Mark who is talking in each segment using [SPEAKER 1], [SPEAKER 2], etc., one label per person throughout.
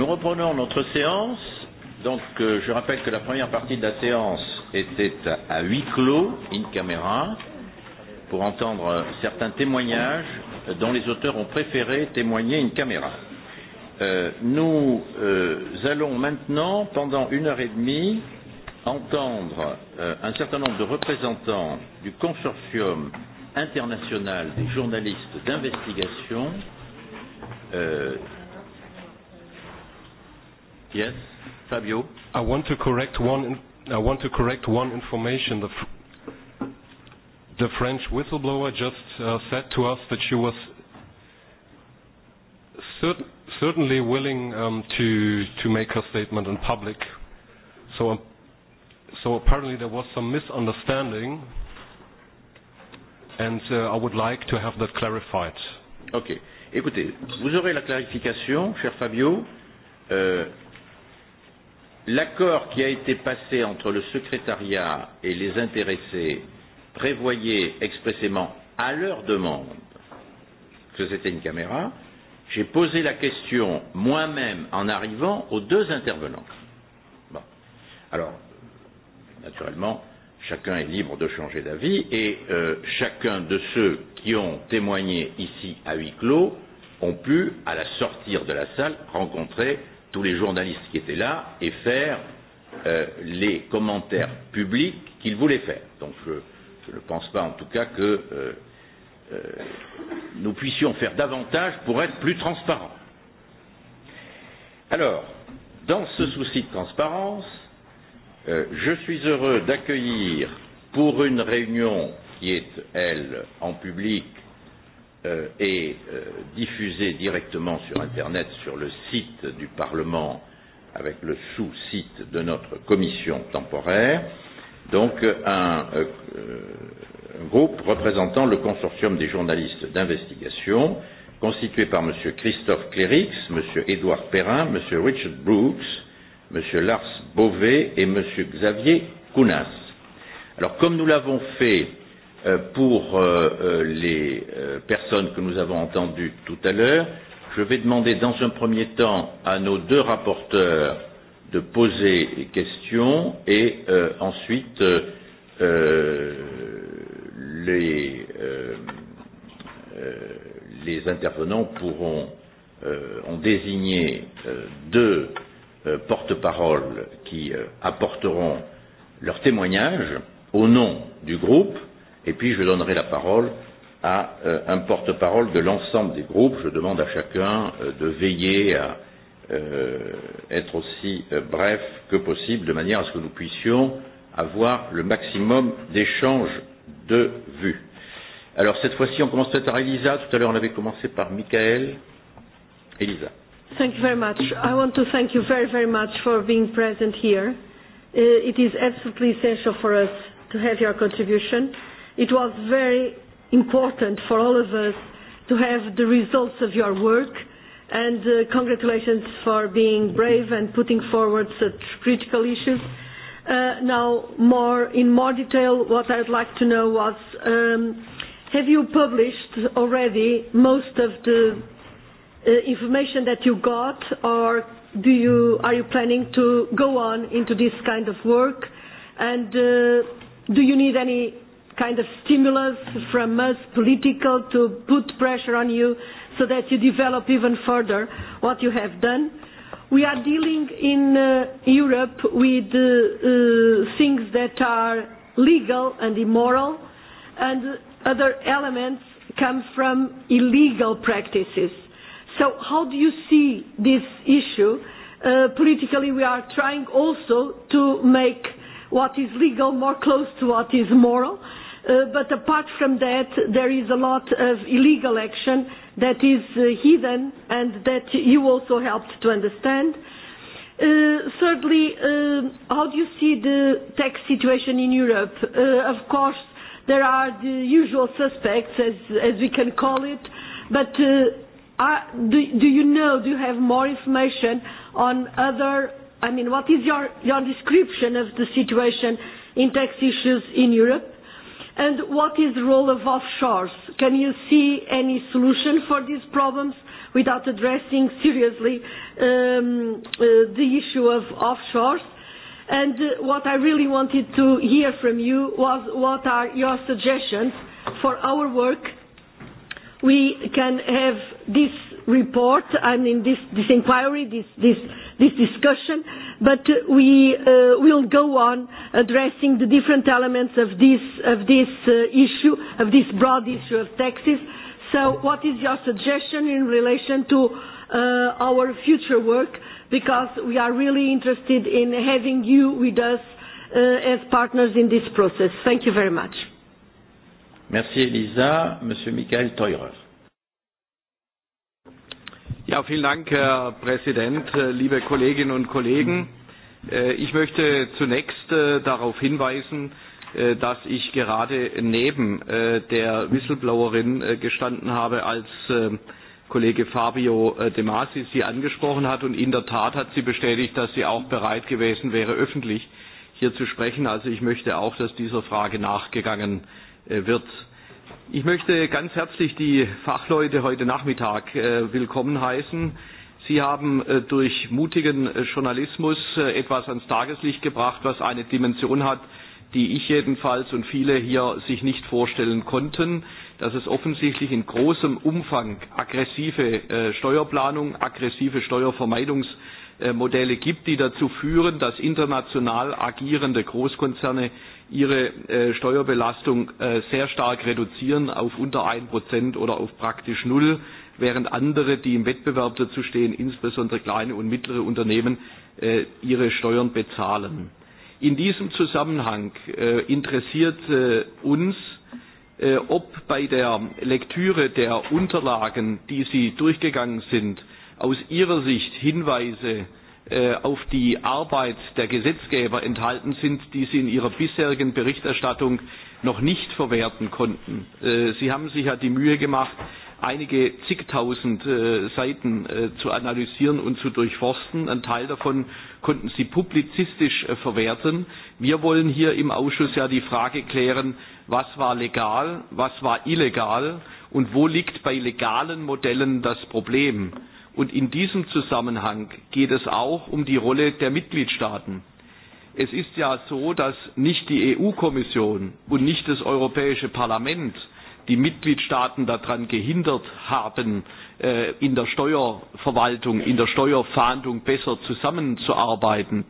[SPEAKER 1] Nous reprenons notre séance. Donc, euh, je rappelle que la première partie de la séance était à, à huis clos, in camera, pour entendre euh, certains témoignages euh, dont les auteurs ont préféré témoigner in camera. Euh, nous euh, allons maintenant, pendant une heure et demie, entendre euh, un certain nombre de représentants du consortium international des journalistes d'investigation
[SPEAKER 2] euh, Yes, Fabio. I want to correct one. In, I want to correct one information. The, fr the French whistleblower just uh, said to us that she was cer certainly willing um, to to make her statement in public. So, um, so apparently there was some misunderstanding, and uh, I would like to have that clarified. Okay. Écoutez, vous aurez la clarification, cher Fabio. Euh,
[SPEAKER 1] L'accord qui a été passé entre le secrétariat et les intéressés prévoyait expressément à leur demande que c'était une caméra. J'ai posé la question moi-même en arrivant aux deux intervenants. Bon. Alors, naturellement, chacun est libre de changer d'avis et euh, chacun de ceux qui ont témoigné ici à huis clos ont pu, à la sortie de la salle, rencontrer tous les journalistes qui étaient là et faire euh, les commentaires publics qu'ils voulaient faire. Donc je, je ne pense pas en tout cas que euh, euh, nous puissions faire davantage pour être plus transparents. Alors, dans ce souci de transparence, euh, je suis heureux d'accueillir pour une réunion qui est, elle, en public, euh, est euh, diffusée directement sur Internet sur le site du Parlement avec le sous-site de notre commission temporaire. Donc un, euh, un groupe représentant le consortium des journalistes d'investigation constitué par M. Christophe Clérix, M. Édouard Perrin, M. Richard Brooks, M. Lars Beauvais et M. Xavier Kounas. Alors comme nous l'avons fait euh, Euh, pour euh, euh, les personnes que nous avons entendues tout à l'heure, je vais demander dans un premier temps à nos deux rapporteurs de poser des questions et euh, ensuite euh, les, euh, euh, les intervenants pourront euh, ont désigné euh, deux euh, porte parole qui euh, apporteront leur témoignage au nom du groupe Et puis je donnerai la parole à euh, un porte-parole de l'ensemble des groupes. Je demande à chacun euh, de veiller à euh, être aussi euh, bref que possible, de manière à ce que nous puissions avoir le maximum d'échanges de vues. Alors cette fois-ci, on commence peut-être par Elisa. Tout à l'heure, on avait commencé par Michael. Elisa.
[SPEAKER 3] Thank you very much. I want to thank you very, very much for being present here. Uh, it is absolutely essential for us to have your contribution It was very important for all of us to have the results of your work and uh, congratulations for being brave and putting forward such critical issues. Uh, now, more in more detail, what I would like to know was, um, have you published already most of the uh, information that you got, or do you, are you planning to go on into this kind of work? And uh, do you need any kind of stimulus from us, political, to put pressure on you so that you develop even further what you have done. We are dealing in uh, Europe with uh, uh, things that are legal and immoral, and other elements come from illegal practices. So how do you see this issue? Uh, politically, we are trying also to make what is legal more close to what is moral Uh, but apart from that, there is a lot of illegal action that is uh, hidden and that you also helped to understand. Uh, thirdly, uh, how do you see the tax situation in Europe? Uh, of course, there are the usual suspects, as, as we can call it, but uh, are, do, do you know, do you have more information on other, I mean, what is your, your description of the situation in tax issues in Europe? And what is the role of offshores? Can you see any solution for these problems without addressing seriously um, uh, the issue of offshores? And uh, what I really wanted to hear from you was what are your suggestions for our work? We can have this report, I mean this, this inquiry, this, this this discussion, but we uh, will go on addressing the different elements of this, of this uh, issue, of this broad issue of taxes. So what is your suggestion in relation to uh, our future work? Because we are really interested in having you with us uh, as partners in this process. Thank you very much.
[SPEAKER 1] Merci Elisa. Monsieur Michael Teurer.
[SPEAKER 4] Ja, vielen Dank, Herr Präsident, äh, liebe Kolleginnen und Kollegen. Äh, ich möchte zunächst äh, darauf hinweisen, dass ich gerade neben der Whistleblowerin gestanden habe, als Kollege Fabio De Masi sie angesprochen hat. Und in der Tat hat sie bestätigt, dass sie auch bereit gewesen wäre, öffentlich hier zu sprechen. Also ich möchte auch, dass dieser Frage nachgegangen wird. Ich möchte ganz herzlich die Fachleute heute Nachmittag äh, willkommen heißen. Sie haben äh, durch mutigen äh, Journalismus etwas ans Tageslicht gebracht, was eine Dimension hat, die ich jedenfalls und viele hier sich nicht vorstellen konnten, dass es offensichtlich in großem Umfang aggressive Steuerplanung, aggressive Steuervermeidungsmodelle gibt, die dazu führen, dass international agierende Großkonzerne ihre äh, Steuerbelastung äh, sehr stark reduzieren auf unter 1% oder auf praktisch null, während andere, die im Wettbewerb dazu stehen, insbesondere kleine und mittlere Unternehmen, äh, ihre Steuern bezahlen. In diesem Zusammenhang äh, interessiert äh, uns, äh, ob bei der Lektüre der Unterlagen, die Sie durchgegangen sind, aus Ihrer Sicht Hinweise Äh, auf die Arbeit der Gesetzgeber enthalten sind, die sie in ihrer bisherigen Berichterstattung noch nicht verwerten konnten. Äh, sie haben sich ja die Mühe gemacht, einige zigtausend äh, Seiten zu analysieren und zu durchforsten. Ein Teil davon konnten Sie publizistisch verwerten. Wir wollen hier im Ausschuss ja die Frage klären, was war legal, was war illegal und wo liegt bei legalen Modellen das Problem. Und in diesem Zusammenhang geht es auch um die Rolle der Mitgliedstaaten. Es ist ja so, dass nicht die EU-Kommission und nicht das Europäische Parlament die Mitgliedstaaten daran gehindert haben, äh, in der Steuerverwaltung, in der Steuerfahndung besser zusammenzuarbeiten,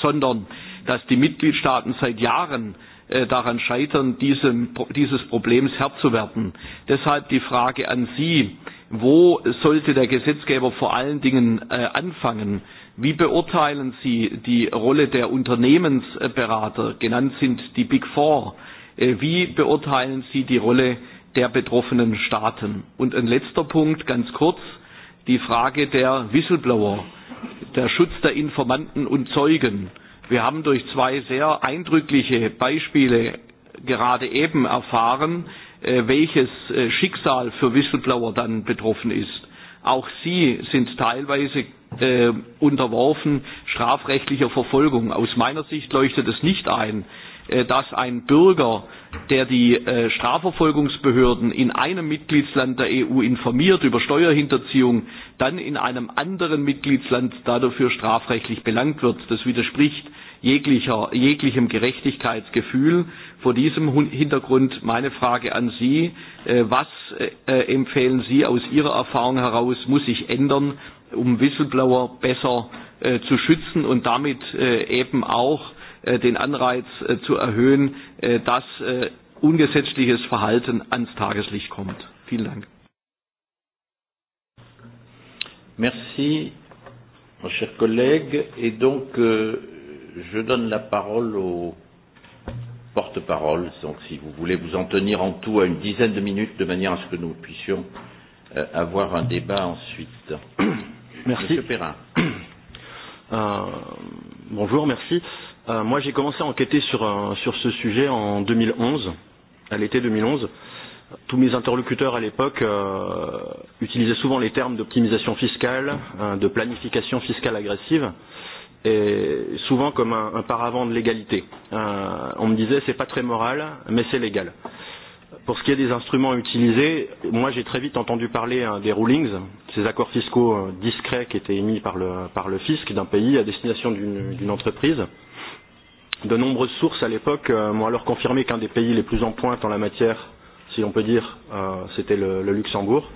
[SPEAKER 4] sondern dass die Mitgliedstaaten seit Jahren äh, daran scheitern, diesem, dieses Problems Herr zu werden. Deshalb die Frage an Sie. Wo sollte der Gesetzgeber vor allen Dingen äh, anfangen? Wie beurteilen Sie die Rolle der Unternehmensberater? Genannt sind die Big Four. Äh, wie beurteilen Sie die Rolle der betroffenen Staaten? Und ein letzter Punkt, ganz kurz, die Frage der Whistleblower, der Schutz der Informanten und Zeugen. Wir haben durch zwei sehr eindrückliche Beispiele gerade eben erfahren, Äh, welches äh, Schicksal für Whistleblower dann betroffen ist. Auch sie sind teilweise äh, unterworfen strafrechtlicher Verfolgung. Aus meiner Sicht leuchtet es nicht ein, äh, dass ein Bürger, der die äh, Strafverfolgungsbehörden in einem Mitgliedsland der EU informiert über Steuerhinterziehung, dann in einem anderen Mitgliedsland dafür strafrechtlich belangt wird. Das widerspricht jeglicher, jeglichem Gerechtigkeitsgefühl Vor diesem Hintergrund meine Frage an Sie. Äh, was äh, äh, empfehlen Sie aus Ihrer Erfahrung heraus, muss sich ändern, um Whistleblower besser zu schützen und damit eben auch den Anreiz zu erhöhen, dass ungesetzliches Verhalten ans Tageslicht kommt? Vielen Dank.
[SPEAKER 1] Merci, mon cher collègue. Et donc, euh, je donne la parole au porte-parole. Donc, si vous voulez vous en tenir en tout à une dizaine de minutes, de manière à ce que nous puissions euh, avoir un débat ensuite. Merci. Monsieur Perrin. Euh, bonjour,
[SPEAKER 5] merci. Euh, moi, j'ai commencé à enquêter sur, euh, sur ce sujet en 2011, à l'été 2011. Tous mes interlocuteurs à l'époque euh, utilisaient souvent les termes d'optimisation fiscale, euh, de planification fiscale agressive. Euh, est souvent comme un, un paravent de l'égalité. Euh, on me disait c'est pas très moral, mais c'est légal. Pour ce qui est des instruments utilisés, moi j'ai très vite entendu parler hein, des rulings, ces accords fiscaux euh, discrets qui étaient émis par le, par le fisc d'un pays à destination d'une entreprise. De nombreuses sources à l'époque euh, m'ont alors confirmé qu'un des pays les plus en pointe en la matière, si l'on peut dire, euh, c'était le, le Luxembourg.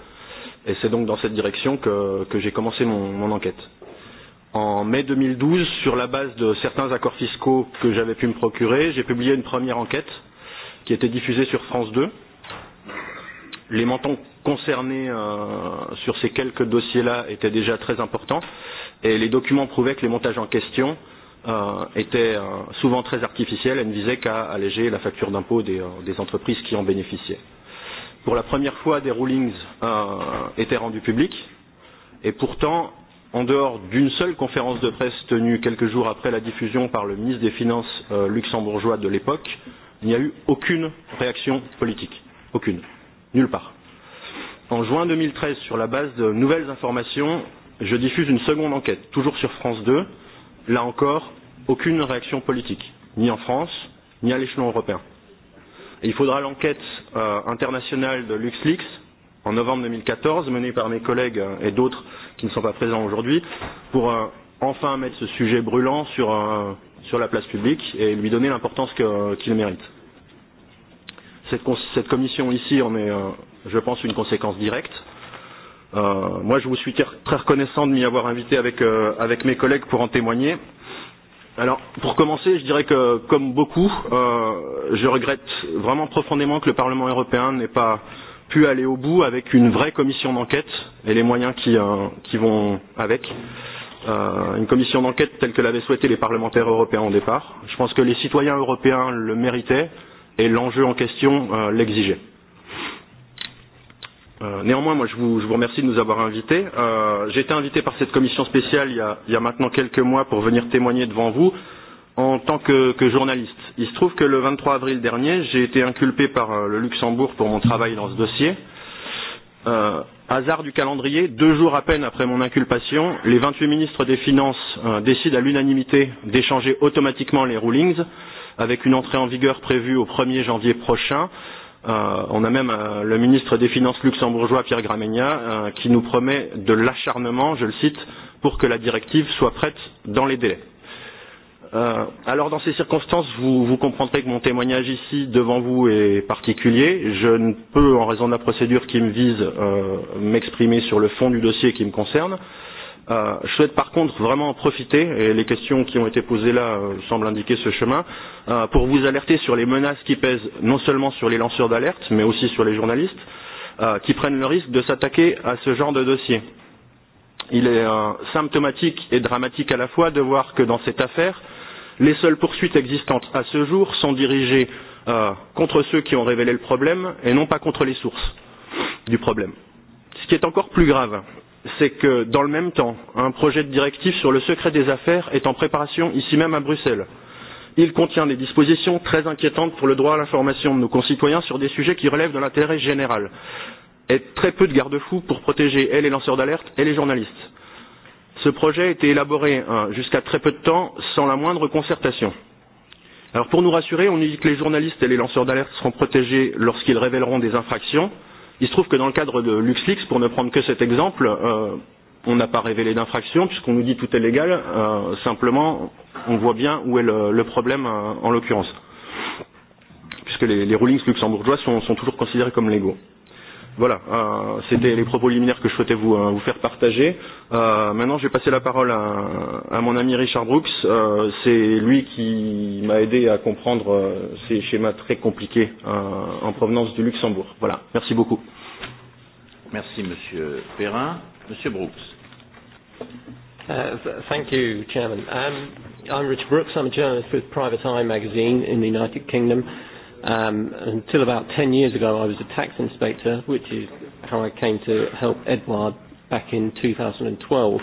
[SPEAKER 5] Et c'est donc dans cette direction que, que j'ai commencé mon, mon enquête. Euh, en mai 2012, sur la base de certains accords fiscaux que j'avais pu me procurer, j'ai publié une première enquête qui était diffusée sur France 2. Les montants concernés euh, sur ces quelques dossiers-là étaient déjà très importants et les documents prouvaient que les montages en question euh, étaient euh, souvent très artificiels et ne visaient qu'à alléger la facture d'impôt des, euh, des entreprises qui en bénéficiaient. Pour la première fois, des rulings euh, étaient rendus publics et pourtant, en dehors d'une seule conférence de presse tenue quelques jours après la diffusion par le ministre des Finances euh, luxembourgeois de l'époque, il n'y a eu aucune réaction politique. Aucune. Nulle part. En juin 2013, sur la base de nouvelles informations, je diffuse une seconde enquête, toujours sur France 2. Là encore, aucune réaction politique, ni en France, ni à l'échelon européen. Et il faudra l'enquête euh, internationale de LuxLeaks en novembre 2014, menée par mes collègues euh, et d'autres qui ne sont pas présents aujourd'hui, pour euh, enfin mettre ce sujet brûlant sur, euh, sur la place publique et lui donner l'importance euh, qu'il qu mérite. Cette, cette commission ici en est, euh, je pense, une conséquence directe. Euh, moi, je vous suis très reconnaissant de m'y avoir invité avec, euh, avec mes collègues pour en témoigner. Alors, pour commencer, je dirais que, comme beaucoup, euh, je regrette vraiment profondément que le Parlement européen n'ait pas euh, pu aller au bout avec une vraie commission d'enquête et les moyens qui, euh, qui vont avec. Euh, une commission d'enquête telle que l'avaient souhaité les parlementaires européens au départ. Je pense que les citoyens européens le méritaient et l'enjeu en question euh, l'exigeait. Euh, néanmoins, moi, je vous, je vous remercie de nous avoir invités. Euh, J'ai été invité par cette commission spéciale il y, a, il y a maintenant quelques mois pour venir témoigner devant vous. Euh, en tant que, que journaliste. Il se trouve que le 23 avril dernier, j'ai été inculpé par euh, le Luxembourg pour mon travail dans ce dossier. Euh, hasard du calendrier, deux jours à peine après mon inculpation, les 28 ministres des Finances euh, décident à l'unanimité d'échanger automatiquement les rulings, avec une entrée en vigueur prévue au 1er janvier prochain. Euh, on a même euh, le ministre des Finances luxembourgeois, Pierre Gramegna, euh, qui nous promet de l'acharnement, je le cite, pour que la directive soit prête dans les délais Euh, alors dans ces circonstances, vous, vous comprendrez que mon témoignage ici devant vous est particulier. Je ne peux, en raison de la procédure qui me vise, euh, m'exprimer sur le fond du dossier qui me concerne. Euh, je souhaite par contre vraiment en profiter, et les questions qui ont été posées là euh, semblent indiquer ce chemin, euh, pour vous alerter sur les menaces qui pèsent non seulement sur les lanceurs d'alerte, mais aussi sur les journalistes, euh, qui prennent le risque de s'attaquer à ce genre de dossier. Il est euh, symptomatique et dramatique à la fois de voir que dans cette affaire, euh, Les seules poursuites existantes à ce jour sont dirigées euh, contre ceux qui ont révélé le problème et non pas contre les sources du problème. Ce qui est encore plus grave, c'est que dans le même temps, un projet de directive sur le secret des affaires est en préparation ici même à Bruxelles. Il contient des dispositions très inquiétantes pour le droit à l'information de nos concitoyens sur des sujets qui relèvent de l'intérêt général et très peu de garde-fous pour protéger et les lanceurs d'alerte et les journalistes. Ce projet a été élaboré hein, jusqu'à très peu de temps sans la moindre concertation. Alors pour nous rassurer, on nous dit que les journalistes et les lanceurs d'alerte seront protégés lorsqu'ils révéleront des infractions. Il se trouve que dans le cadre de LuxLeaks, pour ne prendre que cet exemple, euh, on n'a pas révélé d'infraction puisqu'on nous dit tout est légal. Euh, simplement, on voit bien où est le, le problème euh, en l'occurrence, puisque les, les rulings luxembourgeois sont, sont toujours considérés comme légaux. Voilà, euh, c'était les propos liminaires que je souhaitais vous, euh, vous faire partager. Euh, maintenant, je vais passer la parole à, à mon ami Richard Brooks. Euh, c'est lui qui m'a aidé à comprendre euh, ces schémas très compliqués euh, en provenance du Luxembourg. Voilà, merci beaucoup. Merci, Monsieur Perrin. Monsieur
[SPEAKER 6] Brooks. Uh, th thank you, Chairman. Um, I'm Richard Brooks. I'm a journalist with Private Eye magazine in the United Kingdom. Um, until about 10 years ago, I was a tax inspector, which is how I came to help Edward back in 2012,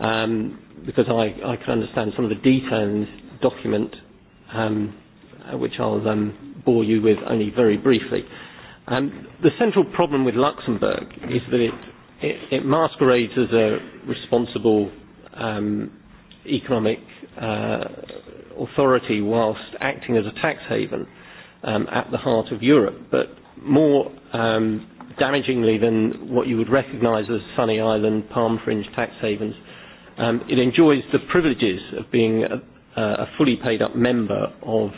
[SPEAKER 6] um, because I, I can understand some of the detail in this document, um, which I'll um, bore you with only very briefly. Um, the central problem with Luxembourg is that it, it, it masquerades as a responsible um, economic uh, authority whilst acting as a tax haven um, at the heart of Europe. But more um, damagingly than what you would recognise as Sunny Island, palm fringe tax havens, um, it enjoys the privileges of being a, a fully paid up member of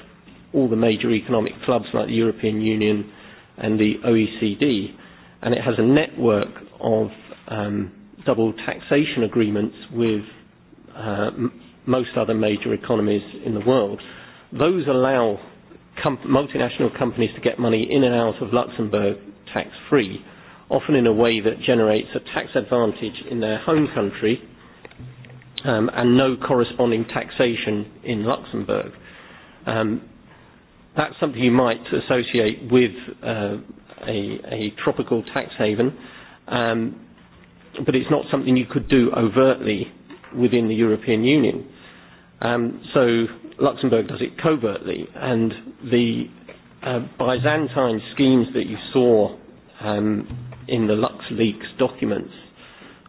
[SPEAKER 6] all the major economic clubs like the European Union and the OECD. And it has a network of um, double taxation agreements with uh, m- most other major economies in the world. Those allow com- multinational companies to get money in and out of Luxembourg tax free, often in a way that generates a tax advantage in their home country um, and no corresponding taxation in Luxembourg. Um, that's something you might associate with uh, a, a tropical tax haven, um, but it's not something you could do overtly within the European Union. Um, so Luxembourg does it covertly, and the uh, Byzantine schemes that you saw um, in the LuxLeaks documents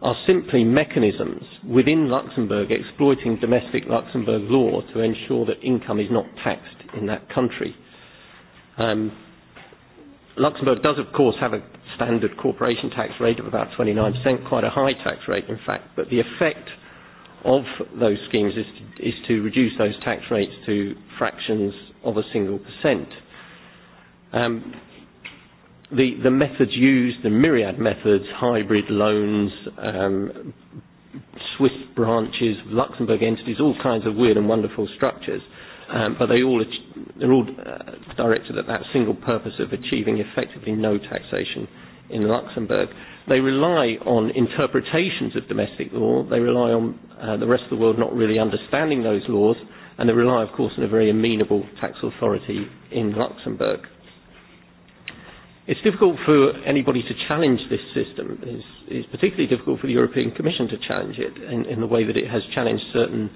[SPEAKER 6] are simply mechanisms within Luxembourg exploiting domestic Luxembourg law to ensure that income is not taxed in that country. Um, Luxembourg does, of course, have a standard corporation tax rate of about 29%, quite a high tax rate, in fact, but the effect of those schemes is to, is to reduce those tax rates to fractions of a single percent. Um, the, the methods used, the myriad methods, hybrid loans, um, Swiss branches, Luxembourg entities, all kinds of weird and wonderful structures, um, but they all, they're all uh, directed at that single purpose of achieving effectively no taxation in Luxembourg. They rely on interpretations of domestic law. They rely on uh, the rest of the world not really understanding those laws. And they rely, of course, on a very amenable tax authority in Luxembourg. It's difficult for anybody to challenge this system. It's, it's particularly difficult for the European Commission to challenge it in, in the way that it has challenged certain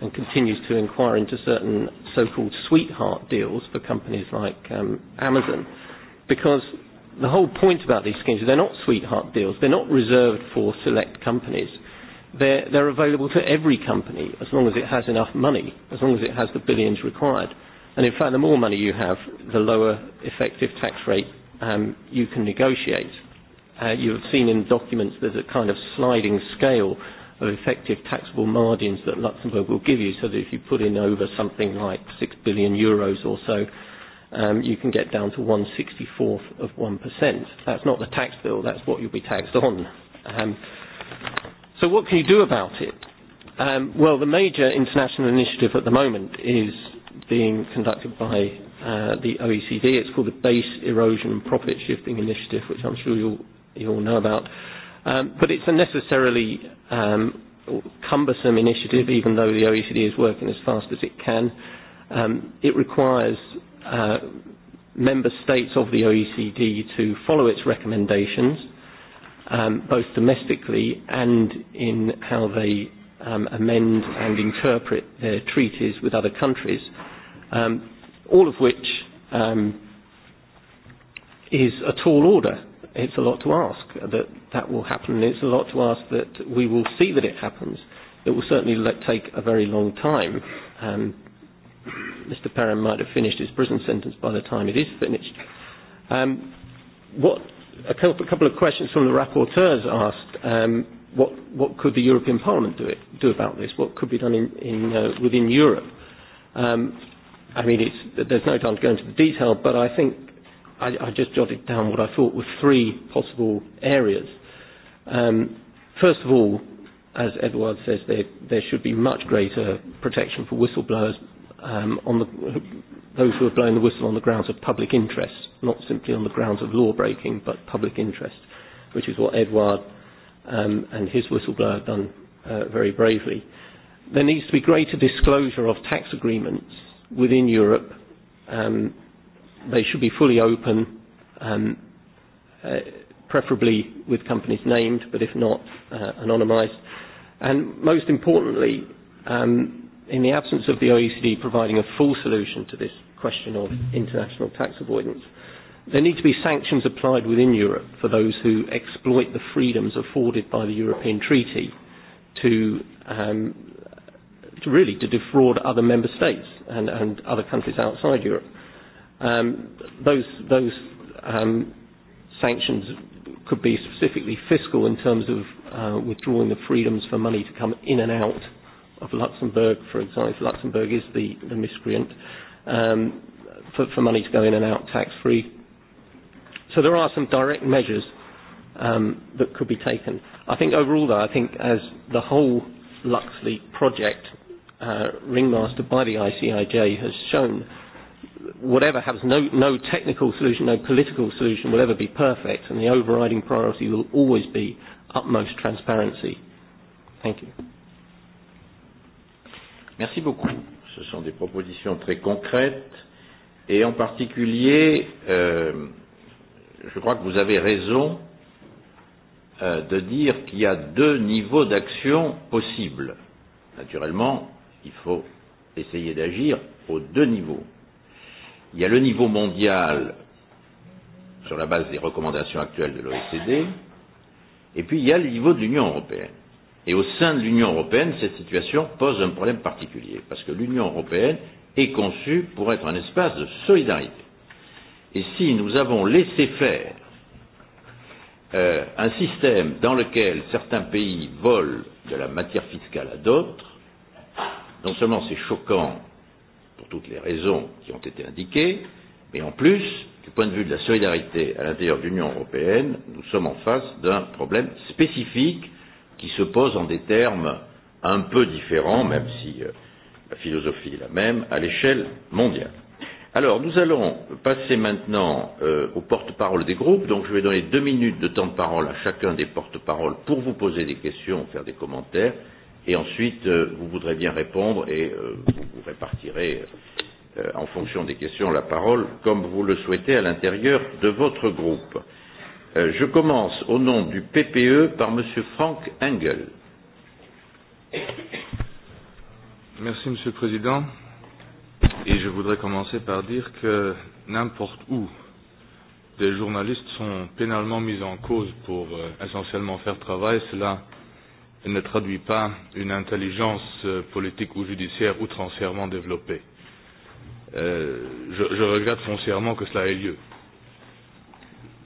[SPEAKER 6] and continues to inquire into certain so-called sweetheart deals for companies like um, Amazon because the whole point about these schemes, is they're not sweetheart deals. They're not reserved for select companies. They're, they're available to every company as long as it has enough money, as long as it has the billions required. And in fact, the more money you have, the lower effective tax rate um, you can negotiate. Uh, you have seen in documents there's a kind of sliding scale of effective taxable margins that Luxembourg will give you, so that if you put in over something like 6 billion euros or so, um, you can get down to one sixty fourth of 1%. That's not the tax bill, that's what you'll be taxed on. Um, so what can you do about it? Um, well, the major international initiative at the moment is being conducted by uh, the OECD. It's called the Base Erosion and Profit Shifting Initiative, which I'm sure you'll, you'll know about. Um, but it's a necessarily um, cumbersome initiative, even though the OECD is working as fast as it can. Um, it requires uh, member states of the OECD to follow its recommendations, um, both domestically and in how they um, amend and interpret their treaties with other countries, um, all of which um, is a tall order. It's a lot to ask that that will happen. It's a lot to ask that we will see that it happens. It will certainly let, take a very long time. Um, Mr. Perrin might have finished his prison sentence by the time it is finished. Um, what, a couple of questions from the rapporteurs asked um, what, what could the European Parliament do, it, do about this? What could be done in, in, uh, within Europe? Um, I mean, it's, there's no time to go into the detail, but I think I, I just jotted down what I thought were three possible areas. Um, first of all, as Edward says, there, there should be much greater protection for whistleblowers, um, on the, those who are blowing the whistle on the grounds of public interest, not simply on the grounds of law breaking, but public interest, which is what Edward um, and his whistleblower have done uh, very bravely. There needs to be greater disclosure of tax agreements within Europe. Um, they should be fully open, um, uh, preferably with companies named, but if not, uh, anonymised. And most importantly, um, in the absence of the OECD providing a full solution to this question of international tax avoidance, there need to be sanctions applied within Europe for those who exploit the freedoms afforded by the European Treaty to, um, to really to defraud other member states and, and other countries outside Europe. Um, those those um, sanctions could be specifically fiscal in terms of uh, withdrawing the freedoms for money to come in and out of Luxembourg, for example, if Luxembourg is the, the miscreant, um, for, for money to go in and out tax-free. So there are some direct measures um, that could be taken. I think overall, though, I think as the whole LuxLeak project, uh, ringmastered by the ICIJ has shown, whatever happens, no, no technical solution, no political solution will ever be perfect, and the overriding priority will always be utmost transparency. Thank you. Merci beaucoup. Ce sont
[SPEAKER 1] des propositions très concrètes et en particulier, euh, je crois que vous avez raison euh, de dire qu'il y a deux niveaux d'action possibles. Naturellement, il faut essayer d'agir aux deux niveaux. Il y a le niveau mondial sur la base des recommandations actuelles de l'OECD, et puis il y a le niveau de l'Union européenne. Et au sein de l'Union européenne, cette situation pose un problème particulier, parce que l'Union européenne est conçue pour être un espace de solidarité. Et si nous avons laissé faire euh, un système dans lequel certains pays volent de la matière fiscale à d'autres, non seulement c'est choquant pour toutes les raisons qui ont été indiquées, mais en plus, du point de vue de la solidarité à l'intérieur de l'Union européenne, nous sommes en face d'un problème spécifique qui se pose en des termes un peu différents, même si euh, la philosophie est la même, à l'échelle mondiale. Alors, nous allons passer maintenant euh, aux porte-paroles des groupes. Donc, je vais donner deux minutes de temps de parole à chacun des porte-paroles pour vous poser des questions, faire des commentaires. Et ensuite, euh, vous voudrez bien répondre et euh, vous, vous répartirez euh, en fonction des questions la parole comme vous le souhaitez à l'intérieur de votre groupe. Euh, Euh, je commence au nom du PPE par M. Frank Engel. Merci, Monsieur le Président.
[SPEAKER 7] Et je voudrais commencer par dire que n'importe où, des journalistes sont pénalement mis en cause pour euh, essentiellement faire travail. Cela ne traduit pas une intelligence euh, politique ou judiciaire outrancièrement développée. Euh, je, je regrette foncièrement que cela ait lieu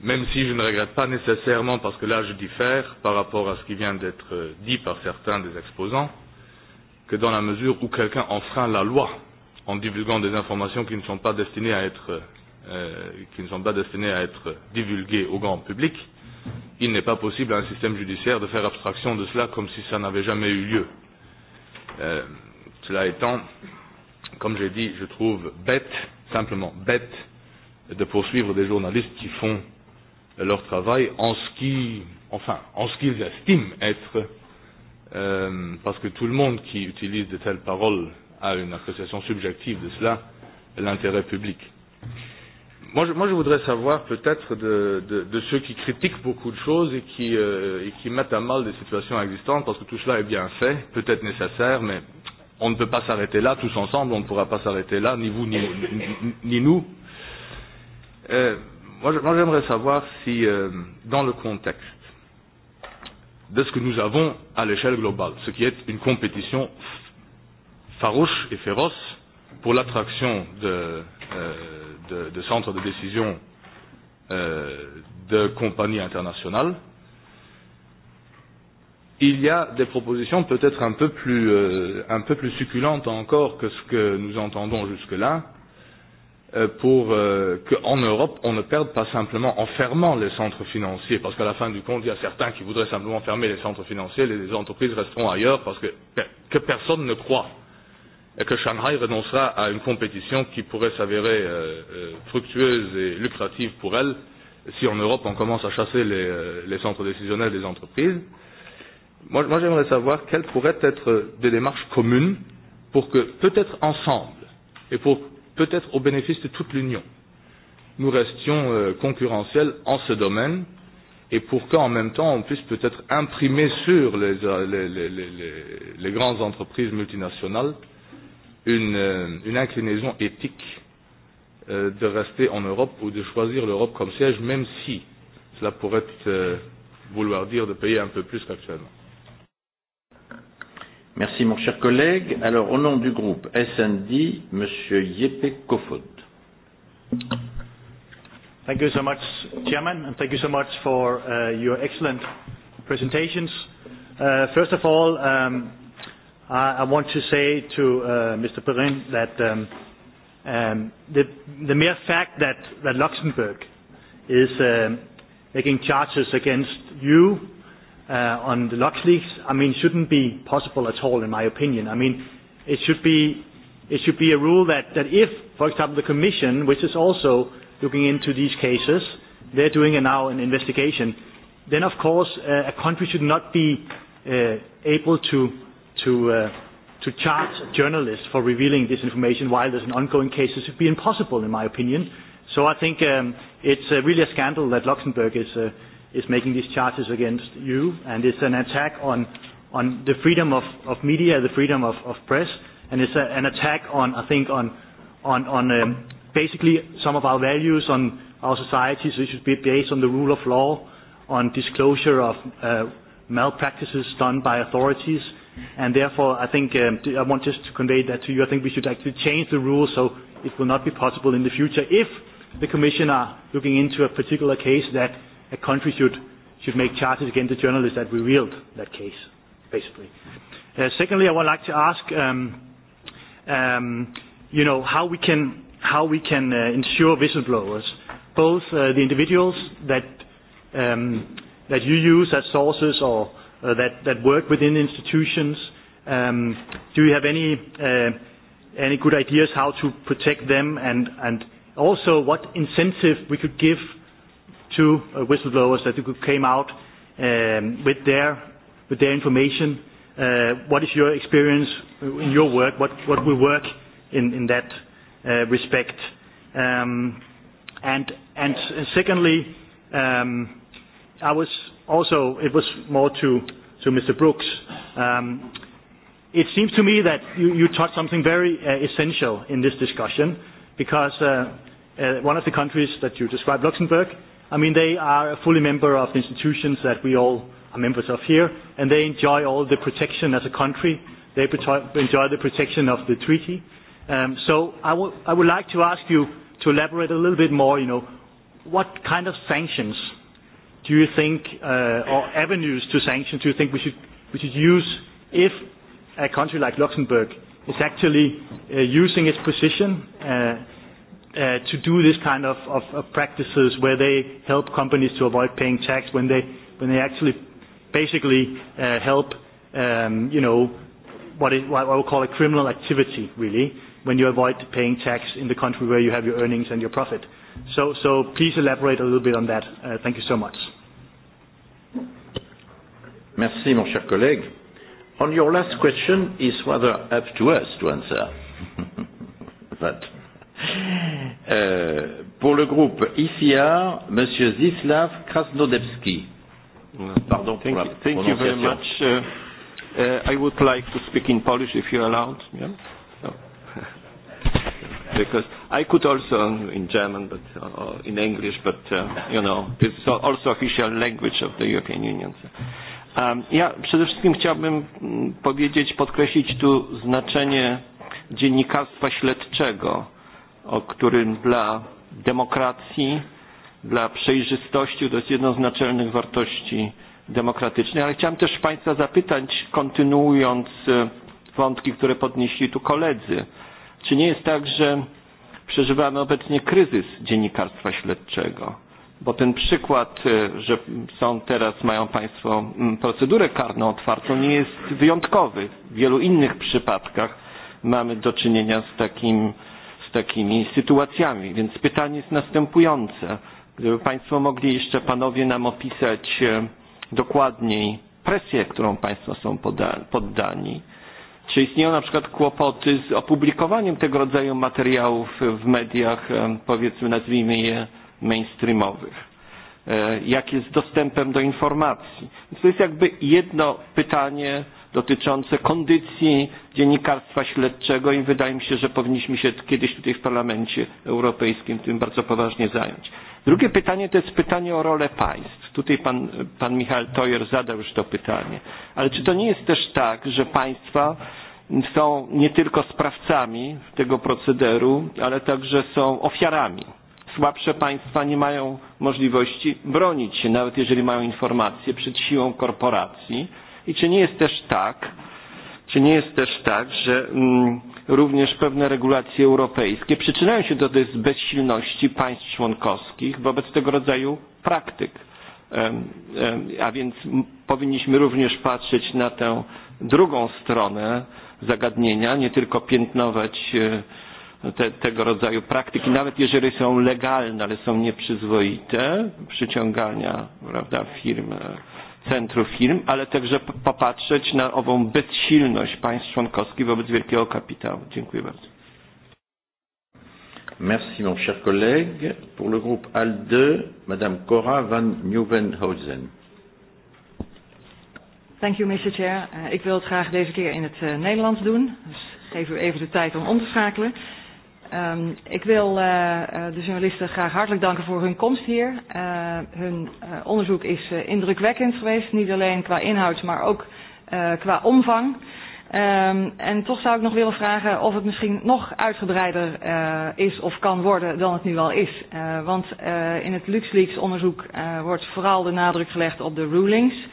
[SPEAKER 7] même si je ne regrette pas nécessairement, parce que là je diffère par rapport à ce qui vient d'être dit par certains des exposants, que dans la mesure où quelqu'un enfreint la loi en divulguant des informations qui ne sont pas destinées à être, euh, qui ne sont pas destinées à être divulguées au grand public, il n'est pas possible à un système judiciaire de faire abstraction de cela comme si ça n'avait jamais eu lieu. Euh, cela étant, comme j'ai dit, je trouve bête, simplement bête, de poursuivre des journalistes qui font leur travail en ce qui, enfin, en ce qu'ils estiment être, euh, parce que tout le monde qui utilise de telles paroles a une appréciation subjective de cela, l'intérêt public. Moi je, moi, je voudrais savoir peut-être de, de, de ceux qui critiquent beaucoup de choses et qui, euh, et qui mettent à mal des situations existantes, parce que tout cela est bien fait, peut-être nécessaire, mais on ne peut pas s'arrêter là tous ensemble, on ne pourra pas s'arrêter là, ni vous, ni, ni, ni nous. Euh, moi, moi j'aimerais savoir si, euh, dans le contexte de ce que nous avons à l'échelle globale, ce qui est une compétition farouche et féroce pour l'attraction de, euh, de, de centres de décision euh, de compagnies internationales, il y a des propositions peut-être un peu euh, un peu plus succulentes encore que ce que nous entendons jusque là Euh, pour euh, qu'en Europe, on ne perde pas simplement en fermant les centres financiers, parce qu'à la fin du compte, il y a certains qui voudraient simplement fermer les centres financiers, et les entreprises resteront ailleurs, parce que, que personne ne croit et que Shanghai renoncera à une compétition qui pourrait s'avérer euh, euh fructueuse et lucrative pour elle si en Europe on commence à chasser les, euh, les centres décisionnels des entreprises. Moi, moi j'aimerais savoir quelles pourraient être des démarches communes pour que, peut-être ensemble, et pour peut être au bénéfice de toute l'Union. Nous restions euh, concurrentiels en ce domaine et pour qu'en même temps on puisse peut-être imprimer sur les, euh, les, les, les, les grandes entreprises multinationales une, euh, une inclinaison éthique euh, de rester en Europe ou de choisir l'Europe comme siège, même si cela pourrait euh, vouloir dire de payer un peu plus qu'actuellement.
[SPEAKER 1] Merci, mon cher collègue. Alors, au nom du groupe SND, Monsieur Yeppe Kofod.
[SPEAKER 8] Thank you so much, Chairman, and thank you so much for uh, your excellent presentations. Uh, first of all, um, I, I want to say to uh, Mr. Perrin that um, um, the, the mere fact that, that Luxembourg is um, making charges against you uh, on the LuxLeaks, I mean, shouldn't be possible at all, in my opinion. I mean, it should be, it should be a rule that, that if, for example, the Commission, which is also looking into these cases, they're doing a, now an investigation, then of course uh, a country should not be uh, able to, to, uh, to charge journalists for revealing this information while there's an ongoing case. This would be impossible, in my opinion. So I think um, it's uh, really a scandal that Luxembourg is. Uh, is making these charges against you, and it's an attack on, on the freedom of, of media, the freedom of, of press, and it's a, an attack on, I think, on, on, on um, basically some of our values on our societies, which should be based on the rule of law, on disclosure of uh, malpractices done by authorities, and therefore I think um, I want just to convey that to you. I think we should actually change the rules so it will not be possible in the future if the Commission are looking into a particular case that a country should, should make charges against the journalists that revealed that case, basically. Uh, secondly, I would like to ask, um, um, you know, how we can, how we can uh, ensure whistleblowers, both uh, the individuals that, um, that you use as sources or uh, that, that work within institutions, um, do you have any, uh, any good ideas how to protect them and, and also what incentive we could give two uh, whistleblowers that who came out um, with their with their information. Uh, what is your experience uh, in your work? What what will work in in that uh, respect? Um, and and secondly, um, I was also it was more to to Mr. Brooks. Um, it seems to me that you, you touched something very uh, essential in this discussion because uh, uh, one of the countries that you described, Luxembourg, uh, i mean, they are a fully member of the institutions that we all are members of here, and they enjoy all the protection as a country. They enjoy the protection of the treaty. Um, so I, w- I would like to ask you to elaborate a little bit more, you know, what kind of sanctions do you think, uh, or avenues to sanctions do you think we should, we should use if a country like Luxembourg is actually uh, using its position uh, uh, to do this kind of, of, of practices where they help companies to avoid paying tax when they, when they actually basically uh, help, um, you know, what, is, what I would call a criminal activity, really, when you avoid paying tax in the country where you have your earnings and your profit. So, so please elaborate a little bit on that. Uh, thank you so much.
[SPEAKER 1] Merci, mon cher collègue. On your last question is rather up to us to answer. but Euh, pour le groupe ICR, M. Zislav Krasnodebski. Pardon thank pour la thank you very much. Uh,
[SPEAKER 9] uh, I would like to speak in Polish if you allow. Yeah? So. No. Because I could also in German, but uh, in English, but uh, you know, this is also official language of the European Union. So. Um, ja przede wszystkim chciałbym mm, powiedzieć, podkreślić tu znaczenie dziennikarstwa śledczego o którym dla demokracji, dla przejrzystości to jest jedną z naczelnych wartości demokratycznych. Ale chciałem też Państwa zapytać, kontynuując e, wątki, które podnieśli tu koledzy, czy nie jest tak, że przeżywamy obecnie kryzys dziennikarstwa śledczego? Bo ten przykład, e, że są teraz, mają Państwo procedurę karną otwartą, nie jest wyjątkowy. W wielu innych przypadkach mamy do czynienia z takim z takimi sytuacjami. Więc pytanie jest następujące. Gdyby Państwo mogli jeszcze Panowie nam opisać e, dokładniej presję, którą Państwo są poddani. Czy istnieją na przykład kłopoty z opublikowaniem tego rodzaju materiałów w mediach, e, powiedzmy, nazwijmy je mainstreamowych? E, jak jest dostępem do informacji? Więc to jest jakby jedno pytanie, dotyczące kondycji dziennikarstwa śledczego i wydaje mi się, że powinniśmy się kiedyś tutaj w Parlamencie Europejskim tym bardzo poważnie zająć. Drugie pytanie to jest pytanie o rolę państw. Tutaj pan, pan Michał Tojer zadał już to pytanie. Ale czy to nie jest też tak, że państwa są nie tylko sprawcami tego procederu, ale także są ofiarami? Słabsze państwa nie mają możliwości bronić się, nawet jeżeli mają informacje, przed siłą korporacji i czy nie jest też tak, czy nie jest też tak, że mm, również pewne regulacje europejskie przyczyniają się do tej bezsilności państw członkowskich wobec tego rodzaju praktyk? A więc powinniśmy również patrzeć na tę drugą stronę zagadnienia, nie tylko piętnować e, te, tego rodzaju praktyki, nawet jeżeli są legalne, ale są nieprzyzwoite, przyciągania prawda, firm centrów firm, ale także popatrzeć na ową bezsilność państw członkowskich wobec wielkiego kapitału. Dziękuję bardzo.
[SPEAKER 1] Merci mon cher collègue. Pour le groupe ALDE, Madame Cora van Nieuwenhuizen.
[SPEAKER 10] Thank you, Mr. Chair. Uh, ik wil het graag deze keer in het uh, Nederlands doen. Dus geef u even de tijd om om te schakelen. Uh, Um, ik wil uh, de journalisten graag hartelijk danken voor hun komst hier. Uh, hun uh, onderzoek is uh, indrukwekkend geweest, niet alleen qua inhoud, maar ook uh, qua omvang. Um, en toch zou ik nog willen vragen of het misschien nog uitgebreider uh, is of kan worden dan het nu al is. Uh, want uh, in het LuxLeaks onderzoek uh, wordt vooral de nadruk gelegd op de rulings. Uh,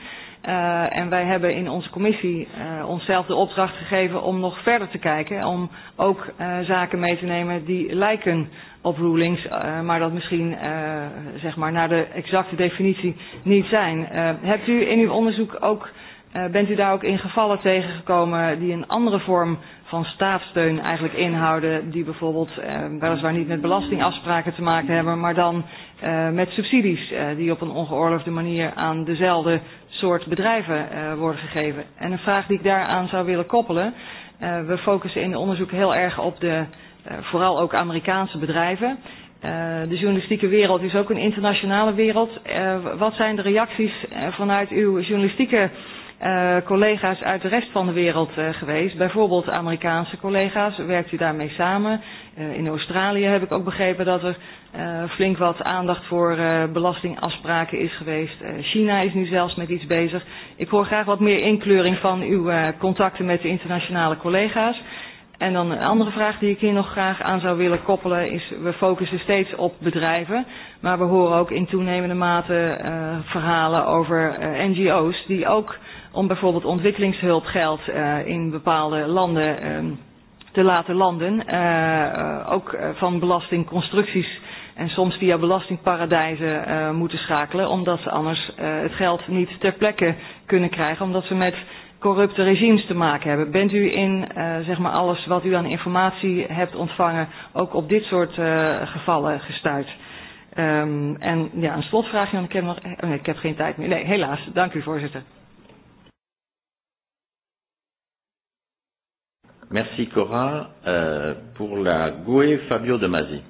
[SPEAKER 10] Uh, en wij hebben in onze commissie uh, onszelf de opdracht gegeven om nog verder te kijken. Om ook uh, zaken mee te nemen die lijken op rulings, uh, maar dat misschien uh, zeg maar naar de exacte definitie niet zijn. Uh, hebt u in uw onderzoek ook, uh, bent u daar ook in gevallen tegengekomen die een andere vorm van staatssteun eigenlijk inhouden, die bijvoorbeeld uh, weliswaar niet met belastingafspraken te maken hebben, maar dan uh, met subsidies uh, die op een ongeoorloofde manier aan dezelfde soort bedrijven uh, worden gegeven. En een vraag die ik daaraan zou willen koppelen. Uh, we focussen in het onderzoek heel erg op de, uh, vooral ook Amerikaanse bedrijven. Uh, de journalistieke wereld is ook een internationale wereld. Uh, wat zijn de reacties uh, vanuit uw journalistieke uh, uh, collega's uit de rest van de wereld uh, geweest. Bijvoorbeeld Amerikaanse collega's, werkt u daarmee samen? Uh, in Australië heb ik ook begrepen dat er uh, flink wat aandacht voor uh, belastingafspraken is geweest. Uh, China is nu zelfs met iets bezig. Ik hoor graag wat meer inkleuring van uw uh, contacten met de internationale collega's. En dan een andere vraag die ik hier nog graag aan zou willen koppelen is, we focussen steeds op bedrijven, maar we horen ook in toenemende mate uh, verhalen over uh, NGO's die ook om bijvoorbeeld ontwikkelingshulpgeld uh, in bepaalde landen um, te laten landen. Uh, uh, ook eh, van belastingconstructies en soms via belastingparadijzen uh, moeten schakelen, omdat ze anders uh, het geld niet ter plekke kunnen krijgen, omdat ze met corrupte regimes te maken hebben. Bent u in uh, zeg maar alles wat u aan informatie hebt ontvangen ook op dit soort uh, gevallen gestuurd? Um, en ja, een slotvraagje, want ik heb, nog, nee, ik heb geen tijd meer. Nee, helaas. Dank u, voorzitter.
[SPEAKER 1] Merci Cora. Euh, pour la
[SPEAKER 2] GUE, Fabio De Masi.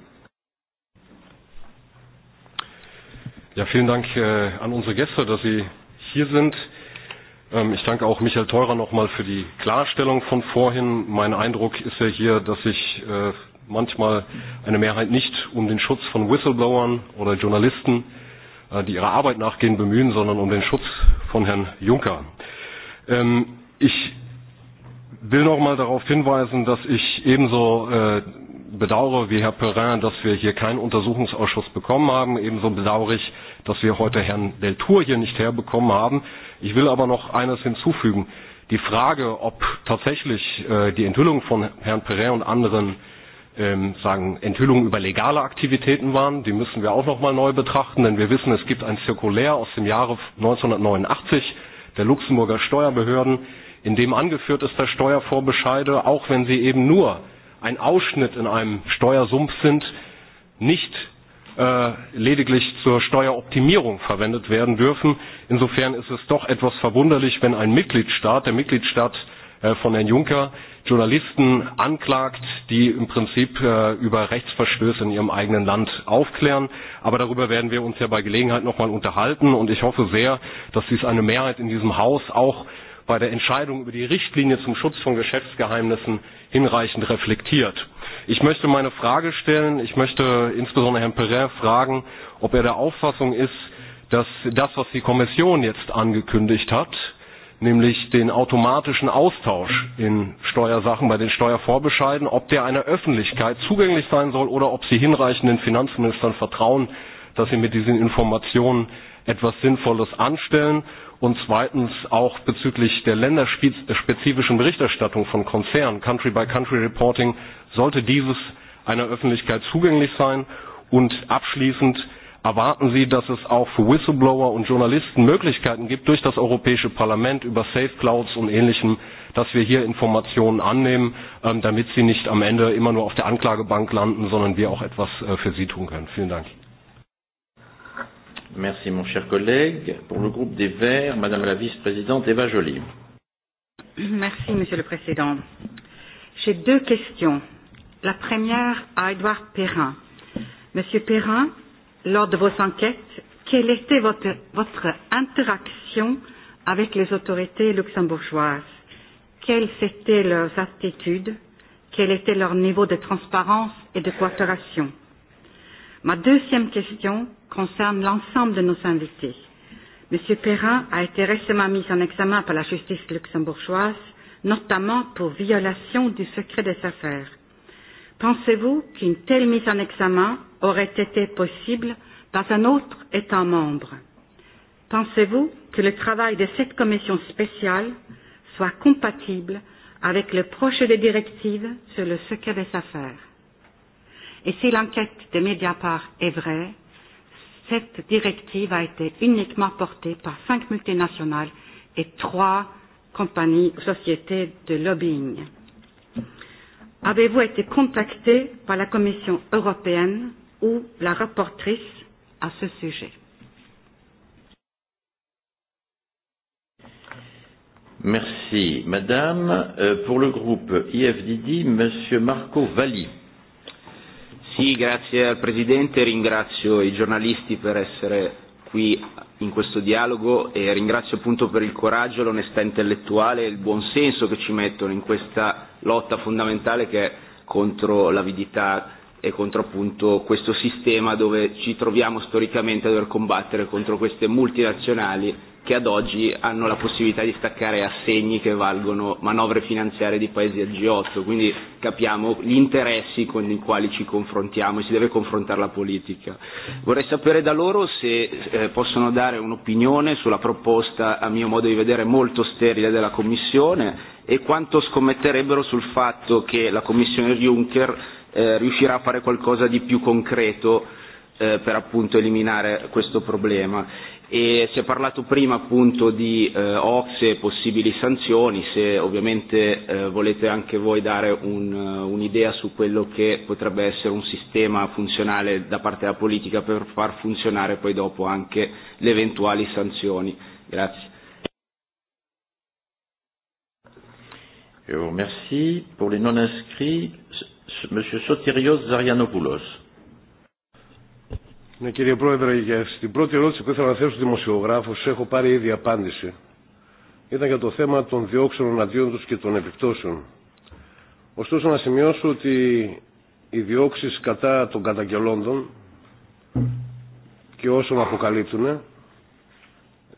[SPEAKER 2] Ja, vielen Dank äh, an unsere Gäste, dass Sie hier sind. Ähm, ich danke auch Michael Theurer nochmal für die Klarstellung von vorhin. Mein Eindruck ist ja hier, dass sich äh, manchmal eine Mehrheit nicht um den Schutz von Whistleblowern oder Journalisten, äh, die ihrer Arbeit nachgehen, bemühen, sondern um den Schutz von Herrn Juncker. Ähm, ich will noch mal darauf hinweisen, dass ich ebenso äh, bedauere wie Herr Perrin, dass wir hier keinen Untersuchungsausschuss bekommen haben. Ebenso bedauere ich, dass wir heute Herrn Deltour hier nicht herbekommen haben. Ich will aber noch eines hinzufügen. Die Frage, ob tatsächlich äh, die Enthüllung von Herrn Perrin und anderen ähm, sagen, Enthüllungen über legale Aktivitäten waren, die müssen wir auch noch mal neu betrachten, denn wir wissen, es gibt ein Zirkulär aus dem Jahre 1989 der Luxemburger Steuerbehörden, in dem angeführt ist, dass Steuervorbescheide, auch wenn sie eben nur ein Ausschnitt in einem Steuersumpf sind, nicht äh, lediglich zur Steueroptimierung verwendet werden dürfen. Insofern ist es doch etwas verwunderlich, wenn ein Mitgliedstaat, der Mitgliedstaat äh, von Herrn Juncker, Journalisten anklagt, die im Prinzip äh, über Rechtsverstöße in ihrem eigenen Land aufklären. Aber darüber werden wir uns ja bei Gelegenheit nochmal unterhalten und ich hoffe sehr, dass dies eine Mehrheit in diesem Haus auch bei der Entscheidung über die Richtlinie zum Schutz von Geschäftsgeheimnissen hinreichend reflektiert. Ich möchte meine Frage stellen, ich möchte insbesondere Herrn Perret fragen, ob er der Auffassung ist, dass das, was die Kommission jetzt angekündigt hat, nämlich den automatischen Austausch in Steuersachen bei den Steuervorbescheiden, ob der einer Öffentlichkeit zugänglich sein soll oder ob sie hinreichenden Finanzministern vertrauen, dass sie mit diesen Informationen etwas Sinnvolles anstellen und zweitens auch bezüglich der länderspezifischen Berichterstattung von Konzernen, Country-by-Country-Reporting, sollte dieses einer Öffentlichkeit zugänglich sein. Und abschließend erwarten Sie, dass es auch für Whistleblower und Journalisten Möglichkeiten gibt, durch das Europäische Parlament, über Safe Clouds und Ähnlichem, dass wir hier Informationen annehmen, ähm, damit sie nicht am Ende immer nur auf der Anklagebank landen, sondern wir auch etwas äh, für sie tun können. Vielen Dank. Merci, mon cher collègue. Pour le groupe des Verts, Madame la vice-présidente Eva Joly.
[SPEAKER 11] Merci, Monsieur le Président. J'ai deux questions. La première à Édouard Perrin. Monsieur Perrin, lors de vos enquêtes, quelle était votre, votre interaction avec les autorités luxembourgeoises Quelles étaient leurs attitudes Quel était leur niveau de transparence et de coopération Ma deuxième question concerne l'ensemble de nos invités. M. Perrin a été récemment mis en examen par la justice luxembourgeoise, notamment pour violation du secret des affaires. Pensez-vous qu'une telle mise en examen aurait été possible dans un autre État membre Pensez-vous que le travail de cette commission spéciale soit compatible avec le projet de directive sur le secret des affaires Et si l'enquête de Mediapart est vraie, cette directive a été uniquement portée par cinq multinationales et trois compagnies, sociétés de lobbying. Avez-vous été contacté par la Commission européenne ou la rapportrice à ce sujet
[SPEAKER 1] Merci, Madame. Euh, pour le groupe IFDD, Monsieur Marco Valli. Sì, grazie al Presidente, ringrazio i giornalisti per essere
[SPEAKER 12] qui in questo dialogo e ringrazio appunto per il coraggio, l'onestà intellettuale e il buonsenso che ci mettono in questa lotta fondamentale che è contro l'avidità e contro appunto questo sistema dove ci troviamo storicamente a dover combattere contro queste multinazionali che ad oggi hanno la possibilità di staccare assegni che valgono manovre finanziarie di paesi del G8, quindi capiamo gli interessi con i quali ci confrontiamo e si deve confrontare la politica. Vorrei sapere da loro se eh, possono dare un'opinione sulla proposta, a mio modo di vedere, molto sterile della Commissione e quanto scommetterebbero sul fatto che la Commissione Juncker eh, riuscirà a fare qualcosa di più concreto eh, per appunto eliminare questo problema E si è parlato prima appunto di eh, Oxe e possibili sanzioni, se ovviamente eh, volete anche voi dare un, eh, un'idea su quello che potrebbe essere un sistema funzionale da parte della politica per far funzionare poi dopo anche
[SPEAKER 1] le eventuali sanzioni. Grazie. Je vous remercie. non inscrits, Monsieur Sotirios
[SPEAKER 13] Zarianopoulos. Ναι, κύριε Πρόεδρε, για στην πρώτη ερώτηση που ήθελα να θέσω δημοσιογράφο, δημοσιογράφους έχω πάρει ήδη απάντηση. Ήταν για το θέμα των διώξεων εναντίον του και των επιπτώσεων. Ωστόσο να σημειώσω ότι οι διώξει κατά των καταγγελόντων και όσων αποκαλύπτουν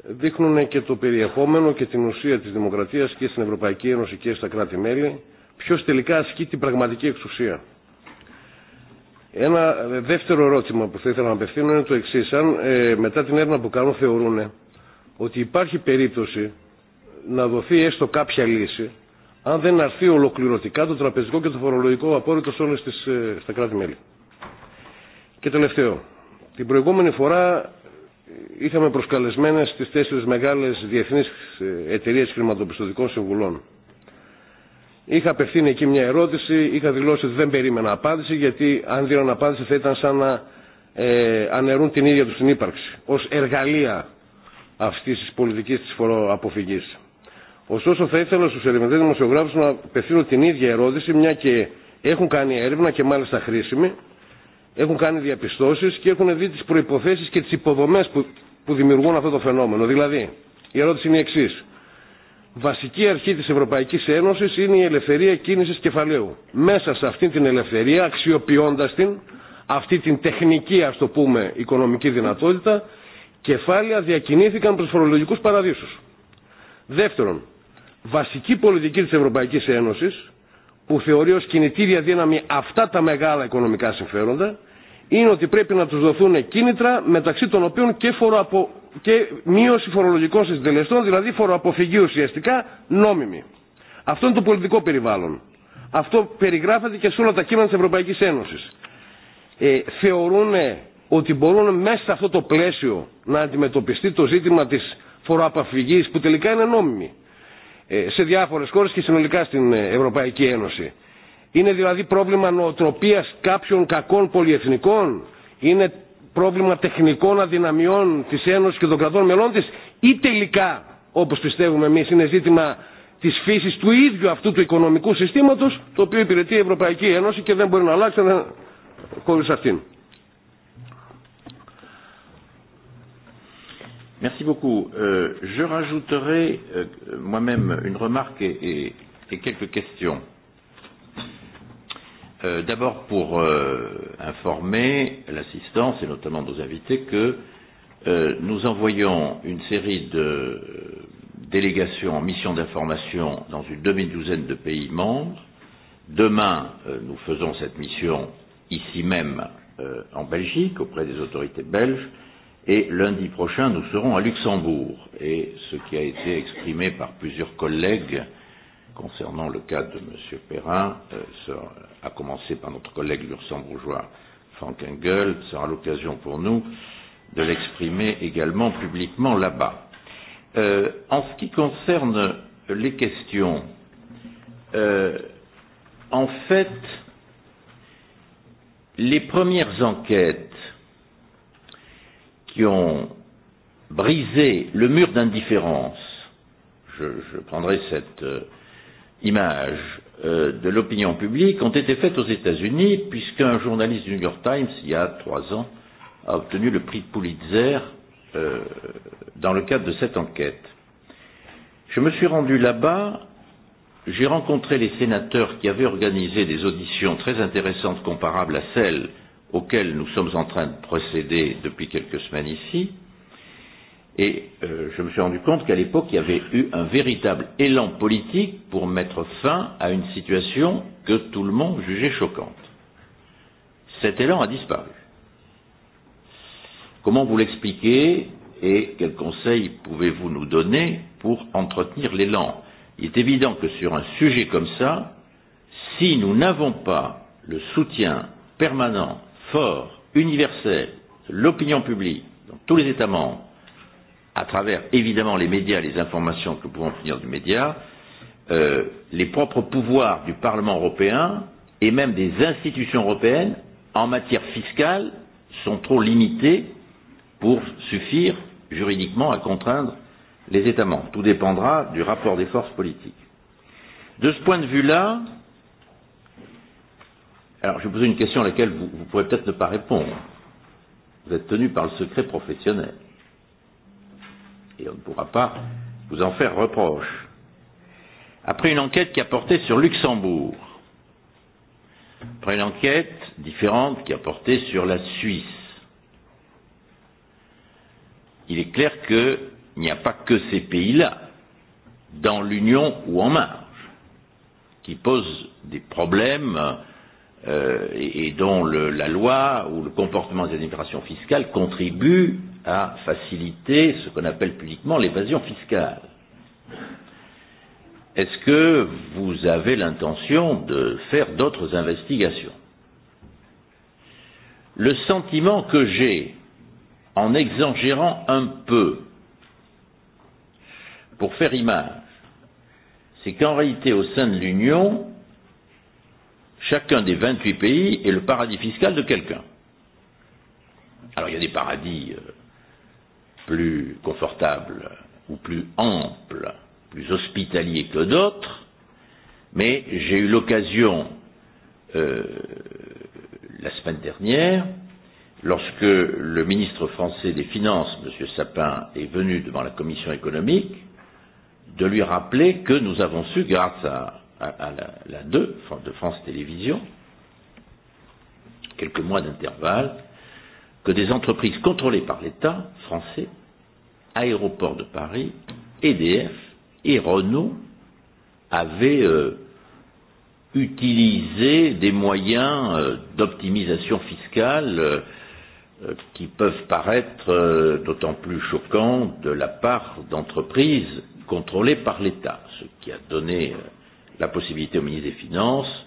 [SPEAKER 13] δείχνουν και το περιεχόμενο και την ουσία της δημοκρατίας και στην Ευρωπαϊκή Ένωση και στα κράτη-μέλη ποιος τελικά ασκεί την πραγματική εξουσία. Ένα δεύτερο ερώτημα που θα ήθελα να απευθύνω είναι το εξή. Αν ε, μετά την έρευνα που κάνω θεωρούν ότι υπάρχει περίπτωση να δοθεί έστω κάποια λύση αν δεν αρθεί ολοκληρωτικά το τραπεζικό και το φορολογικό απόρριτο σε όλε τι ε, στα κράτη-μέλη. Και τελευταίο. Την προηγούμενη φορά είχαμε προσκαλεσμένε τι τέσσερι μεγάλε διεθνεί εταιρείε χρηματοπιστωτικών συμβουλών Είχα απευθύνει εκεί μια ερώτηση, είχα δηλώσει ότι δεν περίμενα απάντηση, γιατί αν δίναν απάντηση θα ήταν σαν να ε, αναιρούν την ίδια του την ύπαρξη, ω εργαλεία αυτή τη πολιτική τη φοροαποφυγή. Ωστόσο θα ήθελα στου ερευνητέ δημοσιογράφου να απευθύνω την ίδια ερώτηση, μια και έχουν κάνει έρευνα και μάλιστα χρήσιμη, έχουν κάνει διαπιστώσει και έχουν δει τι προποθέσει και τι υποδομέ που, που δημιουργούν αυτό το φαινόμενο. Δηλαδή, η ερώτηση είναι η εξή βασική αρχή της Ευρωπαϊκής Ένωσης είναι η ελευθερία κίνησης κεφαλαίου. Μέσα σε αυτή την ελευθερία, αξιοποιώντας την, αυτή την τεχνική, ας το πούμε, οικονομική δυνατότητα, κεφάλαια διακινήθηκαν προς φορολογικούς παραδείσους. Δεύτερον, βασική πολιτική της Ευρωπαϊκής Ένωσης, που θεωρεί ως κινητήρια δύναμη αυτά τα μεγάλα οικονομικά συμφέροντα, είναι ότι πρέπει να τους δοθούν κίνητρα μεταξύ των οποίων και φοροαπο και μείωση φορολογικών συντελεστών, δηλαδή φοροαποφυγή ουσιαστικά νόμιμη. Αυτό είναι το πολιτικό περιβάλλον. Αυτό περιγράφεται και σε όλα τα κείμενα της Ευρωπαϊκής Ένωσης. Ε, θεωρούν ότι μπορούν μέσα σε αυτό το πλαίσιο να αντιμετωπιστεί το ζήτημα της φοροαπαφυγής που τελικά είναι νόμιμη ε, σε διάφορες χώρες και συνολικά στην Ευρωπαϊκή Ένωση. Είναι δηλαδή πρόβλημα νοοτροπίας κάποιων κακών πολιεθνικών. είναι πρόβλημα τεχνικών αδυναμιών της Ένωσης και των κρατών μελών της ή τελικά, όπως πιστεύουμε εμείς, είναι ζήτημα της φύσης του ίδιου αυτού του οικονομικού συστήματος το οποίο υπηρετεί η Ευρωπαϊκή Ένωση και δεν μπορεί να αλλάξει χωρίς αυτήν.
[SPEAKER 1] Merci beaucoup. Euh, je rajouterai euh, moi-même une remarque et, et, et quelques questions. Euh, Euh, D'abord pour euh, informer l'assistance et notamment nos invités que euh, nous envoyons une série de délégations en mission d'information dans une demi-douzaine de pays membres. Demain, euh, nous faisons cette mission ici même euh, en Belgique auprès des autorités belges et lundi prochain, nous serons à Luxembourg. Et ce qui a été exprimé par plusieurs collègues concernant le cas de M. Perrin, euh, sera, à commencer par notre collègue luxembourgeois Frank Engel, sera l'occasion pour nous de l'exprimer également publiquement là-bas. Euh, en ce qui concerne les questions, euh, en fait, les premières enquêtes qui ont brisé le mur d'indifférence, je, je prendrai cette euh, image euh, de l'opinion publique ont été faites aux États-Unis, puisqu'un journaliste du New York Times, il y a trois ans, a obtenu le prix Pulitzer euh, dans le cadre de cette enquête. Je me suis rendu là-bas, j'ai rencontré les sénateurs qui avaient organisé des auditions très intéressantes comparables à celles auxquelles nous sommes en train de procéder depuis quelques semaines ici, euh, Et euh, je me suis rendu compte qu'à l'époque, il y avait eu un véritable élan politique pour mettre fin à une situation que tout le monde jugeait choquante. Cet élan a disparu. Comment vous l'expliquez et quels conseils pouvez-vous nous donner pour entretenir l'élan Il est évident que sur un sujet comme ça, si nous n'avons pas le soutien permanent, fort, universel de l'opinion publique dans tous les États membres, à travers évidemment les médias et les informations que pouvons obtenir du média, euh, les propres pouvoirs du Parlement européen et même des institutions européennes en matière fiscale sont trop limités pour suffire juridiquement à contraindre les États membres. Tout dépendra du rapport des forces politiques. De ce point de vue-là, alors je vais poser une question à laquelle vous, vous pourrez peut-être ne pas répondre. Vous êtes tenu par le secret professionnel et on ne pourra pas vous en faire reproche. Après une enquête qui a porté sur Luxembourg, après une enquête différente qui a porté sur la Suisse, il est clair qu'il n'y a pas que ces pays-là dans l'Union ou en marge qui posent des problèmes euh, et, et dont le, la loi ou le comportement des administrations fiscales contribuent à faciliter ce qu'on appelle publiquement l'évasion fiscale. Est-ce que vous avez l'intention de faire d'autres investigations Le sentiment que j'ai, en exagérant un peu, pour faire image, c'est qu'en réalité, au sein de l'Union, chacun des 28 pays est le paradis fiscal de quelqu'un. Alors il y a des paradis euh, plus confortables ou plus amples, plus hospitaliers que d'autres, mais j'ai eu l'occasion euh, la semaine dernière, lorsque le ministre français des Finances, M. Sapin, est venu devant la commission économique, de lui rappeler que nous avons su, grâce à, à, à la, la 2 de France Télévisions, quelques mois d'intervalle, que des entreprises contrôlées par l'État français Aéroports de Paris, EDF et Renault avaient euh, utilisé des moyens euh, d'optimisation fiscale euh, qui peuvent paraître euh, d'autant plus choquants de la part d'entreprises contrôlées par l'État, ce qui a donné euh, la possibilité au ministre des Finances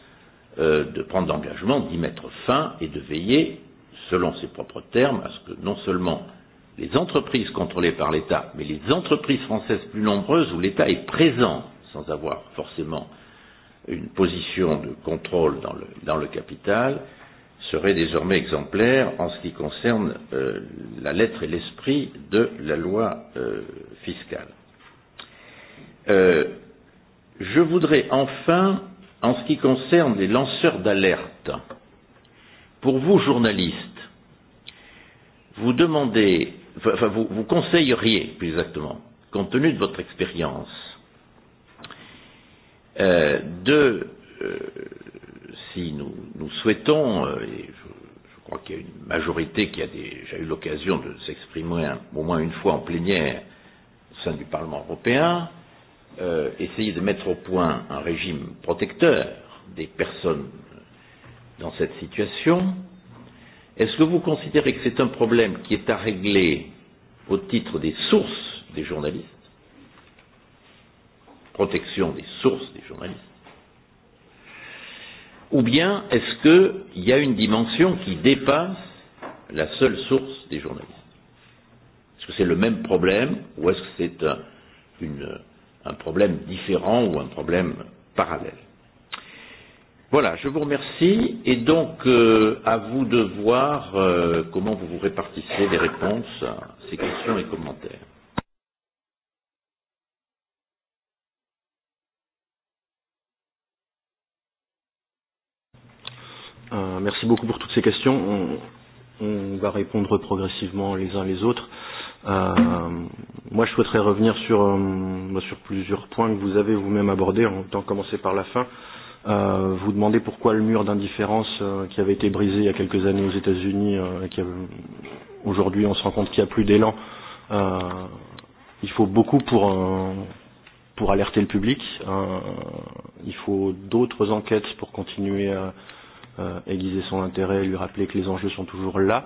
[SPEAKER 1] euh, de prendre l'engagement d'y mettre fin et de veiller, selon ses propres termes, à ce que non seulement euh, les entreprises contrôlées par l'État, mais les entreprises françaises plus nombreuses où l'État est présent sans avoir forcément une position de contrôle dans le, dans le capital, seraient désormais exemplaires en ce qui concerne euh, la lettre et l'esprit de la loi euh, fiscale. Euh, je voudrais enfin, en ce qui concerne les lanceurs d'alerte, pour vous journalistes, vous demandez enfin, vous, vous conseilleriez, plus exactement, compte tenu de votre expérience, euh, de, euh, si nous, nous souhaitons, euh, et je, je crois qu'il y a une majorité qui a déjà eu l'occasion de s'exprimer au moins une fois en plénière au sein du Parlement européen, euh, essayer de mettre au point un régime protecteur des personnes dans cette situation, euh, Est-ce que vous considérez que c'est un problème qui est à régler au titre des sources des journalistes, protection des sources des journalistes, ou bien est-ce qu'il y a une dimension qui dépasse la seule source des journalistes Est-ce que c'est le même problème ou est-ce que c'est un, une, un problème différent ou un problème parallèle Voilà, je vous remercie et donc euh, à vous de voir euh, comment vous vous répartissez les réponses à ces questions et commentaires.
[SPEAKER 14] Euh, merci beaucoup
[SPEAKER 5] pour toutes ces questions. On, on va répondre progressivement les uns les autres. Euh, moi, je souhaiterais revenir sur, euh, sur plusieurs points que vous avez vous-même abordés, en temps commencer par la fin. Euh, euh, vous demandez pourquoi le mur d'indifférence euh, qui avait été brisé il y a quelques années aux États-Unis, euh, qui aujourd'hui on se rend compte qu'il n'y a plus d'élan, euh, il faut beaucoup pour, euh, pour alerter le public. Euh, il faut d'autres enquêtes pour continuer à euh, aiguiser son intérêt, lui rappeler que les enjeux sont toujours là.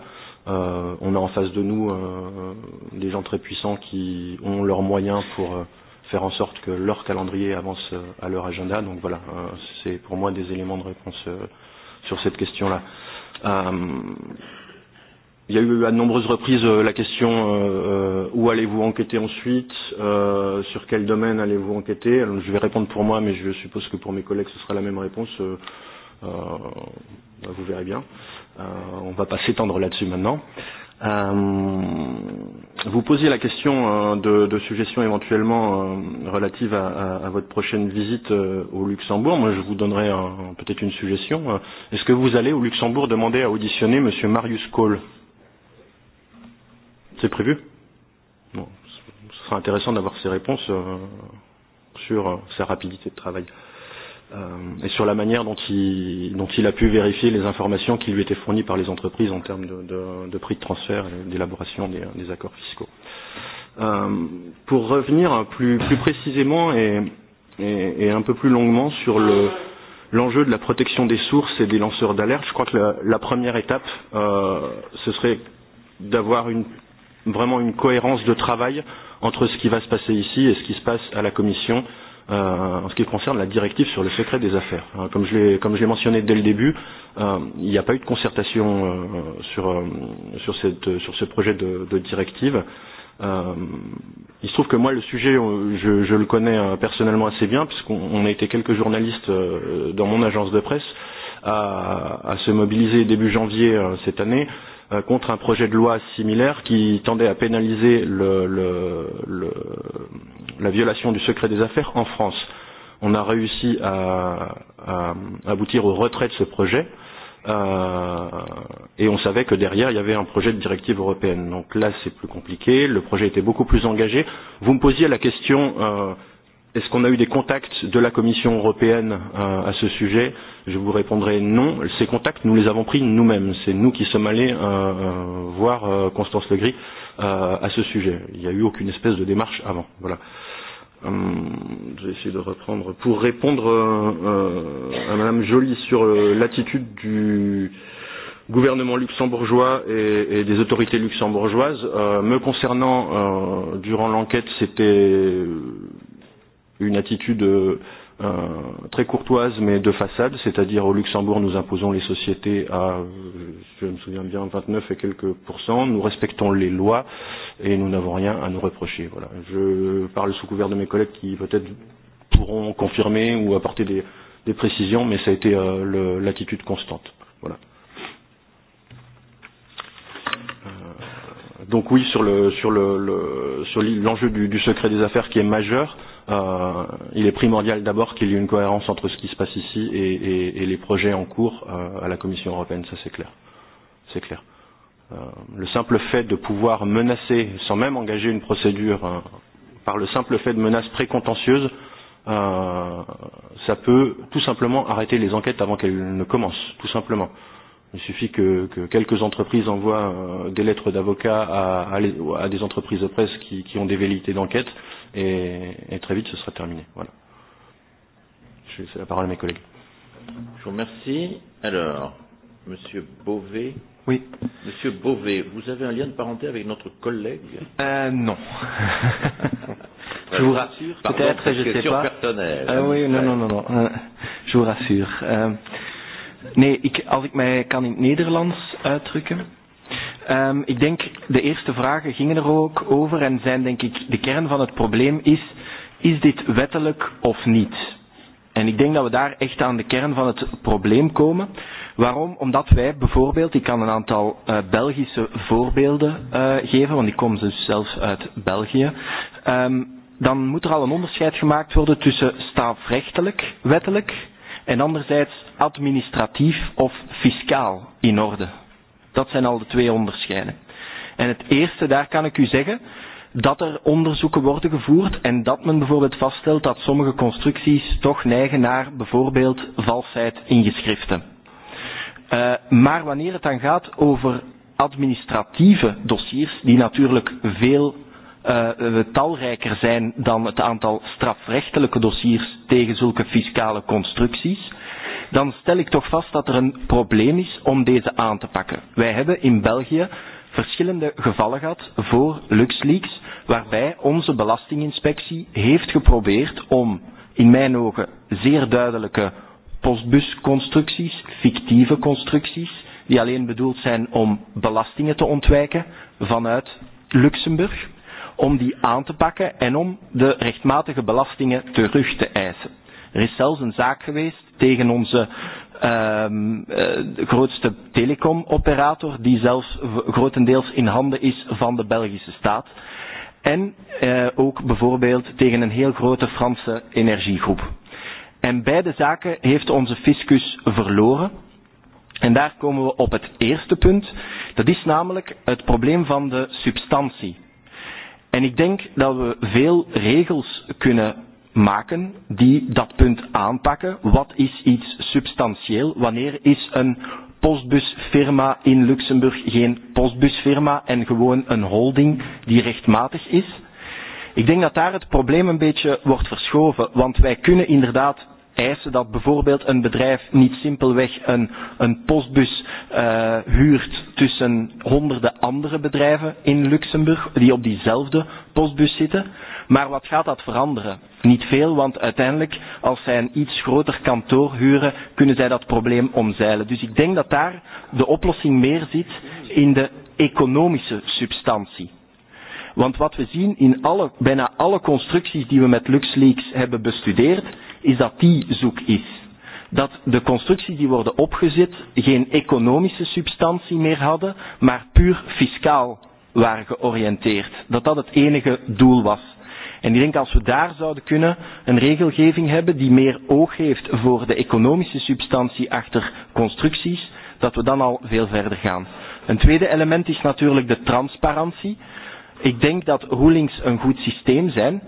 [SPEAKER 5] Euh, on a en face de nous euh, des gens très puissants qui ont leurs moyens pour euh, faire en sorte que leur calendrier avance euh, à leur agenda. Donc voilà, euh, c'est pour moi des éléments de réponse euh, sur cette question-là. Euh, il y a eu à de nombreuses reprises la question euh, où allez-vous enquêter ensuite, euh, sur quel domaine allez-vous enquêter. Alors, je vais répondre pour moi, mais je suppose que pour mes collègues ce sera la même réponse. Euh, euh, vous verrez bien euh, on ne va pas s'étendre là-dessus maintenant. Euh, vous posiez la question euh, de, de suggestions éventuellement euh, relatives à, à, à votre prochaine visite euh, au Luxembourg. Moi, je vous donnerai un, peut-être une suggestion. Euh, est-ce que vous allez au Luxembourg demander à auditionner Monsieur Marius Kohl? C'est prévu Bon, ce sera intéressant d'avoir ses réponses euh, sur euh, sa rapidité de travail. Euh, euh, et sur la manière dont il, dont il a pu vérifier les informations qui lui étaient fournies par les entreprises en termes de, de, de prix de transfert et d'élaboration des, des accords fiscaux. Euh, pour revenir plus, plus précisément et, et, et un peu plus longuement sur le, l'enjeu de la protection des sources et des lanceurs d'alerte, je crois que la, la première étape, euh, ce serait d'avoir une, vraiment une cohérence de travail entre ce qui va se passer ici et ce qui se passe à la Commission euh, euh, en ce qui concerne la directive sur le secret des affaires. Euh, comme je l'ai comme je l'ai mentionné dès le début, euh, il n'y a pas eu de concertation euh, sur euh, sur cette sur ce projet de, de directive. Euh, il se trouve que moi le sujet euh, je, je le connais euh, personnellement assez bien puisqu'on a été quelques journalistes euh, dans mon agence de presse à, à se mobiliser début janvier euh, cette année euh, Euh, contre un projet de loi similaire qui tendait à pénaliser le, le, le, la violation du secret des affaires en France. On a réussi à, à aboutir au retrait de ce projet. Euh, et on savait que derrière, il y avait un projet de directive européenne. Donc là, c'est plus compliqué. Le projet était beaucoup plus engagé. Vous me posiez la question euh, est-ce qu'on a eu des contacts de la Commission européenne euh, à ce sujet euh, je vous répondrai non. Ces contacts, nous les avons pris nous-mêmes. C'est nous qui sommes allés euh, euh voir euh, Constance Legris euh, à ce sujet. Il n'y a eu aucune espèce de démarche avant. Voilà. Hum, je vais essayer de reprendre. Pour répondre euh, euh, à Madame Joly sur euh, l'attitude du gouvernement luxembourgeois et, et des autorités luxembourgeoises, euh, me concernant, euh, durant l'enquête, c'était une attitude. Euh, euh, très courtoise mais de façade, c'est-à-dire au Luxembourg nous imposons les sociétés à, je me souviens bien, 29 et quelques pourcents, nous respectons les lois et nous n'avons rien à nous reprocher. Voilà. Je parle sous couvert de mes collègues qui peut-être pourront confirmer ou apporter des, des précisions, mais ça a été euh, l'attitude constante. Voilà. Euh, donc oui, sur le sur le, le sur l'enjeu du, du secret des affaires qui est majeur, euh, euh, il est primordial d'abord qu'il y ait une cohérence entre ce qui se passe ici et, et, et les projets en cours euh, à la Commission européenne, ça c'est clair. C'est clair. Euh, le simple fait de pouvoir menacer, sans même engager une procédure, euh, par le simple fait de menaces précontentieuses, euh, ça peut tout simplement arrêter les enquêtes avant qu'elles ne commencent, tout simplement. Euh, Il suffit que, que quelques entreprises envoient euh, des lettres d'avocats à, à, à des entreprises de presse qui, qui ont des velléités d'enquête et, et très vite ce sera terminé. Voilà. Je laisse la parole à mes collègues.
[SPEAKER 1] Je vous remercie. Alors, Monsieur Beauvais. Oui. Monsieur Beauvais, vous avez un lien de parenté avec notre collègue euh, Non. je vous rassure. Peut-être, je ne sais pas. Personnelle. Euh, oui, non, non,
[SPEAKER 15] non, non. Euh, je vous rassure. Euh, Nee, ik, als ik mij kan in het Nederlands uitdrukken. Um, ik denk, de eerste vragen gingen er ook over en zijn denk ik, de kern van het probleem is, is dit wettelijk of niet? En ik denk dat we daar echt aan de kern van het probleem komen. Waarom? Omdat wij bijvoorbeeld, ik kan een aantal uh, Belgische voorbeelden uh, geven, want ik kom dus zelf uit België. Um, dan moet er al een onderscheid gemaakt worden tussen strafrechtelijk, wettelijk en anderzijds administratief of fiscaal in orde. Dat zijn al de twee onderscheiden. En het eerste, daar kan ik u zeggen dat er onderzoeken worden gevoerd en dat men bijvoorbeeld vaststelt dat sommige constructies toch neigen naar bijvoorbeeld valsheid in geschriften. Uh, maar wanneer het dan gaat over administratieve dossiers, die natuurlijk veel uh, talrijker zijn dan het aantal strafrechtelijke dossiers tegen zulke fiscale constructies, dan stel ik toch vast dat er een probleem is om deze aan te pakken. Wij hebben in België verschillende gevallen gehad voor LuxLeaks, waarbij onze belastinginspectie heeft geprobeerd om in mijn ogen zeer duidelijke postbusconstructies, fictieve constructies, die alleen bedoeld zijn om belastingen te ontwijken vanuit Luxemburg, om die aan te pakken en om de rechtmatige belastingen terug te eisen. Er is zelfs een zaak geweest tegen onze uh, ehm, eh, de grootste telecomoperator, die zelfs grotendeels in handen is van de Belgische staat. En uh, ook bijvoorbeeld tegen een heel grote Franse energiegroep. En beide zaken heeft onze fiscus verloren. En daar komen we op het eerste punt. Dat is namelijk het probleem van de substantie En ik denk dat we veel regels kunnen maken die dat punt aanpakken. Wat is iets substantieel? Wanneer is een postbusfirma in Luxemburg geen postbusfirma en gewoon een holding die rechtmatig is? Ik denk dat daar het probleem een beetje wordt verschoven, want wij kunnen inderdaad eisen dat bijvoorbeeld een bedrijf niet simpelweg een, een postbus uh, huurt tussen honderden andere bedrijven in Luxemburg die op diezelfde postbus zitten. Maar wat gaat dat veranderen? Niet veel, want uiteindelijk als zij een iets groter kantoor huren, kunnen zij dat probleem omzeilen. Dus ik denk dat daar de oplossing meer zit in de economische substantie. Want wat we zien in alle, bijna alle constructies die we met LuxLeaks hebben bestudeerd, is dat die zoek is. Dat de constructies die worden opgezet geen economische substantie meer hadden, maar puur fiscaal waren georiënteerd. Dat dat het enige doel was. En ik denk als we daar zouden kunnen een regelgeving hebben die meer oog heeft voor de economische substantie achter constructies, dat we dan al veel verder gaan. Een tweede element is natuurlijk de transparantie. Ik denk dat rulings een goed systeem zijn,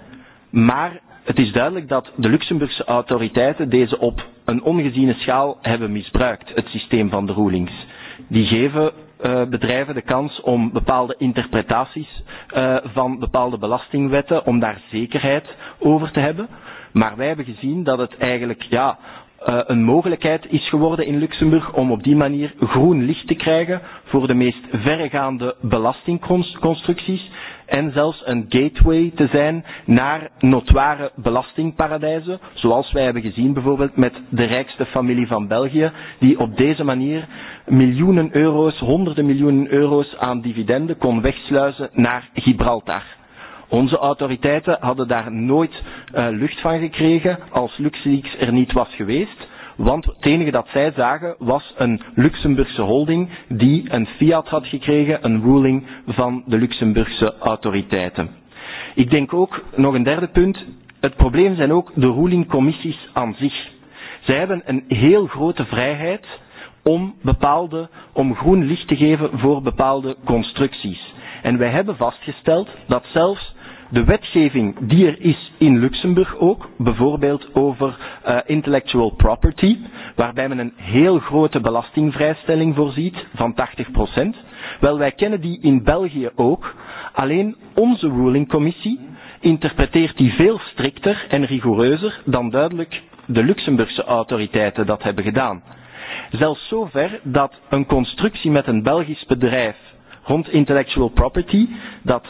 [SPEAKER 15] maar Het is duidelijk dat de Luxemburgse autoriteiten deze op een ongeziene schaal hebben misbruikt, het systeem van de rulings. Die geven uh, bedrijven de kans om bepaalde interpretaties uh, van bepaalde belastingwetten, om daar zekerheid over te hebben. Maar wij hebben gezien dat het eigenlijk ja, uh, een mogelijkheid is geworden in Luxemburg om op die manier groen licht te krijgen voor de meest verregaande belastingconstructies en zelfs een gateway te zijn naar notoire belastingparadijzen, zoals wij hebben gezien bijvoorbeeld met de rijkste familie van België, die op deze manier miljoenen euro's, honderden miljoenen euro's aan dividenden kon wegsluizen naar Gibraltar. Onze autoriteiten hadden daar nooit uh, lucht van gekregen als LuxLeaks er niet was geweest. Want het enige dat zij zagen was een Luxemburgse holding die een fiat had gekregen, een ruling van de Luxemburgse autoriteiten. Ik denk ook, nog een derde punt, het probleem zijn ook de rulingcommissies aan zich. Zij hebben een heel grote vrijheid om, bepaalde, om groen licht te geven voor bepaalde constructies. En wij hebben vastgesteld dat zelfs de wetgeving die er is in Luxemburg ook, bijvoorbeeld over uh, intellectual property, waarbij men een heel grote belastingvrijstelling voorziet van 80%. Wel, wij kennen die in België ook, alleen onze rulingcommissie interpreteert die veel strikter en rigoureuzer dan duidelijk de Luxemburgse autoriteiten dat hebben gedaan. Zelfs zover dat een constructie met een Belgisch bedrijf rond intellectual property, dat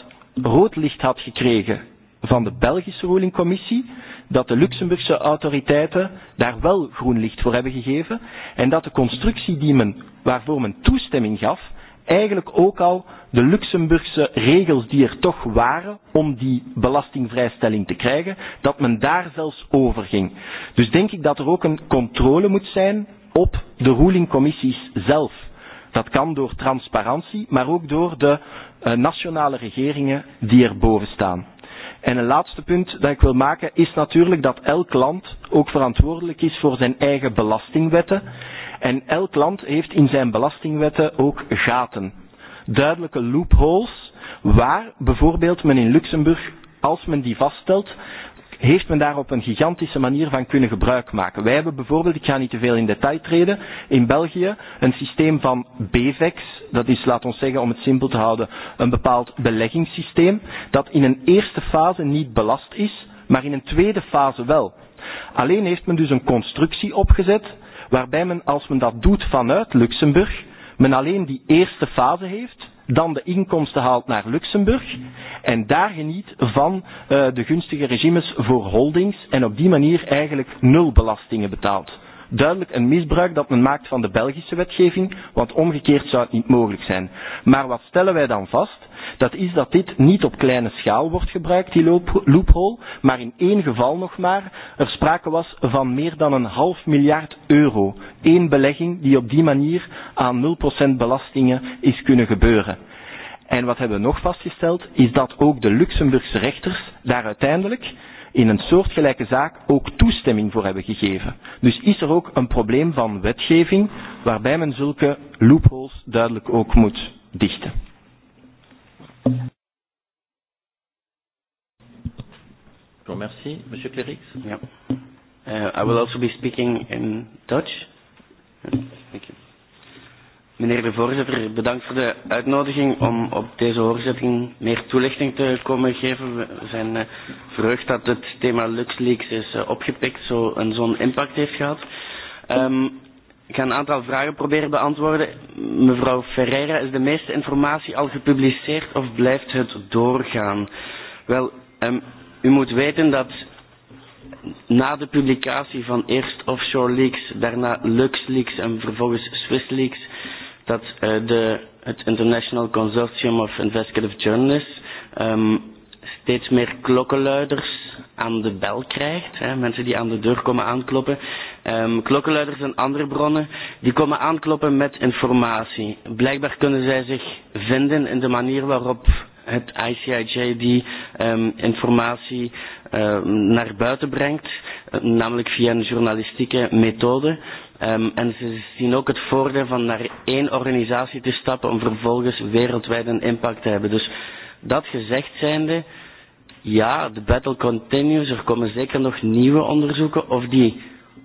[SPEAKER 15] rood licht had gekregen van de Belgische rulingcommissie, dat de Luxemburgse autoriteiten daar wel groen licht voor hebben gegeven en dat de constructie die men, waarvoor men toestemming gaf, eigenlijk ook al de Luxemburgse regels die er toch waren om die belastingvrijstelling te krijgen, dat men daar zelfs over ging. Dus denk ik dat er ook een controle moet zijn op de rulingcommissies zelf Dat kan door transparantie, maar ook door de uh, nationale regeringen die erboven staan. En een laatste punt dat ik wil maken is natuurlijk dat elk land ook verantwoordelijk is voor zijn eigen belastingwetten. En elk land heeft in zijn belastingwetten ook gaten. Duidelijke loopholes waar bijvoorbeeld men in Luxemburg, als men die vaststelt, heeft men daar op een gigantische manier van kunnen gebruik maken. Wij hebben bijvoorbeeld, ik ga niet te veel in detail treden, in België een systeem van BVEX, dat is, laat ons zeggen, om het simpel te houden, een bepaald beleggingssysteem, dat in een eerste fase niet belast is, maar in een tweede fase wel. Alleen heeft men dus een constructie opgezet, waarbij men, als men dat doet vanuit Luxemburg, men alleen die eerste fase heeft, dan de inkomsten haalt naar Luxemburg en daar geniet van uh, de gunstige regimes voor holdings en op die manier eigenlijk nul belastingen betaalt duidelijk een misbruik dat men maakt van de Belgische wetgeving, want omgekeerd zou het niet mogelijk zijn. Maar wat stellen wij dan vast? Dat is dat dit niet op kleine schaal wordt gebruikt, die loophole, maar in één geval nog maar er sprake was van meer dan een half miljard euro. Eén belegging die op die manier aan 0% belastingen is kunnen gebeuren. En wat hebben we nog vastgesteld, is dat ook de Luxemburgse rechters daar uiteindelijk in een soortgelijke zaak ook toestemming voor hebben gegeven. Dus is er ook een probleem van wetgeving waarbij men zulke loopholes duidelijk ook moet dichten.
[SPEAKER 16] Merci. Monsieur Clerix. Yeah. Uh, I will also be speaking in Dutch. Thank you. Meneer de voorzitter, bedankt voor de uitnodiging om op deze hoorzitting meer toelichting te komen geven. We zijn eh, verheugd dat het thema LuxLeaks is eh, opgepikt, zo en zo'n impact heeft gehad. Um, ik ga een aantal vragen proberen beantwoorden. Mevrouw Ferreira, is de meeste informatie al gepubliceerd of blijft het doorgaan? Wel, um, u moet weten dat na de publicatie van eerst Offshore Leaks, daarna LuxLeaks en vervolgens SwissLeaks That uh, eh, the het International Consortium of Investigative Journalists um, steeds meer klokkenluiders aan de bel krijgt. Hè, mensen die aan de deur komen aankloppen. Um, klokkenluiders en andere bronnen die komen aankloppen met informatie. Blijkbaar kunnen zij zich vinden in de manier waarop het ICIJ die um, informatie um, naar buiten brengt, eh, namelijk via een journalistieke methode. Um, en ze zien ook het voordeel van naar één organisatie te stappen om vervolgens wereldwijd een impact te hebben. Dus dat gezegd zijnde, ja, de battle continues. Er komen zeker nog nieuwe onderzoeken. Of die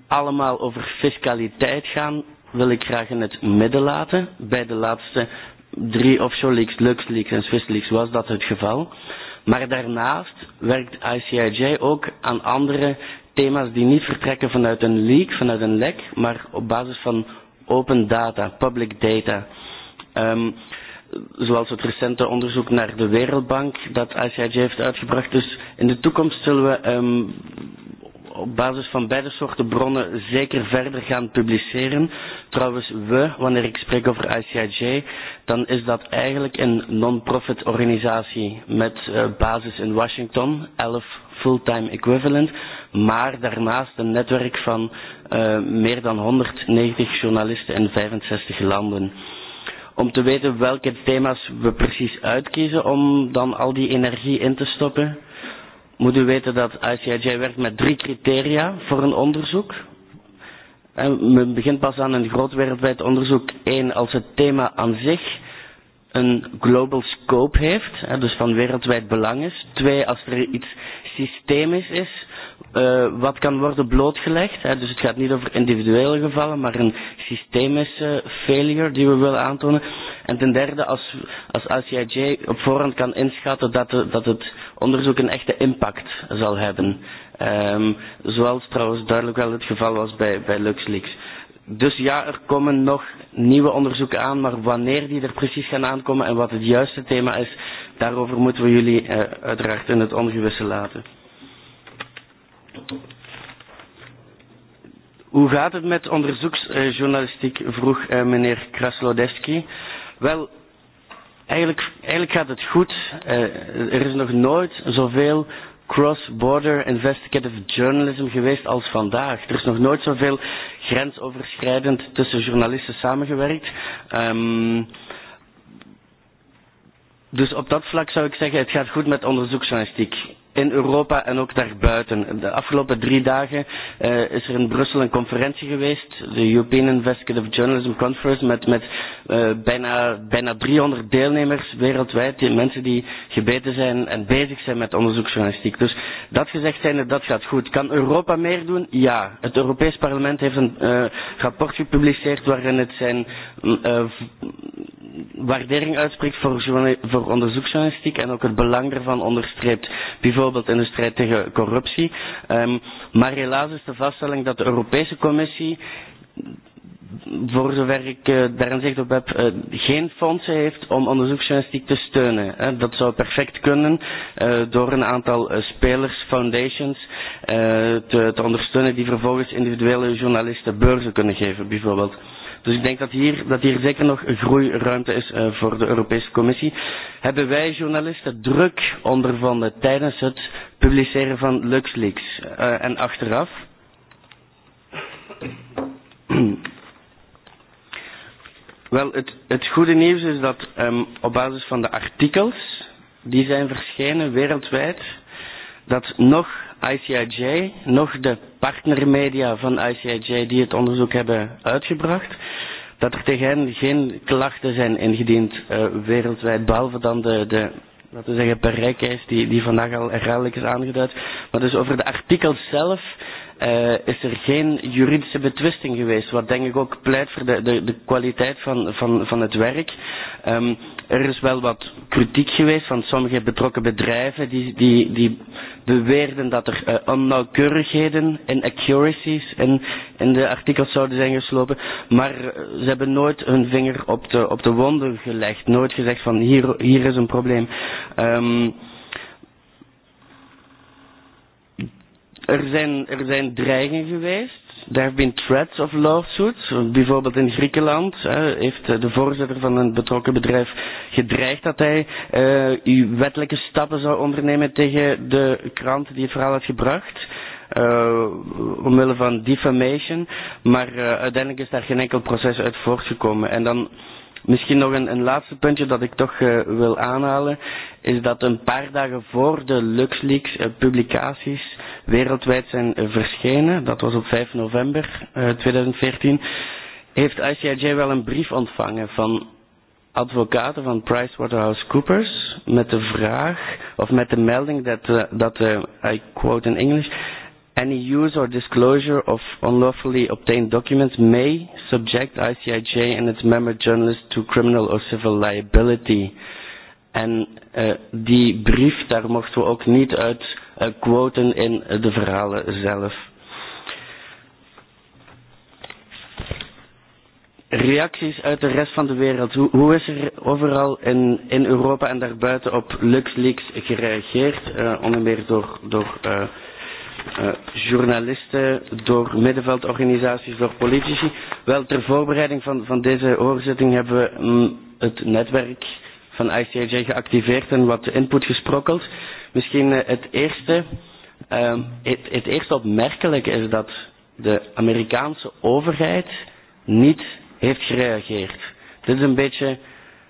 [SPEAKER 16] allemaal over fiscaliteit gaan, wil ik graag in het midden laten. Bij de laatste drie offshore leaks, LuxLeaks en SwissLeaks was dat het geval. Maar daarnaast werkt ICIJ ook aan andere thema's die niet vertrekken vanuit een leak, vanuit een lek, maar op basis van open data, public data. Um, zoals het recente onderzoek naar de Wereldbank dat ICIJ heeft uitgebracht. Dus in de toekomst zullen we um, op basis van beide soorten bronnen zeker verder gaan publiceren. Trouwens, we, wanneer ik spreek over ICIJ, dan is dat eigenlijk een non-profit organisatie met uh, basis in Washington, 11 fulltime equivalent maar daarnaast een netwerk van uh, meer dan 190 journalisten in 65 landen. Om te weten welke thema's we precies uitkiezen om dan al die energie in te stoppen, moet u weten dat ICIJ werkt met drie criteria voor een onderzoek. En men begint pas aan een groot wereldwijd onderzoek. Eén, als het thema aan zich een global scope heeft, dus van wereldwijd belang is. Twee, als er iets systemisch is, uh, wat kan worden blootgelegd. Hè? Dus het gaat niet over individuele gevallen, maar een systemische failure die we willen aantonen. En ten derde, als, als ICIJ op voorhand kan inschatten dat, de, dat het onderzoek een echte impact zal hebben. Um, zoals trouwens duidelijk wel het geval was bij, bij LuxLeaks. Dus ja, er komen nog nieuwe onderzoeken aan, maar wanneer die er precies gaan aankomen en wat het juiste thema is, daarover moeten we jullie uh, uiteraard in het ongewisse laten. Hoe gaat het met onderzoeksjournalistiek, vroeg eh, meneer Kraslodewski. Wel, eigenlijk, eigenlijk gaat het goed. Eh, er is nog nooit zoveel cross-border investigative journalism geweest als vandaag. Er is nog nooit zoveel grensoverschrijdend tussen journalisten samengewerkt. Um, dus op dat vlak zou ik zeggen, het gaat goed met onderzoeksjournalistiek in Europa en ook daarbuiten. De afgelopen drie dagen uh, is er in Brussel een conferentie geweest, de European Investigative Journalism Conference, met, met uh, bijna, bijna 300 deelnemers wereldwijd, die mensen die gebeten zijn en bezig zijn met onderzoeksjournalistiek. Dus dat gezegd zijnde, dat gaat goed. Kan Europa meer doen? Ja. Het Europees Parlement heeft een uh, rapport gepubliceerd waarin het zijn uh, waardering uitspreekt voor, voor onderzoeksjournalistiek en ook het belang daarvan onderstreept. Bijvoorbeeld bijvoorbeeld in de strijd tegen corruptie. Um, maar helaas is de vaststelling dat de Europese Commissie voor zover ik uh, daar inzicht op heb, uh, geen fondsen heeft om onderzoeksjournalistiek te steunen. Uh, Dat zou perfect kunnen uh, door een aantal uh, spelers, foundations uh, te, te ondersteunen die vervolgens individuele journalisten beurzen kunnen geven, bijvoorbeeld. Dus ik denk dat hier, dat hier zeker nog groeiruimte is uh, voor de Europese Commissie. Hebben wij journalisten druk ondervonden tijdens het publiceren van LuxLeaks uh, en achteraf? Wel, het, het goede nieuws is dat um, op basis van de artikels die zijn verschenen wereldwijd, dat nog ICIJ, nog de partnermedia van ICIJ die het onderzoek hebben uitgebracht, dat er tegen hen geen klachten zijn ingediend uh, wereldwijd, behalve dan de, de laten we zeggen, bereikwijs die, die vandaag al herhaaldelijk is aangeduid. Maar dus over de artikels zelf uh, is er geen juridische betwisting geweest. Wat denk ik ook pleit voor de, de, de kwaliteit van, van, van het werk. Um, er is wel wat kritiek geweest van sommige betrokken bedrijven die, die, die beweerden dat er uh, onnauwkeurigheden en accuracies in, in de artikels zouden zijn geslopen. Maar eh, ze hebben nooit hun vinger op de, op de wonden gelegd. Nooit gezegd van hier, hier is een probleem. Um, Er zijn, er zijn dreigingen geweest. There have been threats of lawsuits. Bijvoorbeeld in Griekenland uh, heeft eh, de voorzitter van een betrokken bedrijf gedreigd dat hij uh, wettelijke stappen zou ondernemen tegen de krant die het verhaal had gebracht uh, omwille van defamation. Maar uh, uiteindelijk is daar geen enkel proces uit voortgekomen. En dan misschien nog een, een laatste puntje dat ik toch uh, wil aanhalen, is dat een paar dagen voor de LuxLeaks uh, publicaties wereldwijd zijn verschenen, dat was op 5 november 2014, eh, heeft ICIJ wel een brief ontvangen van advocaten van PricewaterhouseCoopers met de vraag, of met de melding dat, eh, dat uh, I quote in English, any use or disclosure of unlawfully obtained documents may subject ICIJ and its member journalists to criminal or civil liability. En uh, die brief, daar mochten we ook niet uit Eh, quoten in de verhalen zelf. Reacties uit de rest van de wereld. Hoe, hoe is er overal in, in Europa en daarbuiten op LuxLeaks gereageerd? Uh, onder meer door, door uh, uh, journalisten, door middenveldorganisaties, door politici. Wel, ter voorbereiding van, van deze hoorzitting hebben we mm, het netwerk van ICIJ geactiveerd en wat input gesprokkeld. Misschien eh, het eerste, ehm, het, het eerste opmerkelijke is dat de Amerikaanse overheid niet heeft gereageerd. Dit is een beetje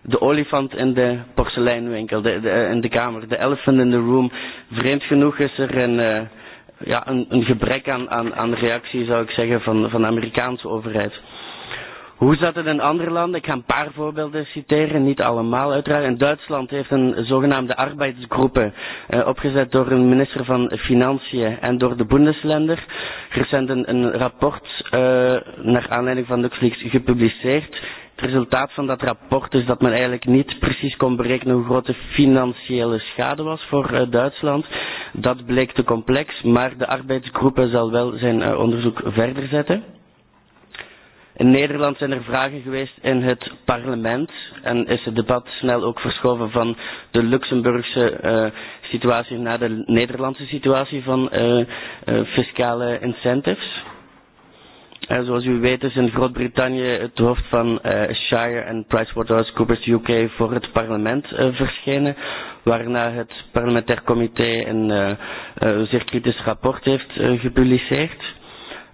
[SPEAKER 16] de olifant in de porseleinwinkel, de, de, eh, in de kamer, de elephant in the room. Vreemd genoeg is er een, uh, ja, een, een gebrek aan, aan, aan reactie, zou ik zeggen, van, van de Amerikaanse overheid. Hoe zat het in andere landen? Ik ga een paar voorbeelden citeren, niet allemaal uiteraard. In Duitsland heeft een zogenaamde arbeidsgroepen eh, opgezet door een minister van Financiën en door de Bundesländer. Recent er een, een rapport eh, naar aanleiding van LuxLeaks gepubliceerd. Het resultaat van dat rapport is dat men eigenlijk niet precies kon berekenen hoe groot de financiële schade was voor uh, Duitsland. Dat bleek te complex, maar de arbeidsgroepen zal wel zijn uh, onderzoek verder zetten. In Nederland zijn er vragen geweest in het parlement en is het debat snel ook verschoven van de Luxemburgse uh, situatie naar de Nederlandse situatie van uh, uh, fiscale incentives. En zoals u weet is in Groot-Brittannië het hoofd van uh, Shire en PricewaterhouseCoopers UK voor het parlement uh, verschenen, waarna het parlementair comité een uh, uh, zeer kritisch rapport heeft uh, gepubliceerd.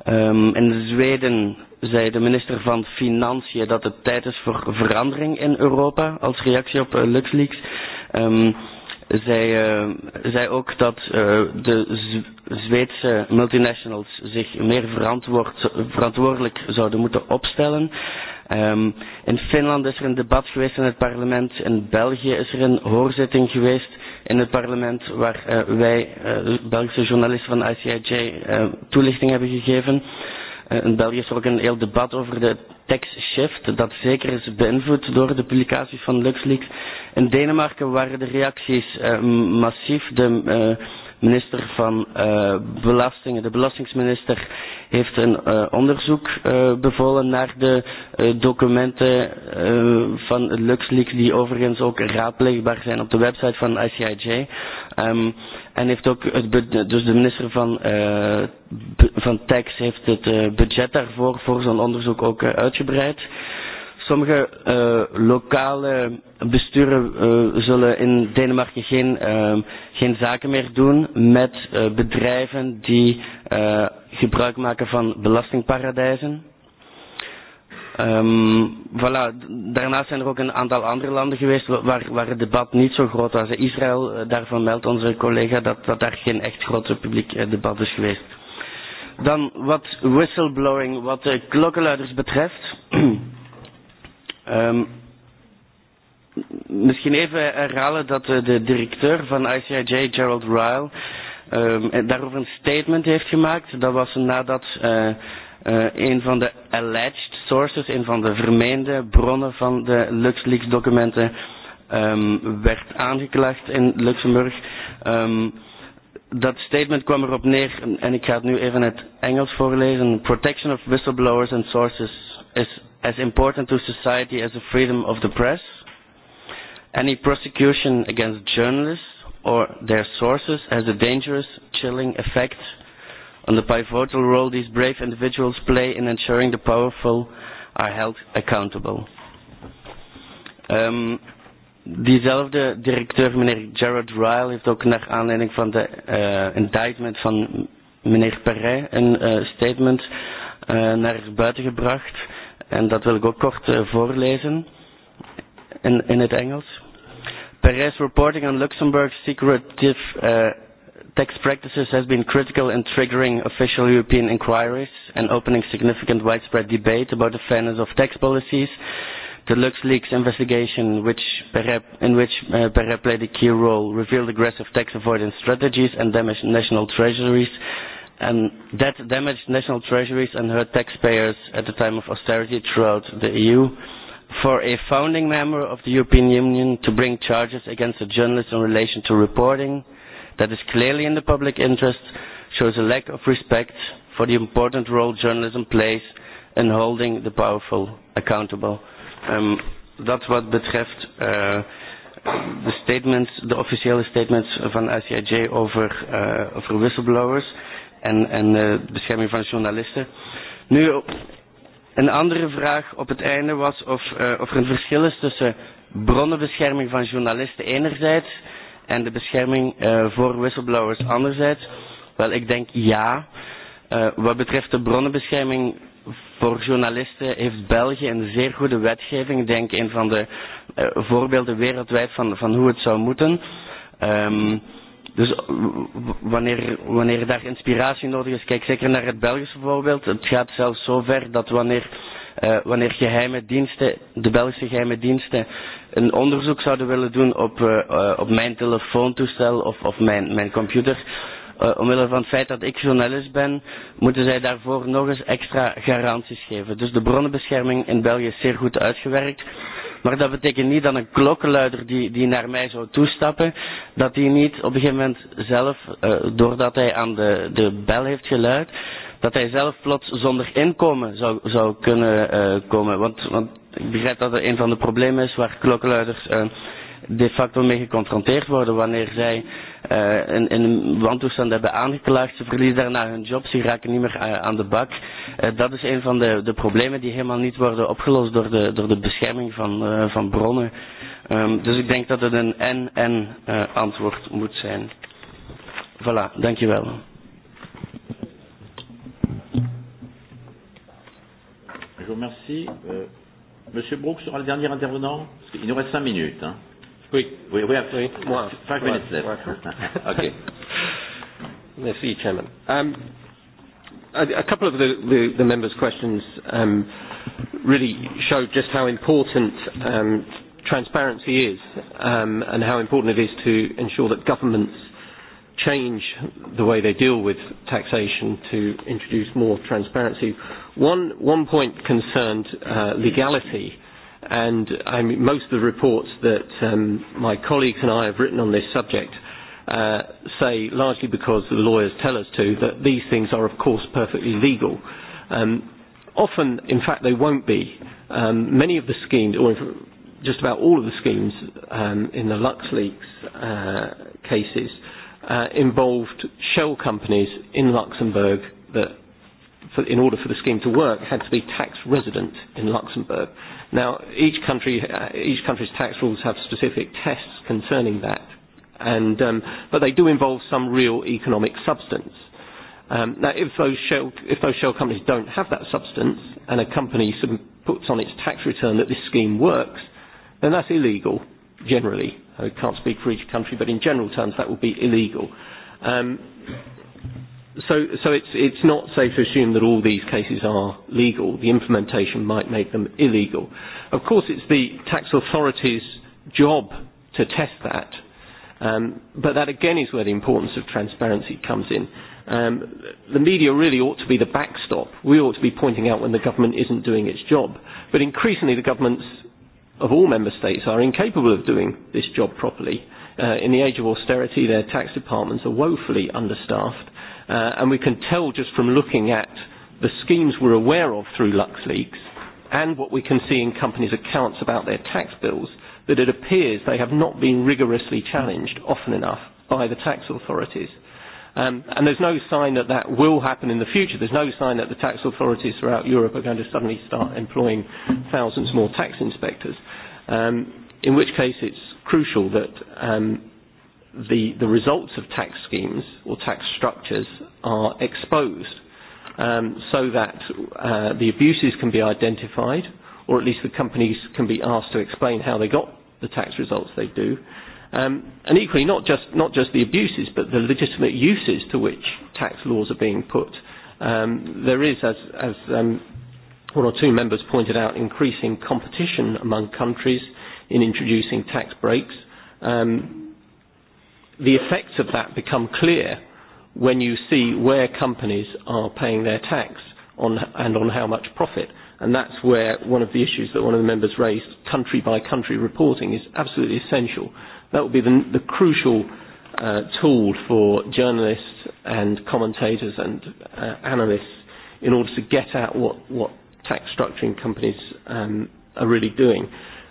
[SPEAKER 16] Um, in Zweden zei de minister van Financiën dat het tijd is voor verandering in Europa als reactie op uh, LuxLeaks. Um, zij uh, zei ook dat uh, de Zweedse multinationals zich meer verantwoord, verantwoordelijk zouden moeten opstellen. Um, in Finland is er een debat geweest in het parlement. In België is er een hoorzitting geweest in het parlement waar uh, wij, uh, Belgische journalisten van ICIJ, uh, toelichting hebben gegeven in eh, België is er ook een heel debat over de tax shift, dat zeker is beïnvloed door de publicatie van LuxLeaks. In Denemarken waren de reacties uh, massief. De, uh, minister van uh, eh, Belastingen, de belastingsminister, heeft een uh, onderzoek uh, bevolen naar de uh, documenten uh, van LuxLeaks, die overigens ook raadpleegbaar zijn op de website van ICIJ. Um, ehm, en heeft ook het dus de minister van, uh, van Tax heeft het uh, budget daarvoor voor zo'n onderzoek ook uh, uitgebreid sommige uh, lokale besturen uh, zullen in Denemarken geen, uh, geen zaken meer doen met uh, bedrijven die uh, gebruik maken van belastingparadijzen. Um, voilà. Daarnaast zijn er ook een aantal andere landen geweest waar, waar het debat niet zo groot was. Israël, daarvan meldt onze collega dat, dat daar geen echt groot publiek debat is geweest. Dan wat whistleblowing, wat de klokkenluiders betreft. Um, misschien even herhalen dat de directeur van ICIJ, Gerald Ryle, um, daarover een statement heeft gemaakt. Dat was nadat uh, uh, een van de alleged sources, een van de vermeende bronnen van de LuxLeaks documenten um, ehm, werd aangeklaagd in Luxemburg. Um, dat statement kwam erop neer, en ik ga het nu even in het Engels voorlezen. Protection of whistleblowers and sources is as important to society as the freedom of the press. Any prosecution against journalists or their sources has a dangerous, chilling effect on the pivotal role these brave individuals play in ensuring the powerful are held accountable. Um, diezelfde directeur, meneer Gerard Ryle, heeft ook naar aanleiding van de uh, indictment van meneer Perret een uh, statement uh, naar buiten gebracht En dat wil ik ook kort uh, voorlezen in, in het Engels. Perez reporting on Luxembourg's secretive uh, tax practices has been critical in triggering official European inquiries and opening significant widespread debate about the fairness of tax policies. The LuxLeaks investigation, which Perep, in which uh, eh, Perret played a key role, revealed aggressive tax avoidance strategies and damaged national treasuries and that damaged national treasuries and hurt taxpayers at the time of austerity throughout the EU. For a founding member of the European Union to bring charges against a journalist in relation to reporting that is clearly in the public interest shows a lack of respect for the important role journalism plays in holding the powerful accountable. Um, dat wat betreft uh, de statements, de officiële statements van ICIJ over, uh, over whistleblowers en, en uh, eh, bescherming van journalisten. Nu, een andere vraag op het einde was of, uh, of er een verschil is tussen bronnenbescherming van journalisten enerzijds en de bescherming uh, voor whistleblowers anderzijds. Wel, ik denk ja. Uh, wat betreft de bronnenbescherming voor journalisten heeft België een zeer goede wetgeving. Ik denk een van de uh, voorbeelden wereldwijd van, van hoe het zou moeten. Um, Dus eh, wanneer, wanneer daar inspiratie nodig is, kijk zeker naar het Belgisch voorbeeld. Het gaat zelfs zo ver dat wanneer, uh, wanneer geheime diensten, de Belgische geheime diensten een onderzoek zouden willen doen op, uh, uh, op mijn telefoontoestel of, of mijn, mijn computer, uh, omwille van het feit dat ik journalist ben, moeten zij daarvoor nog eens extra garanties geven. Dus de bronnenbescherming in België is zeer goed uitgewerkt. Maar dat betekent niet dat een klokkenluider die, die naar mij zou toestappen, dat hij niet op een gegeven moment zelf, uh, doordat hij aan de, de bel heeft geluid, dat hij zelf plots zonder inkomen zou, zou kunnen uh, komen. Want, want ik begrijp dat dat er een van de problemen is waar klokkenluiders uh, de facto mee geconfronteerd worden wanneer zij Uh, in, in wantoestand hebben aangeklaagd. Ze verliezen daarna hun job, ze raken niet meer uh, aan de bak. Uh, dat is een van de, de problemen die helemaal niet worden opgelost door de, door de bescherming van, uh, van bronnen. Um, dus ik denk dat het een en-en uh, antwoord moet zijn. Voilà, dankjewel.
[SPEAKER 1] Je vous remercie. Euh, Monsieur Brooks sera le dernier intervenant. Parce Il nous reste
[SPEAKER 6] cinq minutes. Hein. Oui. We, we have oui. Moi. five more, minutes left. More. okay. Merci, Chairman. Um, a, a couple of the, the, the members' questions um, really showed just how important um, transparency is um, and how important it is to ensure that governments change the way they deal with taxation to introduce more transparency. One, one point concerned uh, legality. Uh, and I mean, most of the reports that um, my colleagues and I have written on this subject uh, say, largely because the lawyers tell us to, that these things are, of course, perfectly legal. Um, often, in fact, they won't be. Um, many of the schemes, or just about all of the schemes um, in the LuxLeaks uh, cases, uh, involved shell companies in Luxembourg that for, in order for the scheme to work, had to be tax resident in Luxembourg. Now, each, country, uh, each country's tax rules have specific tests concerning that, and, um, but they do involve some real economic substance. Um, now, if those, shell, if those shell companies don't have that substance and a company sub- puts on its tax return that this scheme works, then that's illegal, generally. I can't speak for each country, but in general terms, that would be illegal. Um, so, so it's, it's not safe to assume that all these cases are legal. The implementation might make them illegal. Of course, it's the tax authority's job to test that. Um, but that again is where the importance of transparency comes in. Um, the media really ought to be the backstop. We ought to be pointing out when the government isn't doing its job. But increasingly, the governments of all member states are incapable of doing this job properly. Uh, in the age of austerity, their tax departments are woefully understaffed Uh, and we can tell just from looking at the schemes we're aware of through LuxLeaks and what we can see in companies' accounts about their tax bills that it appears they have not been rigorously challenged often enough by the tax authorities. Um, and there's no sign that that will happen in the future. There's no sign that the tax authorities throughout Europe are going to suddenly start employing thousands more tax inspectors. Um, in which case, it's crucial that um, the, the results of tax schemes or tax structures are exposed um, so that uh, the abuses can be identified or at least the companies can be asked to explain how they got the tax results they do. Um, and equally, not just, not just the abuses, but the legitimate uses to which tax laws are being put. Um, there is, as, as um, one or two members pointed out, increasing competition among countries in introducing tax breaks. Um, the effects of that become clear when you see where companies are paying their tax on, and on how much profit. And that's where one of the issues that one of the members raised, country by country reporting, is absolutely essential. That will be the, the crucial uh, tool for journalists and commentators and uh, analysts in order to get at what, what tax structuring companies um, are really doing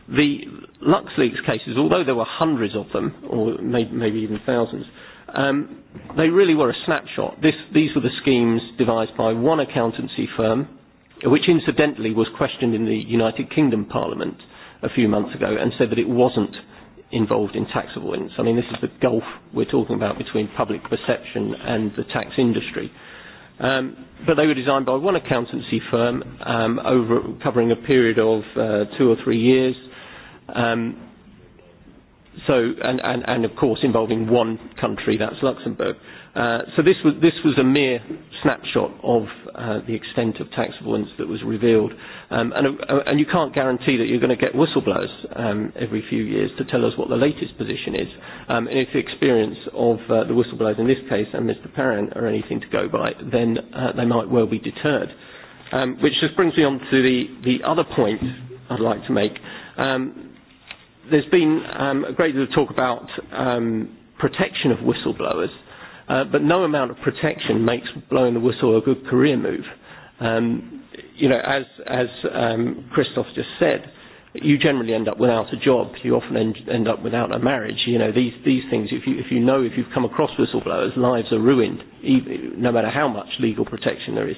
[SPEAKER 6] the LuxLeaks cases, although there were hundreds of them, or maybe even thousands, um, they really were a snapshot. This, these were the schemes devised by one accountancy firm, which incidentally was questioned in the United Kingdom Parliament a few months ago and said that it wasn't involved in tax avoidance. I mean, this is the gulf we're talking about between public perception and the tax industry. Um, but they were designed by one accountancy firm um, over covering a period of uh, two or three years Um, so, and, and, and of course involving one country, that's Luxembourg. Uh, so this was, this was a mere snapshot of uh, the extent of tax avoidance that was revealed. Um, and, uh, and you can't guarantee that you're going to get whistleblowers um, every few years to tell us what the latest position is. Um, and if the experience of uh, the whistleblowers in this case and Mr. Perrin are anything to go by, then uh, they might well be deterred. Um, which just brings me on to the, the other point I'd like to make. Um, there's been um, a great deal of talk about um, protection of whistleblowers, uh, but no amount of protection makes blowing the whistle a good career move. Um, you know, as, as um, Christoph just said, you generally end up without a job. You often end, end up without a marriage. You know, these, these things, if you, if you know, if you've come across whistleblowers, lives are ruined, even, no matter how much legal protection there is.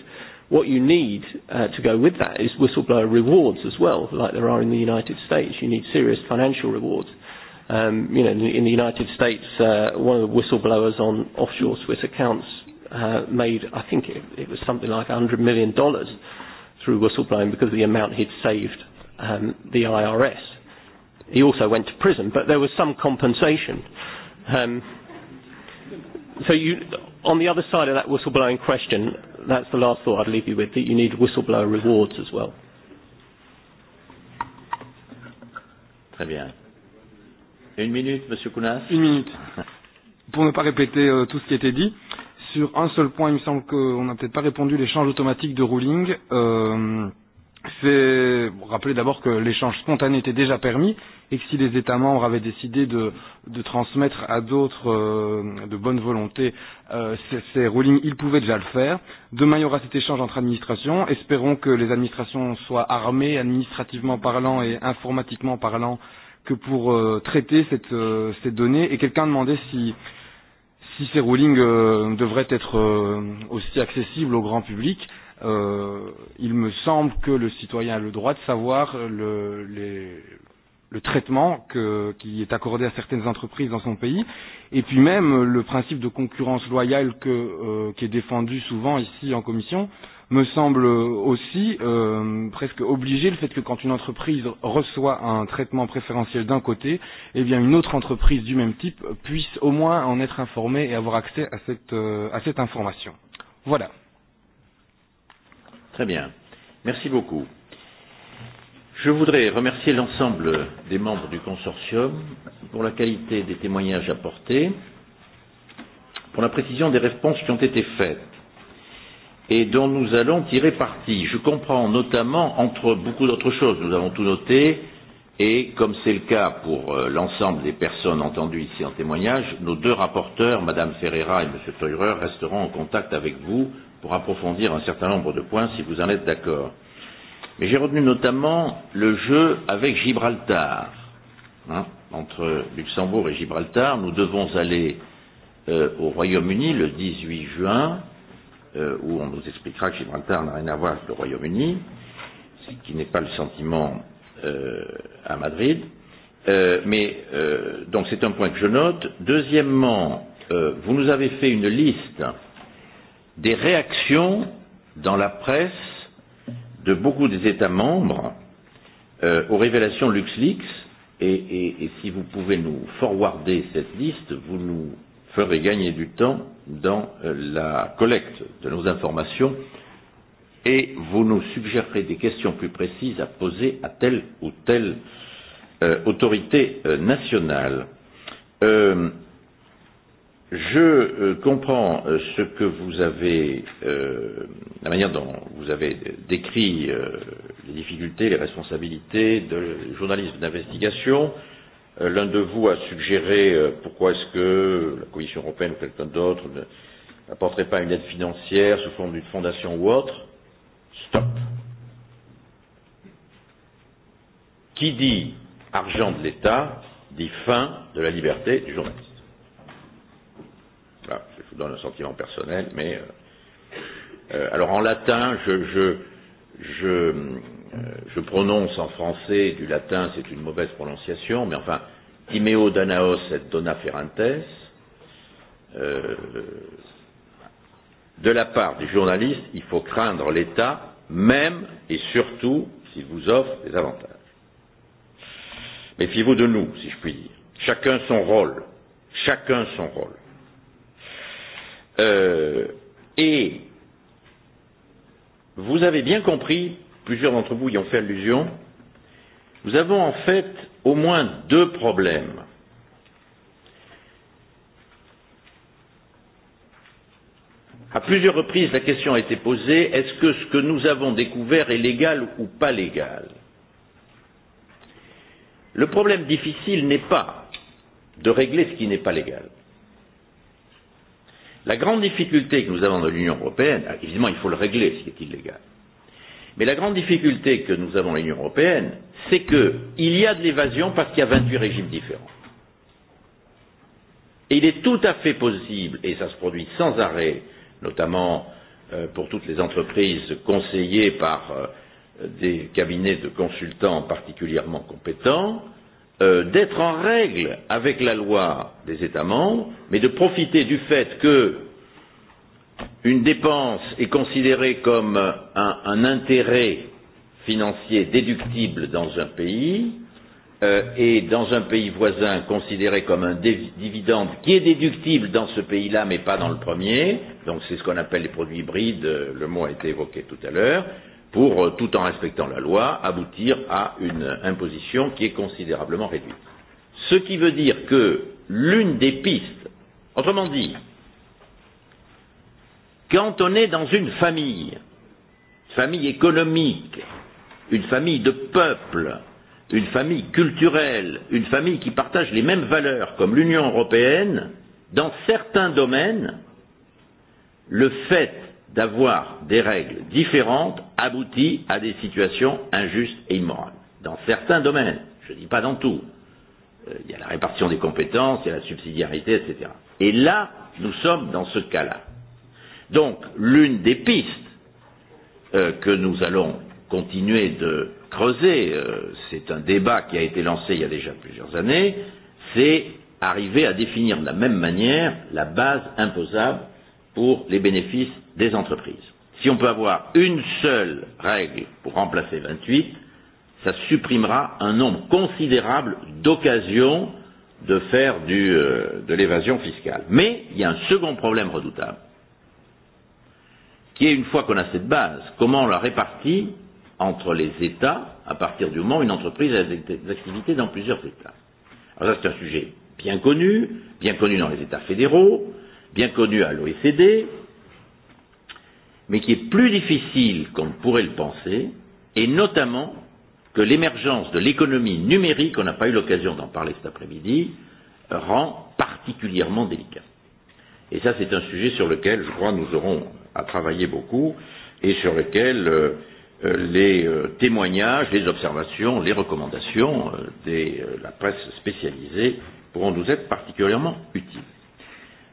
[SPEAKER 6] What you need uh, to go with that is whistleblower rewards as well, like there are in the United States. You need serious financial rewards. Um, you know, in, in the United States, uh, one of the whistleblowers on offshore Swiss accounts uh, made, I think it, it was something like $100 million through whistleblowing because of the amount he'd saved um, the IRS. He also went to prison, but there was some compensation. Um, so you, on the other side of that whistleblowing question, that's the last thought I'd leave you with, that you need whistleblower rewards as well. Très bien.
[SPEAKER 17] Une minute, Monsieur Kounas. Une minute. Pour ne pas répéter euh, tout ce qui a été dit, sur un seul point, il me semble qu'on n'a peut-être pas répondu l'échange automatique de ruling. Euh, c'est rappeler d'abord que l'échange spontané était déjà permis et que si les États membres avaient décidé de, de transmettre à d'autres euh, de bonne volonté euh, ces, ces rulings, ils pouvaient déjà le faire. Demain, il y aura cet échange entre administrations. Espérons que les administrations soient armées administrativement parlant et informatiquement parlant que pour euh, traiter cette, euh, ces données. Et quelqu'un demandait si, si ces rulings euh, devraient être euh, aussi accessibles au grand public euh, il me semble que le citoyen a le droit de savoir le, les, le traitement que, qui est accordé à certaines entreprises dans son pays, et puis même le principe de concurrence loyale que, euh, qui est défendu souvent ici en commission me semble aussi euh, presque obligé le fait que quand une entreprise reçoit un traitement préférentiel d'un côté, eh bien une autre entreprise du même type puisse au moins en être informée et avoir accès à cette, euh, à cette information. Voilà. Très bien.
[SPEAKER 1] Merci beaucoup. Je voudrais remercier l'ensemble des membres du consortium pour la qualité des témoignages apportés, pour la précision des réponses qui ont été faites et dont nous allons tirer parti. Je comprends notamment, entre beaucoup d'autres choses, nous avons tout noté, et comme c'est le cas pour euh, l'ensemble des personnes entendues ici en témoignage, nos deux rapporteurs, Madame Ferreira et Monsieur Teurer, resteront en contact avec vous pour approfondir un certain nombre de points si vous en êtes d'accord. Mais j'ai retenu notamment le jeu avec Gibraltar. Hein, entre Luxembourg et Gibraltar, nous devons aller euh, au Royaume-Uni le 18 juin, euh, où on nous expliquera que Gibraltar n'a rien à voir avec le Royaume-Uni, ce qui n'est pas le sentiment euh, à Madrid. Euh, mais euh, donc c'est un point que je note. Deuxièmement, euh, vous nous avez fait une liste euh, des réactions dans la presse de beaucoup des États membres euh, aux révélations LuxLeaks et, et, et si vous pouvez nous forwarder cette liste, vous nous ferez gagner du temps dans euh, la collecte de nos informations et vous nous suggérerez des questions plus précises à poser à telle ou telle euh, autorité euh, nationale. Euh, je euh, comprends euh, ce que vous avez, euh, la manière dont vous avez décrit euh, les difficultés, les responsabilités de journalisme d'investigation. Euh, L'un de vous a suggéré euh, pourquoi est-ce que la Commission européenne ou quelqu'un d'autre n'apporterait pas une aide financière sous forme d'une fondation ou autre. Stop. Qui dit argent de l'État dit fin de la liberté du journalisme je vous donne un sentiment personnel, mais euh, euh, alors en latin, je, je, je, euh, je prononce en français du latin, c'est une mauvaise prononciation, mais enfin, Timeo Danaos et Dona Ferrantes, euh, de la part du journaliste, il faut craindre l'État, même et surtout s'il vous offre des avantages. Méfiez-vous de nous, si je puis dire. Chacun son rôle. Chacun son rôle. Euh, et vous avez bien compris, plusieurs d'entre vous y ont fait allusion, nous avons en fait au moins deux problèmes. À plusieurs reprises, la question a été posée est-ce que ce que nous avons découvert est légal ou pas légal Le problème difficile n'est pas de régler ce qui n'est pas légal. La grande difficulté que nous avons dans l'Union européenne, évidemment il faut le régler ce qui est illégal, mais la grande difficulté que nous avons dans l'Union européenne, c'est qu'il y a de l'évasion parce qu'il y a 28 régimes différents. Et il est tout à fait possible, et ça se produit sans arrêt, notamment euh, pour toutes les entreprises conseillées par euh, des cabinets de consultants particulièrement compétents, euh, d'être en règle avec la loi des États membres, mais de profiter du fait que une dépense est considérée comme un, un intérêt financier déductible dans un pays euh, et dans un pays voisin considéré comme un dividende qui est déductible dans ce pays-là mais pas dans le premier, donc c'est ce qu'on appelle les produits hybrides, euh, le mot a été évoqué tout à l'heure, pour, euh, tout en respectant la loi, aboutir à une imposition qui est considérablement réduite. Ce qui veut dire que l'une des pistes, autrement dit, quand on est dans une famille, famille économique, une famille de peuple, une famille culturelle, une famille qui partage les mêmes valeurs comme l'Union européenne, dans certains domaines, le fait d'avoir des règles différentes aboutit à des situations injustes et immorales. Dans certains domaines, je ne dis pas dans tout. Euh, il y a la répartition des compétences, il y a la subsidiarité, etc. Et là, nous sommes dans ce cas-là. Donc, l'une des pistes euh, que nous allons continuer de creuser, euh, c'est un débat qui a été lancé il y a déjà plusieurs années, c'est arriver à définir de la même manière la base imposable pour les bénéfices des entreprises. Si on peut avoir une seule règle pour remplacer 28, ça supprimera un nombre considérable d'occasions de faire du, euh, de l'évasion fiscale. Mais il y a un second problème redoutable, qui est une fois qu'on a cette base, comment on la répartit entre les États à partir du moment où une entreprise a des activités dans plusieurs États. Alors ça c'est un sujet bien connu, bien connu dans les États fédéraux, bien connu à l'OECD, mais qui est plus difficile qu'on ne pourrait le penser, et notamment que l'émergence de l'économie numérique, on n'a pas eu l'occasion d'en parler cet après-midi, rend particulièrement délicat. Et ça, c'est un sujet sur lequel, je crois, nous aurons à travailler beaucoup et sur lequel euh, les euh, témoignages, les observations, les recommandations euh, de euh, la presse spécialisée pourront nous être particulièrement utiles.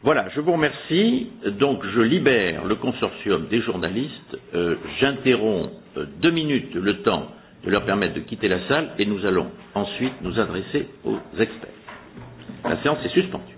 [SPEAKER 1] Voilà, je vous remercie. Donc, je libère le consortium des journalistes. Euh, J'interromps euh, deux minutes le temps de leur permettre de quitter la salle et nous allons ensuite nous adresser aux experts. La séance est suspendue.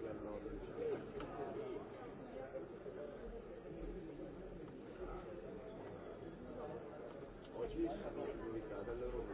[SPEAKER 14] Oggi è stata pubblicata il loro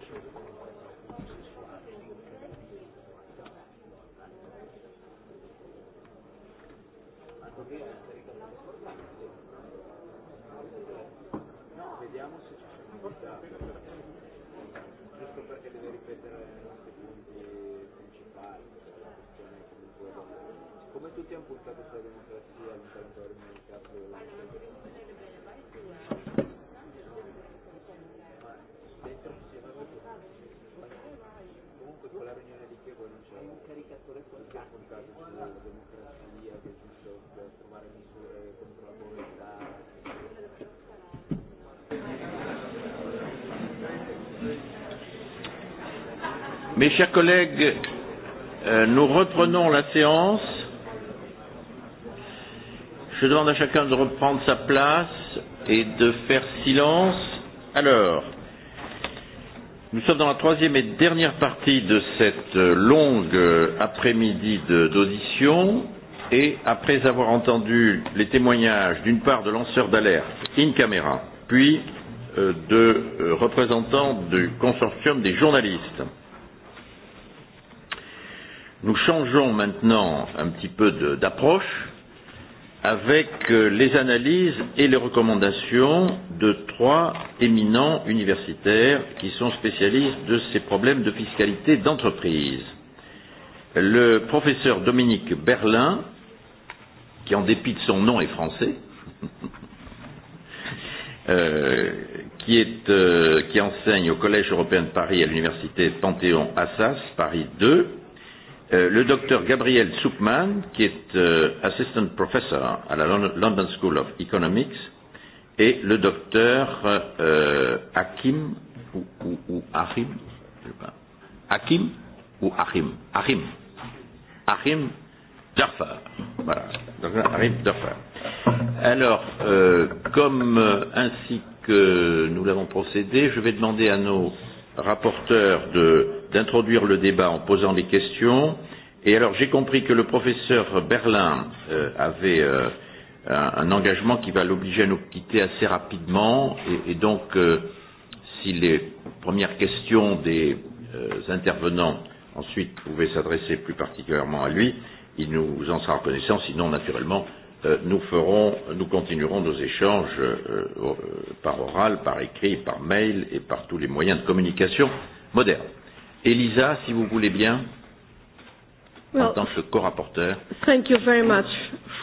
[SPEAKER 14] No, vediamo se ci sono novità. Giusto perché deve ripetere i punti principali, la questione Come tutti hanno puntato sulla democrazia all'interno dell'Unione Europea, Mes chers
[SPEAKER 1] collègues, euh, nous reprenons la séance. Je demande à chacun de reprendre sa place et de faire silence. Alors, Nous sommes dans la troisième et dernière partie de cette euh, longue euh, après-midi d'audition et après avoir entendu les témoignages d'une part de lanceurs d'alerte in camera, puis euh, de euh, représentants du consortium des journalistes. Nous changeons maintenant un petit peu d'approche avec euh, les analyses et les recommandations de trois éminents universitaires qui sont spécialistes de ces problèmes de fiscalité d'entreprise. Le professeur Dominique Berlin, qui en dépit de son nom est français, euh, qui, est, euh, qui enseigne au Collège européen de Paris à l'université Panthéon-Assas, Paris 2, Euh, le docteur Gabriel Zuckman, qui est euh, assistant professor à la London School of Economics, et le docteur euh, Hakim ou, ou, ou Achim, je sais pas, Hakim ou Achim, Achim, Achim Jaffa, voilà, docteur Achim Alors, euh, comme euh, ainsi que nous l'avons procédé, je vais demander à nos rapporteur d'introduire le débat en posant des questions. Et alors j'ai compris que le professeur Berlin euh, avait euh, un, un engagement qui va l'obliger à nous quitter assez rapidement. Et, et donc, euh, si les premières questions des euh, intervenants ensuite pouvaient s'adresser plus particulièrement à lui, il nous en sera reconnaissant. Sinon, naturellement, Euh, nous ferons, nous continuerons nos échanges euh, euh, par oral, par écrit, par mail et par tous les moyens de communication modernes. Elisa, si vous voulez bien, well, en tant que co-rapporteur.
[SPEAKER 3] Thank you very much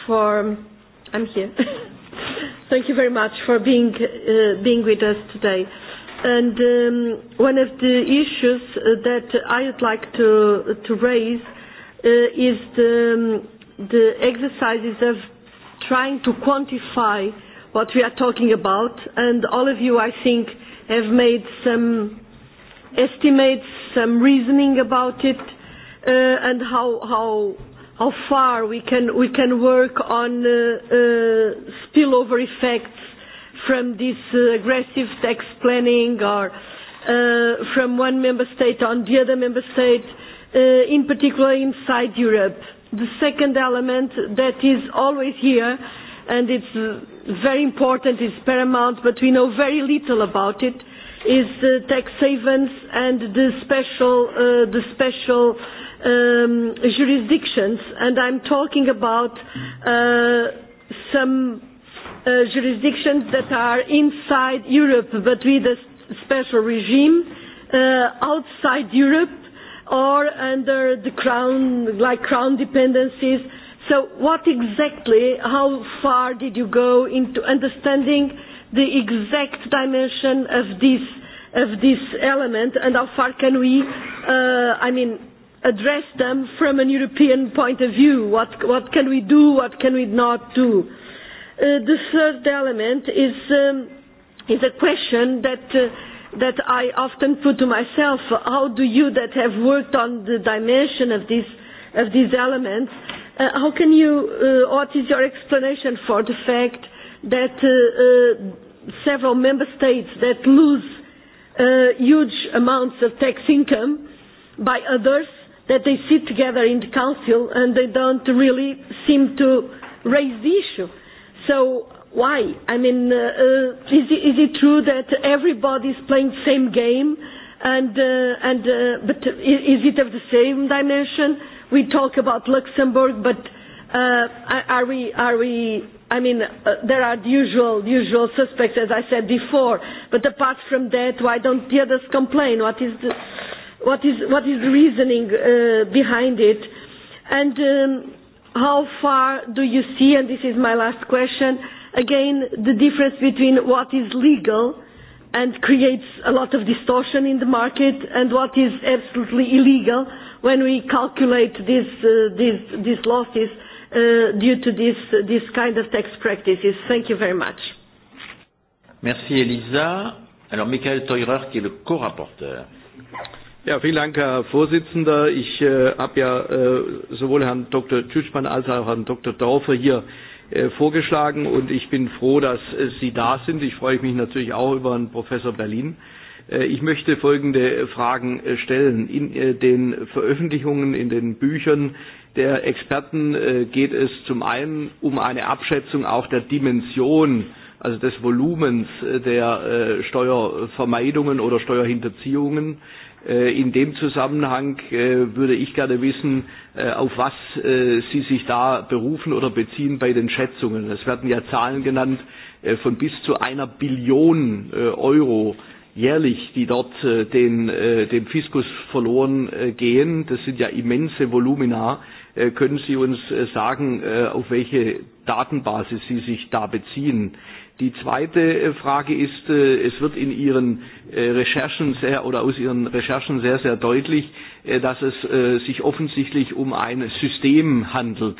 [SPEAKER 3] for I'm here. thank you very much for being uh, being with us today. And um, one of the issues uh, that I would like to to raise uh, is the um, the exercises of trying to quantify what we are talking about, and all of you, I think, have made some estimates, some reasoning about it, uh, and how, how, how far we can, we can work on uh, uh, spillover effects from this uh, aggressive tax planning or uh, from one member state on the other member state, uh, in particular inside Europe the second element that is always here and it's uh, very important, it's paramount, but we know very little about it, is the tax havens and the special, uh, the special um, jurisdictions. And I'm talking about uh, some uh, jurisdictions that are inside Europe but with a special regime, uh, outside Europe, or under the crown, like crown dependencies. So what exactly, how far did you go into understanding the exact dimension of this, of this element and how far can we, uh, I mean, address them from a European point of view? What, what can we do? What can we not do? Uh, the third element is, um, is a question that uh, that I often put to myself, how do you that have worked on the dimension of these, of these elements, uh, how can you, uh, what is your explanation for the fact that uh, uh, several member states that lose uh, huge amounts of tax income by others, that they sit together in the council and they don't really seem to raise the issue. So Why? I mean, uh, uh, is, it, is it true that everybody is playing the same game? And, uh, and, uh, but is it of the same dimension? We talk about Luxembourg, but uh, are we, are we, I mean, uh, there are the usual, usual suspects, as I said before. But apart from that, why don't the others complain? What is the, what is, what is the reasoning uh, behind it? And um, how far do you see, and this is my last question, again the difference between what is legal and creates a lot of distortion in the market and what is absolutely illegal when we calculate these, uh, this, this losses uh, due to this, uh, this kind of tax practices. Thank you very much.
[SPEAKER 1] Merci Elisa. Alors Michael Teurer qui est le co-rapporteur. Ja, vielen Dank, Herr Vorsitzender.
[SPEAKER 4] Ich äh, habe ja äh, sowohl Herrn Dr. Tschüssmann als auch Herrn Dr. Dorfer hier äh, Äh, vorgeschlagen und ich bin froh, dass äh, Sie da sind. Ich freue mich natürlich auch über Herrn Professor Berlin. Äh, ich möchte folgende Fragen stellen. In den Veröffentlichungen, in den Büchern der Experten geht es zum einen um eine Abschätzung auch der Dimension, also des Volumens der Steuervermeidungen oder Steuerhinterziehungen. Äh, in dem Zusammenhang äh, würde ich gerne wissen, äh, auf was Sie sich da berufen oder beziehen bei den Schätzungen. Es werden ja Zahlen genannt von bis zu einer Billion Euro jährlich, die dort den, dem Fiskus verloren gehen. Das sind ja immense Volumina. Können Sie uns sagen, auf welche Datenbasis Sie sich da beziehen? Die zweite äh, Frage ist, äh, es wird in Ihren äh, Recherchen sehr oder aus Ihren Recherchen sehr, sehr deutlich, dass es sich offensichtlich um ein System handelt.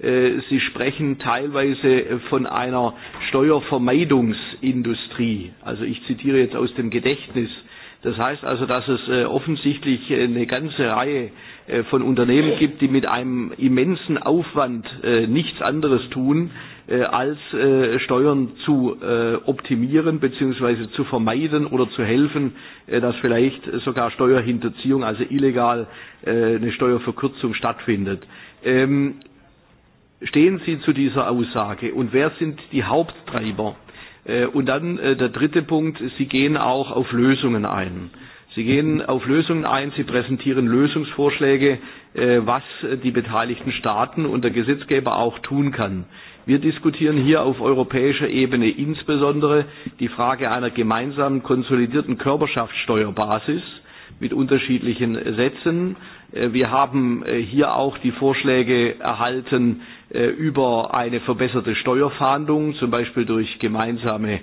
[SPEAKER 4] Sie sprechen teilweise von einer Steuervermeidungsindustrie. Also ich zitiere jetzt aus dem Gedächtnis. Das heißt also, dass es offensichtlich eine ganze Reihe von Unternehmen gibt, die mit einem immensen Aufwand nichts anderes tun, Äh, als äh, Steuern zu äh, optimieren bzw. zu vermeiden oder zu helfen, dass vielleicht sogar Steuerhinterziehung, also illegal eine Steuerverkürzung stattfindet. Ähm, stehen Sie zu dieser Aussage und wer sind die Haupttreiber? Und dann der dritte Punkt, Sie gehen auch auf Lösungen ein. Sie gehen auf Lösungen ein, Sie präsentieren Lösungsvorschläge, was die beteiligten Staaten und der Gesetzgeber auch tun kann. Wir diskutieren hier auf europäischer Ebene insbesondere die Frage einer gemeinsamen konsolidierten Körperschaftssteuerbasis mit unterschiedlichen Sätzen. Äh, wir haben äh, hier auch die Vorschläge erhalten äh, über eine verbesserte Steuerfahndung, zum Beispiel durch gemeinsame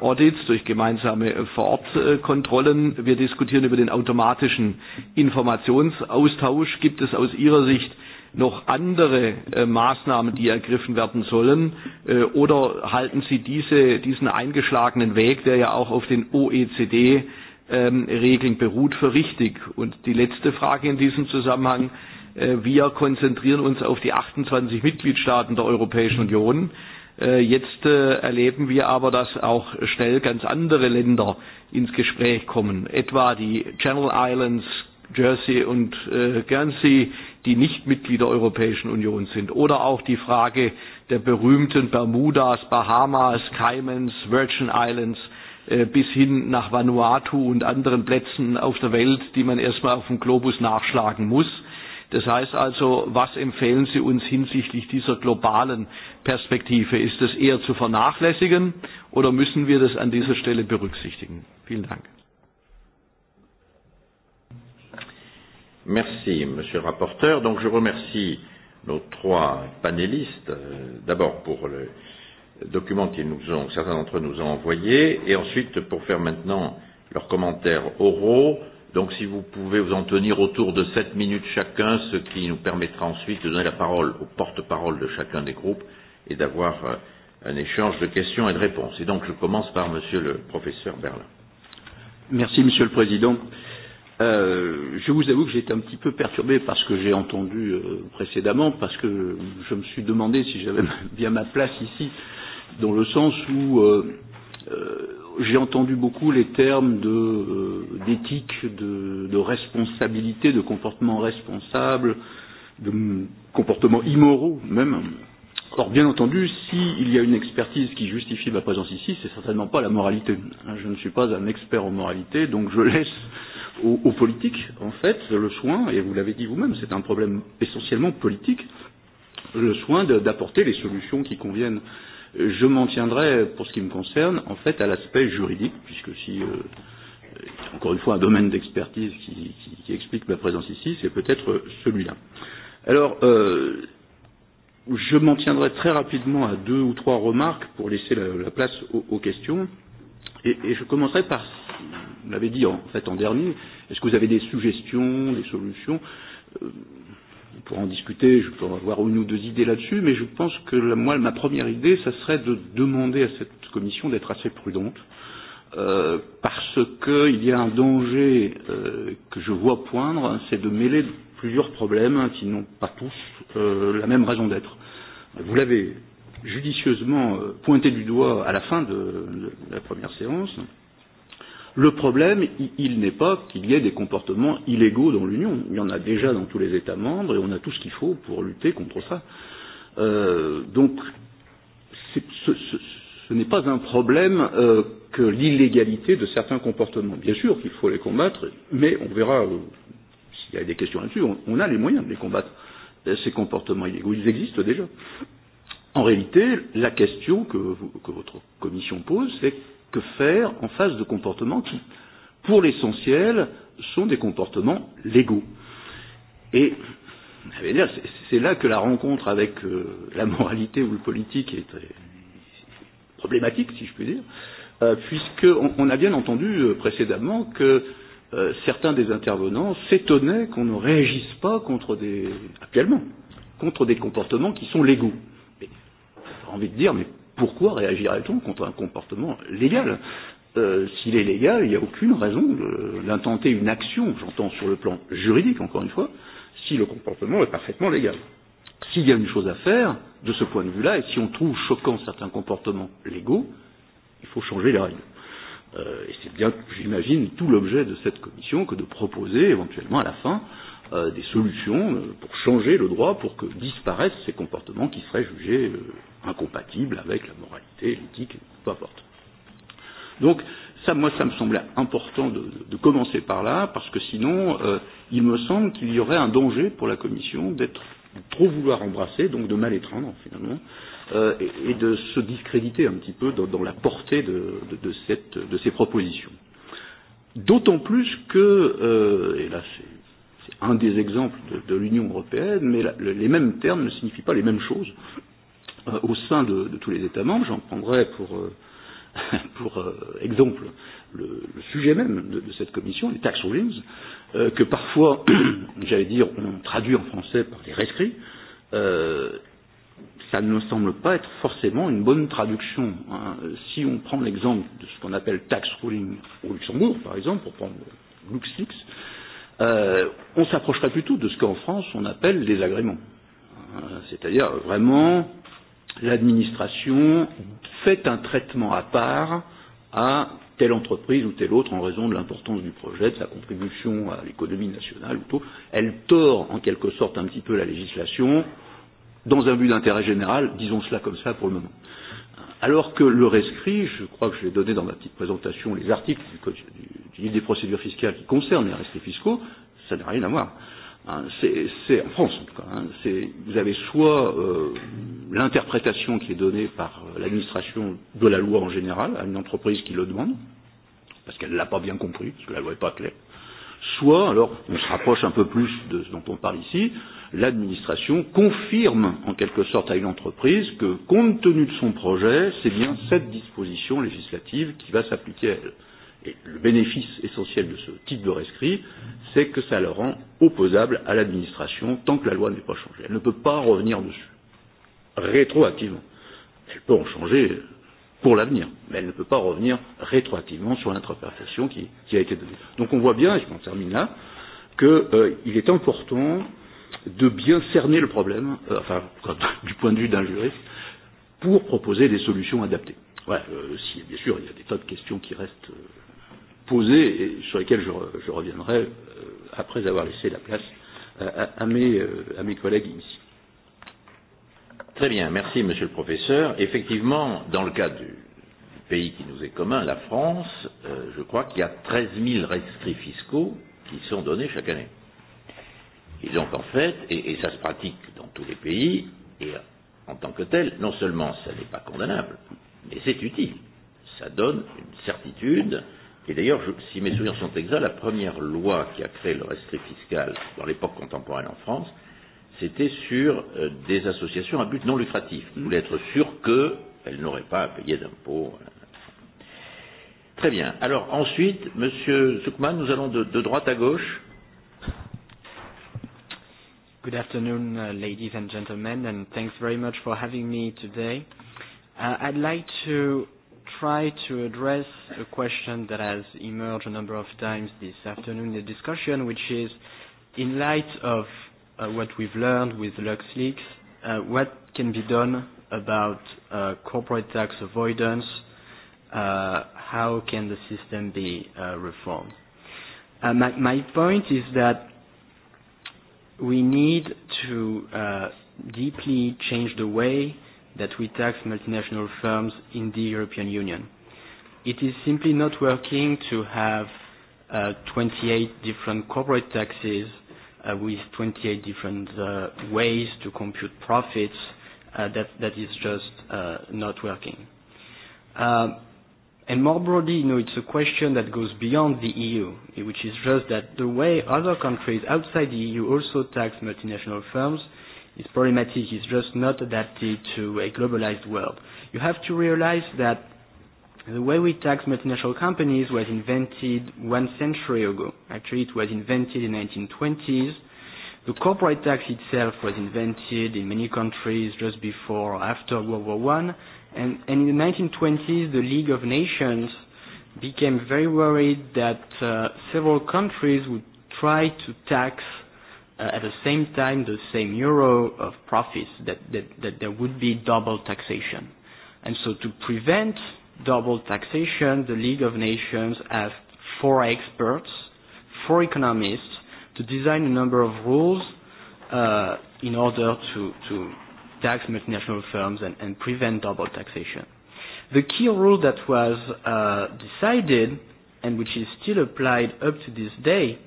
[SPEAKER 4] Audits, durch gemeinsame Vorortkontrollen. Wir diskutieren über den automatischen Informationsaustausch. Gibt es aus Ihrer Sicht noch andere äh, Maßnahmen, die ergriffen werden sollen? Äh, oder halten Sie diese, diesen eingeschlagenen Weg, der ja auch auf den OECD ähm, Regeln beruht, für richtig? Und die letzte Frage in diesem Zusammenhang. Äh, wir konzentrieren uns auf die 28 Mitgliedstaaten der Europäischen Union. Äh, jetzt äh, erleben wir aber, dass auch schnell ganz andere Länder ins Gespräch kommen, etwa die Channel Islands, Jersey und äh, Guernsey, die nicht Mitglieder der Europäischen Union sind. Oder auch die Frage der berühmten Bermudas, Bahamas, Caymans, Virgin Islands äh, bis hin nach Vanuatu und anderen Plätzen auf der Welt, die man erstmal auf dem Globus nachschlagen muss. Das heißt also, was empfehlen Sie uns hinsichtlich dieser globalen Perspektive? Ist das eher zu vernachlässigen oder müssen wir das an dieser Stelle berücksichtigen?
[SPEAKER 1] Vielen Dank. Merci, Monsieur le rapporteur. Donc, je remercie nos trois panélistes, euh, d'abord pour le document qu'ils nous ont, certains d'entre eux nous ont envoyé, et ensuite pour faire maintenant leurs commentaires oraux. Donc, si vous pouvez vous en tenir autour de sept minutes chacun, ce qui nous permettra ensuite de donner la parole aux porte-parole de chacun des groupes et d'avoir euh, un échange de questions et de réponses. Et donc, je commence par Monsieur le professeur Berlin.
[SPEAKER 18] Merci, Monsieur le Président. Euh, Euh, je vous avoue que j'ai été un petit peu perturbé par ce que j'ai entendu euh, précédemment, parce que je me suis demandé si j'avais bien ma place ici, dans le sens où euh, euh, j'ai entendu beaucoup les termes d'éthique, de, euh, de, de responsabilité, de comportement responsable, de comportement immoraux même. Or, bien entendu, s'il si y a une expertise qui justifie ma présence ici, c'est certainement pas la moralité. Je ne suis pas un expert en moralité, donc je laisse euh, aux, aux politiques, en fait, le soin, et vous l'avez dit vous-même, c'est un problème essentiellement politique, le soin d'apporter les solutions qui conviennent. Je m'en tiendrai, pour ce qui me concerne, en fait, à l'aspect juridique, puisque si, euh, encore une fois, un domaine d'expertise qui, qui, qui explique ma présence ici, c'est peut-être celui-là. Alors, euh, je m'en tiendrai très rapidement à deux ou trois remarques pour laisser la, la place aux, aux questions. Euh, Et, et je commencerai par, vous l'avez dit en, fait en dernier, est-ce que vous avez des suggestions, des solutions euh, On pourra en discuter, je peux avoir une ou deux idées là-dessus, mais je pense que la, moi, ma première idée, ça serait de demander à cette commission d'être assez prudente, euh, parce qu'il y a un danger euh, que je vois poindre, c'est de mêler plusieurs problèmes qui n'ont pas tous euh, la même raison d'être. Vous l'avez judicieusement euh, pointé du doigt à la fin de, de la première séance, le problème, il, il n'est pas qu'il y ait des comportements illégaux dans l'Union. Il y en a déjà dans tous les États membres et on a tout ce qu'il faut pour lutter contre ça. Euh, donc, ce, ce, ce n'est pas un problème euh, que l'illégalité de certains comportements. Bien sûr qu'il faut les combattre, mais on verra euh, s'il y a des questions là-dessus. On, on a les moyens de les combattre, euh, ces comportements illégaux. Ils existent déjà. Euh, En réalité, la question que, vous, que votre commission pose, c'est que faire en face de comportements qui, pour l'essentiel, sont des comportements légaux. Et c'est là que la rencontre avec euh, la moralité ou le politique est très problématique, si je puis dire, euh, puisqu'on on a bien entendu euh, précédemment que euh, certains des intervenants s'étonnaient qu'on ne réagisse pas contre des actuellement contre des comportements qui sont légaux. Euh, envie de dire, mais pourquoi réagirait-on contre un comportement légal euh, S'il est légal, il n'y a aucune raison d'intenter une action, j'entends sur le plan juridique encore une fois, si le comportement est parfaitement légal. S'il y a une chose à faire, de ce point de vue-là, et si on trouve choquant certains comportements légaux, il faut changer les règles. Euh, et c'est bien, j'imagine, tout l'objet de cette commission que de proposer éventuellement à la fin euh, euh, des solutions euh, pour changer le droit, pour que disparaissent ces comportements qui seraient jugés euh, incompatibles avec la moralité, l'éthique, peu importe. Donc, ça, moi, ça me semblait important de, de, commencer par là, parce que sinon, euh, il me semble qu'il y aurait un danger pour la Commission d'être trop vouloir embrasser, donc de mal étreindre finalement, euh, et, et de se discréditer un petit peu dans, dans la portée de, de, de, cette, de ces propositions. D'autant plus que, euh, et là c'est c'est un des exemples de, de l'Union européenne, mais la, le, les mêmes termes ne signifient pas les mêmes choses euh, au sein de, de tous les États membres. J'en prendrai pour, euh, pour euh, exemple le, le sujet même de, de cette commission, les tax rulings, euh, que parfois, j'allais dire, on traduit en français par les rescrits. Euh, ça ne me semble pas être forcément une bonne traduction. Hein. Si on prend l'exemple de ce qu'on appelle tax ruling au Luxembourg, par exemple, pour prendre LuxLeaks, euh, on s'approcherait plutôt de ce qu'en France on appelle les agréments, euh, c'est-à-dire vraiment l'administration fait un traitement à part à telle entreprise ou telle autre en raison de l'importance du projet, de sa contribution à l'économie nationale ou tout. Elle tord en quelque sorte un petit peu la législation dans un but d'intérêt général, disons cela comme ça pour le moment. Euh, alors que le rescrit, je crois que je l'ai donné dans ma petite présentation, les articles du Code du, du, des procédures fiscales qui concernent les rescrits fiscaux, ça n'a rien à voir. Hein, c'est en France en tout cas. Hein, vous avez soit euh, l'interprétation qui est donnée par euh, l'administration de la loi en général à une entreprise qui le demande, parce qu'elle ne l'a pas bien compris, parce que la loi n'est pas claire, soit, alors on se rapproche un peu plus de ce dont on parle ici, l'administration confirme en quelque sorte à une entreprise que, compte tenu de son projet, c'est bien cette disposition législative qui va s'appliquer à elle. Et le bénéfice essentiel de ce type de rescrit, c'est que ça le rend opposable à l'administration tant que la loi n'est pas changée. Elle ne peut pas revenir dessus rétroactivement. Elle peut en changer pour l'avenir. Mais elle ne peut pas revenir rétroactivement sur l'interprétation qui, qui a été donnée. Donc on voit bien, et je m'en termine là, qu'il euh, est important de bien cerner le problème, euh, enfin, du point de vue d'un juriste, pour proposer des solutions adaptées. Voilà, euh, si, bien sûr, il y a des tas de questions qui restent euh, posées et sur lesquelles je, je reviendrai euh, après avoir laissé la place euh, à, à, mes, euh, à mes collègues ici. Très bien, merci Monsieur le Professeur.
[SPEAKER 1] Effectivement, dans le cas du pays qui nous est commun, la France, euh, je crois qu'il y a 13 000 rescrits fiscaux qui sont donnés chaque année. Et donc en fait, et, et ça se pratique dans tous les pays, et en tant que tel, non seulement ça n'est pas condamnable, mais c'est utile. Ça donne une certitude. Et d'ailleurs, si mes souvenirs sont exacts, la première loi qui a créé le rescrit fiscal dans l'époque contemporaine en France, c'était sur euh, des associations à but non lucratif, qui voulaient être sûrs qu'elles n'auraient pas à payer d'impôts. Très bien. Alors ensuite, Monsieur Zuckman, nous allons de, de droite à gauche.
[SPEAKER 19] Good afternoon, uh, ladies and gentlemen, and thanks very much for having me today. Uh, I'd like to try to address a question that has emerged a number of times this afternoon in the discussion, which is in light of uh, what we've learned with LuxLeaks, uh, what can be done about uh, corporate tax avoidance, uh, how can the system be uh, reformed. Uh, my, my point is that we need to uh, deeply change the way that we tax multinational firms in the European Union. It is simply not working to have uh, 28 different corporate taxes uh, with 28 different uh, ways to compute profits uh, that, that is just uh, not working. Um, and more broadly, you know, it's a question that goes beyond the EU, which is just that the way other countries outside the EU also tax multinational firms is problematic, it's just not adapted to a globalized world. You have to realize that The way we tax multinational companies was invented one century ago. Actually, it was invented in the 1920s. The corporate tax itself was invented in many countries just before or after World War One, and, and in the 1920s, the League of Nations became very worried that uh, several countries would try to tax uh, at the same time the same euro of profits, that, that, that there would be double taxation. And so to prevent double taxation, the League of Nations asked four experts, four economists, to design a number of rules uh, in order to, to tax multinational firms and, and prevent double taxation. The key rule that was uh, decided and which is still applied up to this day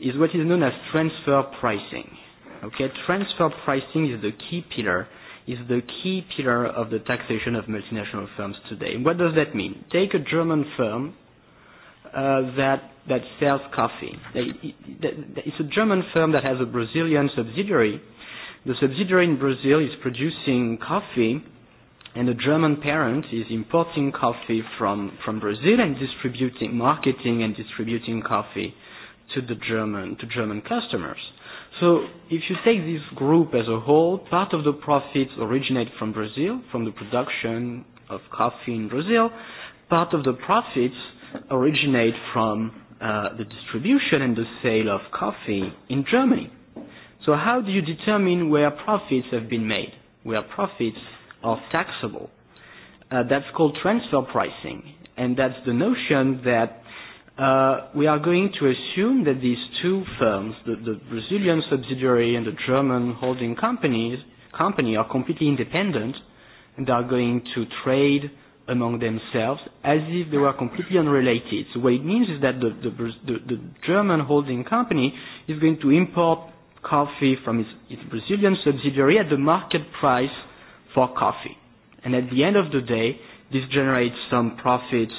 [SPEAKER 19] is what is known as transfer pricing. Okay, transfer pricing is the key pillar is the key pillar of the taxation of multinational firms today. What does that mean? Take a German firm uh, that that sells coffee. It's a German firm that has a Brazilian subsidiary. The subsidiary in Brazil is producing coffee, and a German parent is importing coffee from from Brazil and distributing, marketing and distributing coffee to the German to German customers so if you take this group as a whole, part of the profits originate from Brazil, from the production of coffee in Brazil. Part of the profits originate from uh, the distribution and the sale of coffee in Germany. So how do you determine where profits have been made, where profits are taxable? Uh, that's called transfer pricing, and that's the notion that uh, we are going to assume that these two firms, the, the Brazilian subsidiary and the German holding companies, company, are completely independent and are going to trade among themselves as if they were completely unrelated. So what it means is that the, the, the, the German holding company is going to import coffee from its, its Brazilian subsidiary at the market price for coffee. And at the end of the day, this generates some profits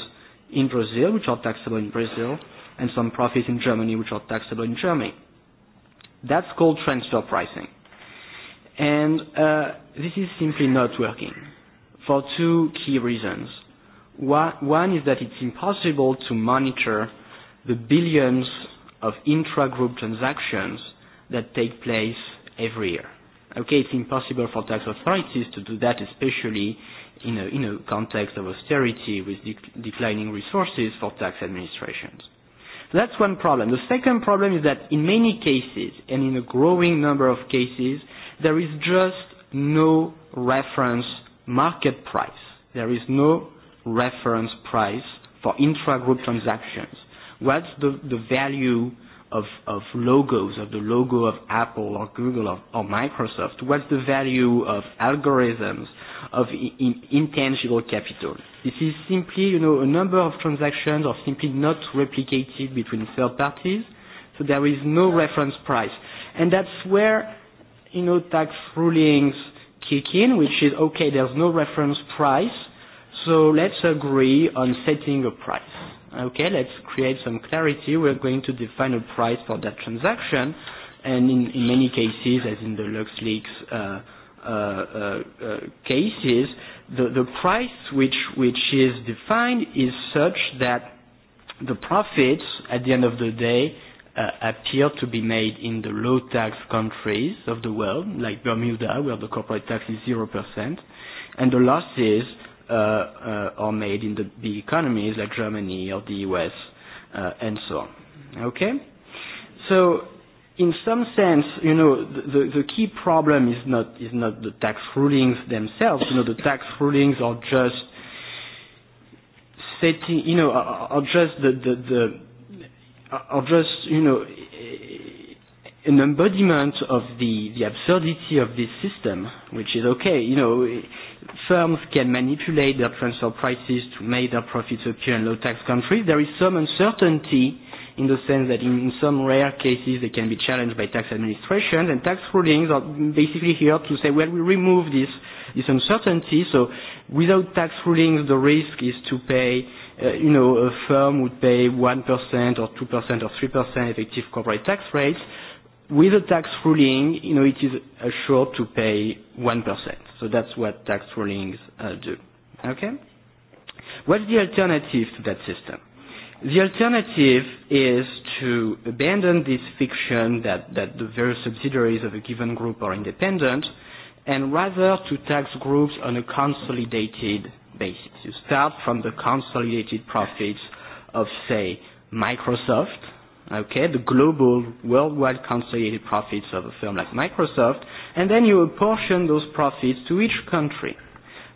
[SPEAKER 19] in Brazil, which are taxable in Brazil, and some profits in Germany, which are taxable in Germany. That's called transfer pricing. And uh, this is simply not working for two key reasons. One is that it's impossible to monitor the billions of intra-group transactions that take place every year. Okay, it's impossible for tax authorities to do that, especially in a, in a context of austerity with de- declining resources for tax administrations. So that's one problem. The second problem is that in many cases, and in a growing number of cases, there is just no reference market price. There is no reference price for intra-group transactions. What's the, the value of, of logos, of the logo of Apple or Google or, or Microsoft? What's the value of algorithms? of in, intangible capital. This is simply, you know, a number of transactions are simply not replicated between third parties, so there is no reference price. And that's where, you know, tax rulings kick in, which is, okay, there's no reference price, so let's agree on setting a price. Okay, let's create some clarity. We're going to define a price for that transaction, and in, in many cases, as in the LuxLeaks uh, Uh, uh, uh, cases, the, the price which, which is defined is such that the profits at the end of the day uh, appear to be made in the low tax countries of the world, like Bermuda, where the corporate tax is 0%, and the losses uh, uh, are made in the big economies like Germany or the US uh, and so on. Okay? So in some sense, you know, the, the key problem is not, is not the tax rulings themselves. You know, the tax rulings are just setting, you know, are, are just the, the,
[SPEAKER 14] the,
[SPEAKER 19] are just, you know, an embodiment of the, the absurdity of this system, which is okay, you know, firms can manipulate their transfer prices to make their profits appear in low tax countries. There is some uncertainty in the sense that in some rare cases they can be challenged by tax administrations and tax rulings are basically here to say, well, we remove this, this uncertainty, so without tax rulings the risk is to pay uh, you know, a firm would pay 1% or 2% or 3% effective corporate tax rates. With a tax ruling, you know, it is assured to pay 1%. So that's what tax rulings uh, do. Okay? What's the alternative to that system? The alternative is to abandon this fiction that, that the various subsidiaries of a given group are independent and rather to tax groups on a consolidated basis. You start from the consolidated profits of, say, Microsoft, okay, the global worldwide consolidated profits of a firm like Microsoft, and then you apportion those profits to each country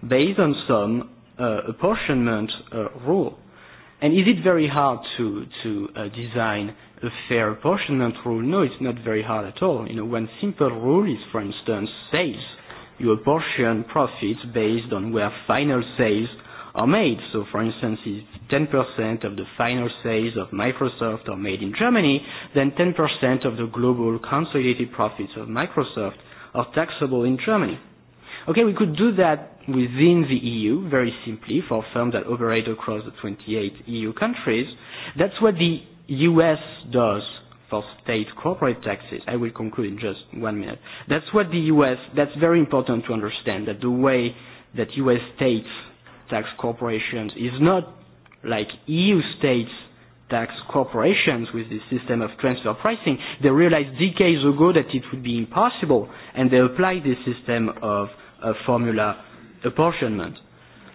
[SPEAKER 19] based on some uh, apportionment uh, rule And is it very hard to, to uh, design a fair apportionment rule? No, it's not very hard at all. You know, one simple rule is, for instance, sales. You apportion profits based on where final sales are made. So, for instance, if 10% of the final sales of Microsoft are made in Germany, then 10% of the global consolidated profits of Microsoft are taxable in Germany. Okay, we could do that within the EU, very simply, for firms that operate across the 28 EU countries. That's what the US does for state corporate taxes. I will conclude in just one minute. That's what the US, that's very important to understand, that the way that US states tax corporations is not like EU states tax corporations with this system of transfer pricing. They realized decades ago that it would be impossible, and they applied this system of uh, formula apportionment.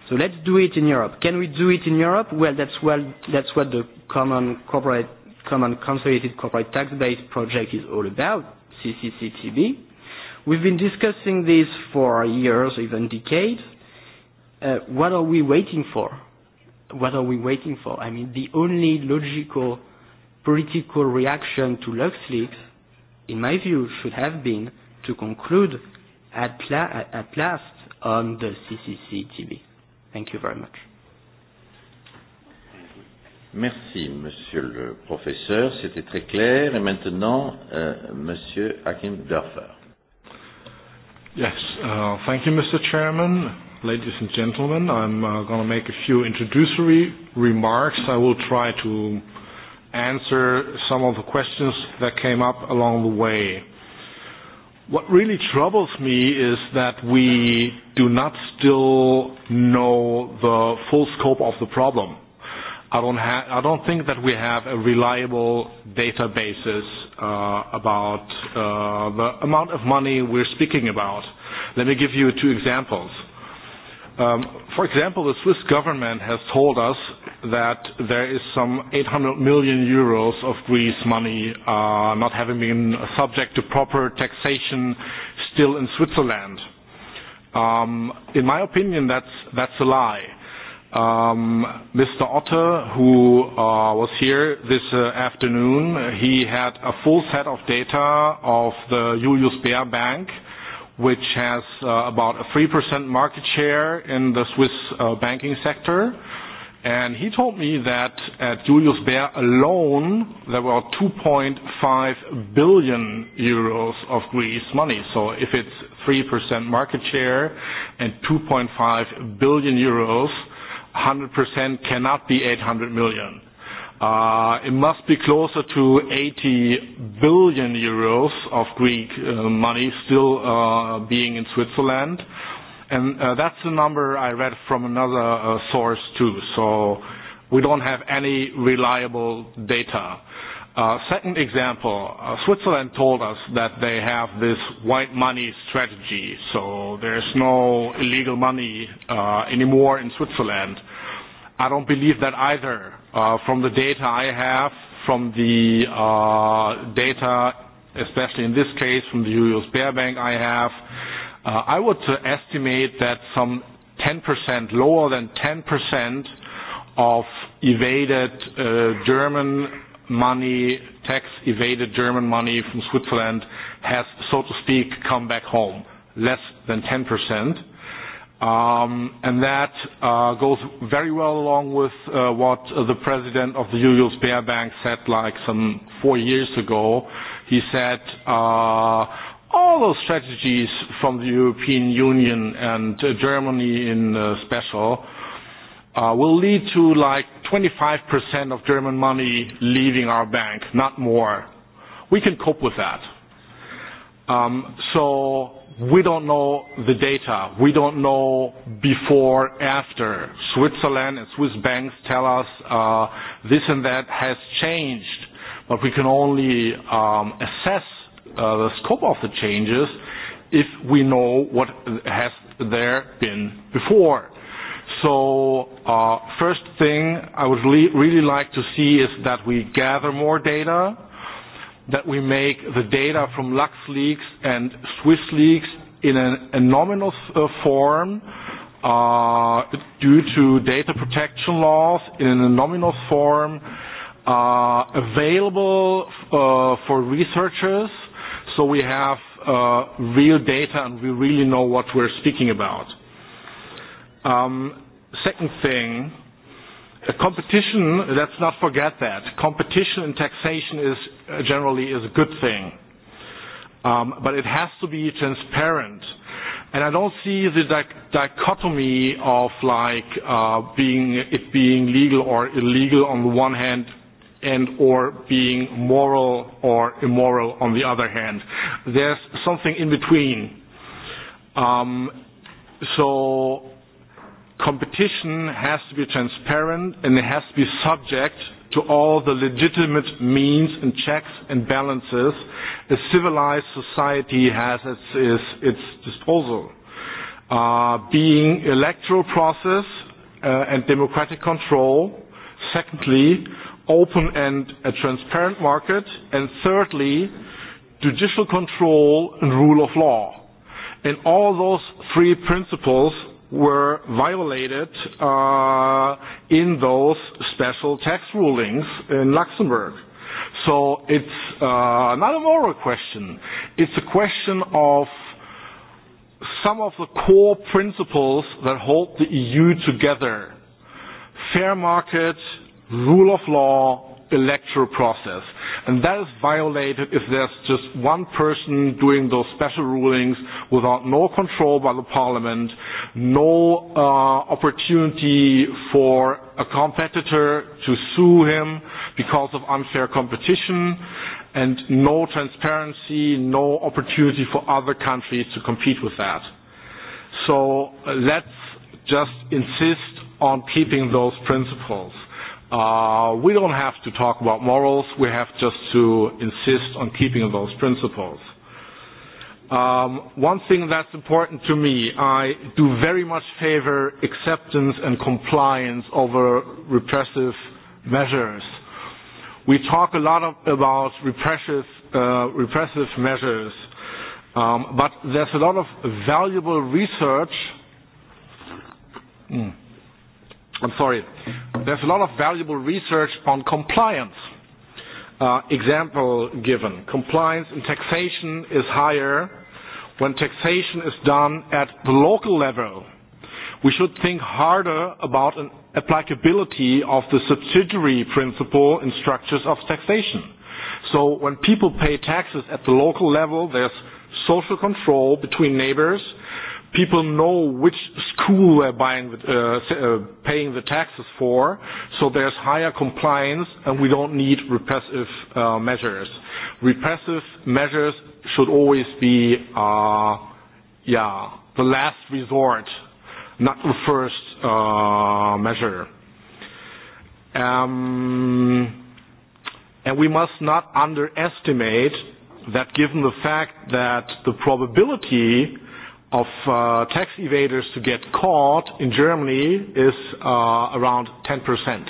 [SPEAKER 19] So let's do it in Europe. Can we do it in Europe? Well, that's, well, that's what the common, corporate, common consolidated corporate tax base project is all about, CCCTB. We've been discussing this for years, even decades. Uh, what are we waiting for? What are we waiting for? I mean, the only logical political reaction to LuxLeaks, in my view, should have been to conclude at, la at last on the TV.
[SPEAKER 1] Thank you very much. Merci, Monsieur le Professeur. C'était très clair. Et maintenant, euh, Monsieur Ackendorfer.
[SPEAKER 20] Yes, uh, thank you, Mr. Chairman. Ladies and gentlemen, I'm uh, going to make a few introductory remarks. I will try to answer some of the questions that came up along the way. What really troubles me is that we do not still know the full scope of the problem. I don't, ha- I don't think that we have a reliable database uh, about uh, the amount of money we're speaking about. Let me give you two examples. Um, for example, the Swiss government has told us that there is some 800 million euros of Greece money uh, not having been subject to proper taxation still in Switzerland. Um, in my opinion, that's, that's a lie. Um, Mr. Otter, who uh, was here this uh, afternoon, he had a full set of data of the Julius Baer Bank, which has uh, about a 3% market share in the Swiss uh, banking sector. And he told me that at Julius Baer alone, there were 2.5 billion euros of Greece money. So if it's 3% market share and 2.5 billion euros, 100% cannot be 800 million. Uh, it must be closer to 80 billion euros of Greek uh, money still uh, being in Switzerland. And uh, that's the number I read from another uh, source too. So we don't have any reliable data. Uh, second example, uh, Switzerland told us that they have this white money strategy. So there's no illegal money uh, anymore in Switzerland. I don't believe that either. Uh, from the data I have, from the uh, data, especially in this case, from the Bear Bank I have, uh, I would uh, estimate that some 10%, lower than 10% of evaded uh, German money, tax evaded German money from Switzerland has, so to speak, come back home. Less than 10%. Um, and that uh, goes very well along with uh, what uh, the president of the Euro Bank said like some four years ago. He said, uh, all those strategies from the European Union and uh, Germany in uh, special uh, will lead to like 25% of German money leaving our bank, not more. We can cope with that. Um, so we don't know the data. We don't know before, after. Switzerland and Swiss banks tell us uh, this and that has changed, but we can only um, assess uh, the scope of the changes if we know what has there been before. So uh, first thing I would really like to see is that we gather more data that we make the data from LuxLeaks and SwissLeaks in an anonymous uh, form uh, due to data protection laws in an anonymous form uh, available uh, for researchers so we have uh, real data and we really know what we're speaking about. Um, second thing, a competition, let's not forget that. Competition in taxation is uh, generally is a good thing. Um, but it has to be transparent. And I don't see the di- dichotomy of like uh, being it being legal or illegal on the one hand and or being moral or immoral on the other hand. There's something in between. Um, so competition has to be transparent and it has to be subject to all the legitimate means and checks and balances a civilized society has at its, its disposal. Uh, being electoral process uh, and democratic control, secondly, open and a transparent market, and thirdly, judicial control and rule of law. And all those three principles, were violated uh, in those special tax rulings in Luxembourg. So it's uh, not a moral question. It's a question of some of the core principles that hold the EU together. Fair market, rule of law, electoral process. And that is violated if there's just one person doing those special rulings without no control by the parliament, no uh, opportunity for a competitor to sue him because of unfair competition, and no transparency, no opportunity for other countries to compete with that. So uh, let's just insist on keeping those principles. Uh, we don't have to talk about morals. We have just to insist on keeping those principles. Um, one thing that's important to me, I do very much favor acceptance and compliance over repressive measures. We talk a lot of, about repressive, uh, repressive measures, um, but there's a lot of valuable research. Mm I'm sorry. There's a lot of valuable research on compliance. Uh, example given. Compliance in taxation is higher when taxation is done at the local level. We should think harder about an applicability of the subsidiary principle in structures of taxation. So when people pay taxes at the local level, there's social control between neighbors – people know which school they're buying, uh, uh, paying the taxes for, so there's higher compliance and we don't need repressive uh, measures. Repressive measures should always be, uh, yeah, the last resort, not the first uh, measure. Um, and we must not underestimate that given the fact that the probability of uh, tax evaders to get caught in Germany is uh, around 10%.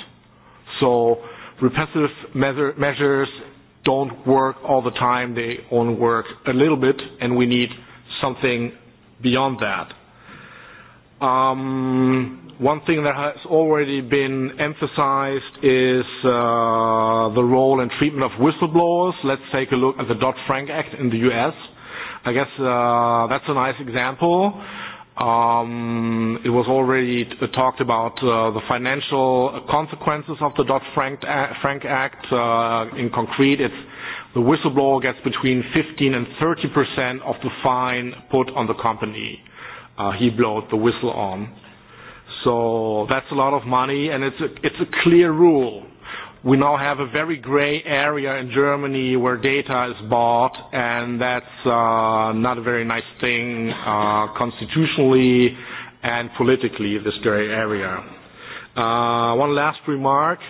[SPEAKER 20] So repressive measure, measures don't work all the time. They only work a little bit, and we need something beyond that. Um, one thing that has already been emphasized is uh, the role and treatment of whistleblowers. Let's take a look at the Dodd-Frank Act in the U.S i guess uh, that's a nice example. Um, it was already uh, talked about uh, the financial consequences of the Dodd-Frank Frank Act. Uh, in concrete, it's the whistleblower gets between 15 and 30 percent of the fine put on the company uh, he blowed the whistle on. So that's a lot of money, and it's a, it's a clear rule we now have a very gray area in Germany where data is bought, and that's uh, not a very nice thing uh, constitutionally and politically, this gray area. Uh, one last remark.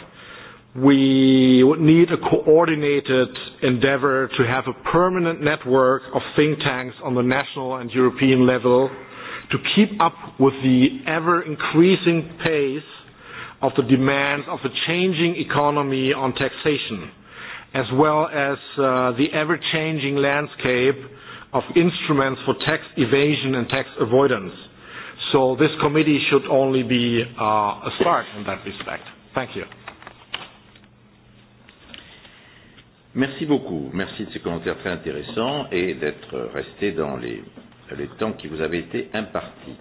[SPEAKER 20] We would need a coordinated endeavor to have a permanent network of think tanks on the national and European level to keep up with the ever increasing pace of the demands of a changing economy on taxation, as well as uh, the ever-changing landscape of instruments for tax evasion and tax avoidance. So this committee should only be uh, a start in that respect. Thank you.
[SPEAKER 1] Merci beaucoup. Merci de ces commentaires très intéressants et d'être resté dans les, les temps qui vous avaient été impartis.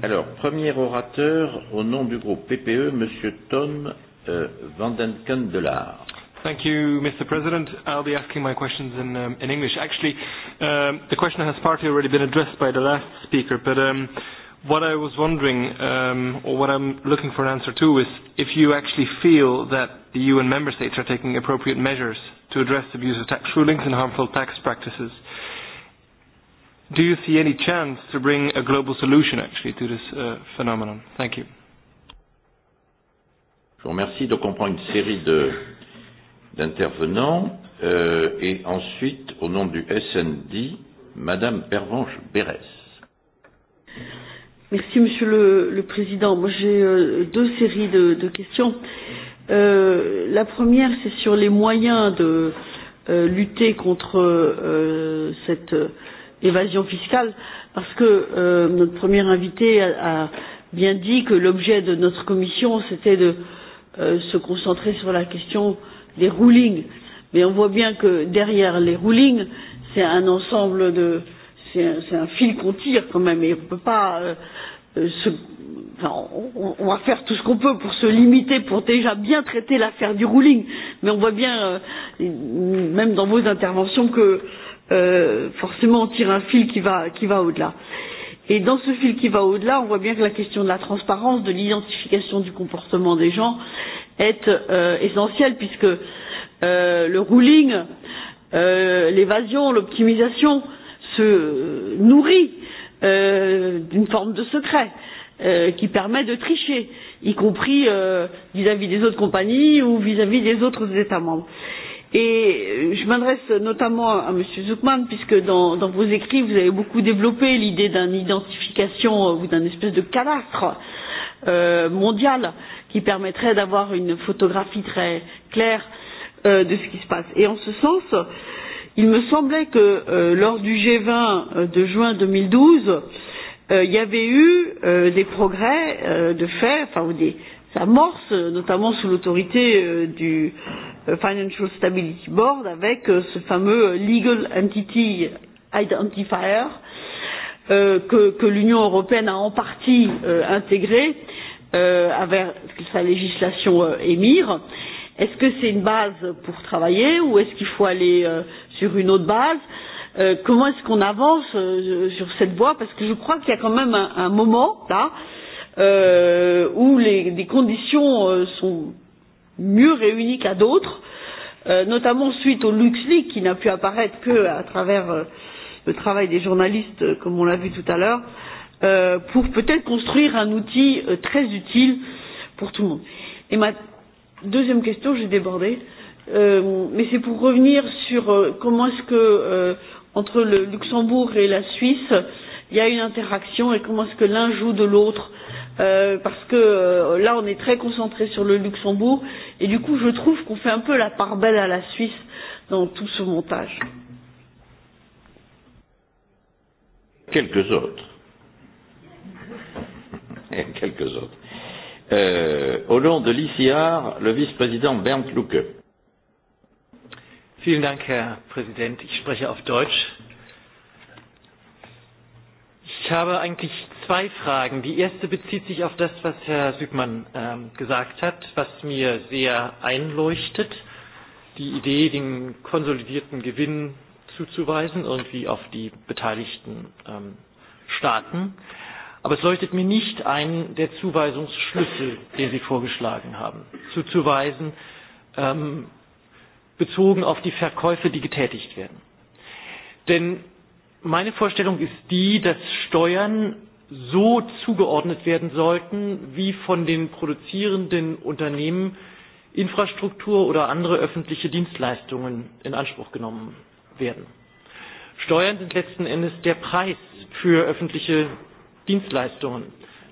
[SPEAKER 1] Alors, premier orateur au nom du groupe PPE, Monsieur Tom euh, Vandenken de l'Art.
[SPEAKER 15] Thank you, Mr. President. I'll be asking my questions in, um, in English. Actually, um, the question has partly already been addressed by the last speaker, but um, what I was wondering, um, or what I'm looking for an answer to, is if you actually feel that the UN member states are taking appropriate measures to address abuse of tax rulings and harmful tax practices. Uh,
[SPEAKER 21] do you see any chance to bring a global solution actually to this uh, phenomenon? Thank you.
[SPEAKER 1] Je vous remercie. Donc on prend une série d'intervenants euh, et ensuite, au nom du SND, Madame Pervenche Bérès.
[SPEAKER 22] Merci Monsieur le, le Président. Moi j'ai euh, deux séries de, de questions. Euh, la première, c'est sur les moyens de euh, lutter contre euh, cette euh, évasion fiscale parce que euh, notre premier invité a, a bien dit que l'objet de notre commission c'était de euh, se concentrer sur la question des rulings mais on voit bien que derrière les rulings c'est un ensemble de c'est un, un fil qu'on tire quand même et on peut pas euh, euh, se enfin, on, on va faire tout ce qu'on peut pour se limiter, pour déjà bien traiter l'affaire du ruling. Mais on voit bien, euh, même dans vos interventions, que euh, forcément on tire un fil qui va, qui va au-delà. Et dans ce fil qui va au-delà, on voit bien que la question de la transparence, de l'identification du comportement des gens est euh, essentielle puisque euh, le ruling, euh, l'évasion, l'optimisation se nourrit euh, d'une forme de secret euh, qui permet de tricher, y compris euh, vis-à-vis euh, -vis des autres compagnies ou vis-à-vis -vis des autres États membres. Et je m'adresse notamment à M. Zuckman, puisque dans, dans vos écrits, vous avez beaucoup développé l'idée d'une identification euh, ou d'un espèce de cadastre euh, mondial qui permettrait d'avoir une photographie très claire euh, de ce qui se passe. Et en ce sens, il me semblait que euh, lors du G20 euh, de juin 2012, euh, il y avait eu euh, des progrès euh, de fait, enfin, ou des amorces, notamment sous l'autorité euh, du. Euh, Financial Stability Board avec euh, ce fameux euh, Legal Entity Identifier euh, que, que l'Union européenne a en partie euh, intégré euh, avec sa législation euh, émir. Est-ce que c'est une base pour travailler ou est-ce qu'il faut aller euh, sur une autre base euh, Comment est-ce qu'on avance euh, sur cette voie Parce que je crois qu'il y a quand même un, un moment là euh, où les, les conditions euh, sont mieux réunis qu'à d'autres, euh, notamment suite au LuxLeaks qui n'a pu apparaître que à travers euh, le travail des journalistes, euh, comme on l'a vu tout à l'heure, euh, pour peut-être construire un outil euh, très utile pour tout le monde. Et ma deuxième question, j'ai débordé, euh, mais c'est pour revenir sur euh, comment est-ce que euh, entre le Luxembourg et la Suisse, il y a une interaction et comment est-ce que l'un joue de l'autre euh, Euh, parce que euh, là, on est très concentré sur le Luxembourg et du coup, je trouve qu'on fait un peu la part belle à la Suisse dans tout ce montage.
[SPEAKER 1] Quelques autres. Et quelques autres. Euh, au nom de l'ICR, le vice-président Bernd Lucke. Vielen
[SPEAKER 23] Dank, Herr Präsident. Ich spreche auf Deutsch. Ich habe eigentlich zwei Fragen. Die erste bezieht sich auf das, was Herr Sügmann ähm, gesagt hat, was mir sehr einleuchtet. Die Idee, den konsolidierten Gewinn zuzuweisen, irgendwie auf die beteiligten ähm, Staaten. Aber es leuchtet mir nicht ein, der Zuweisungsschlüssel, den Sie vorgeschlagen haben, zuzuweisen, ähm, bezogen auf die Verkäufe, die getätigt werden. Denn meine Vorstellung ist die, dass Steuern so zugeordnet werden sollten, wie von den produzierenden Unternehmen Infrastruktur oder andere öffentliche Dienstleistungen in Anspruch genommen werden. Steuern sind letzten Endes der Preis für öffentliche Dienstleistungen,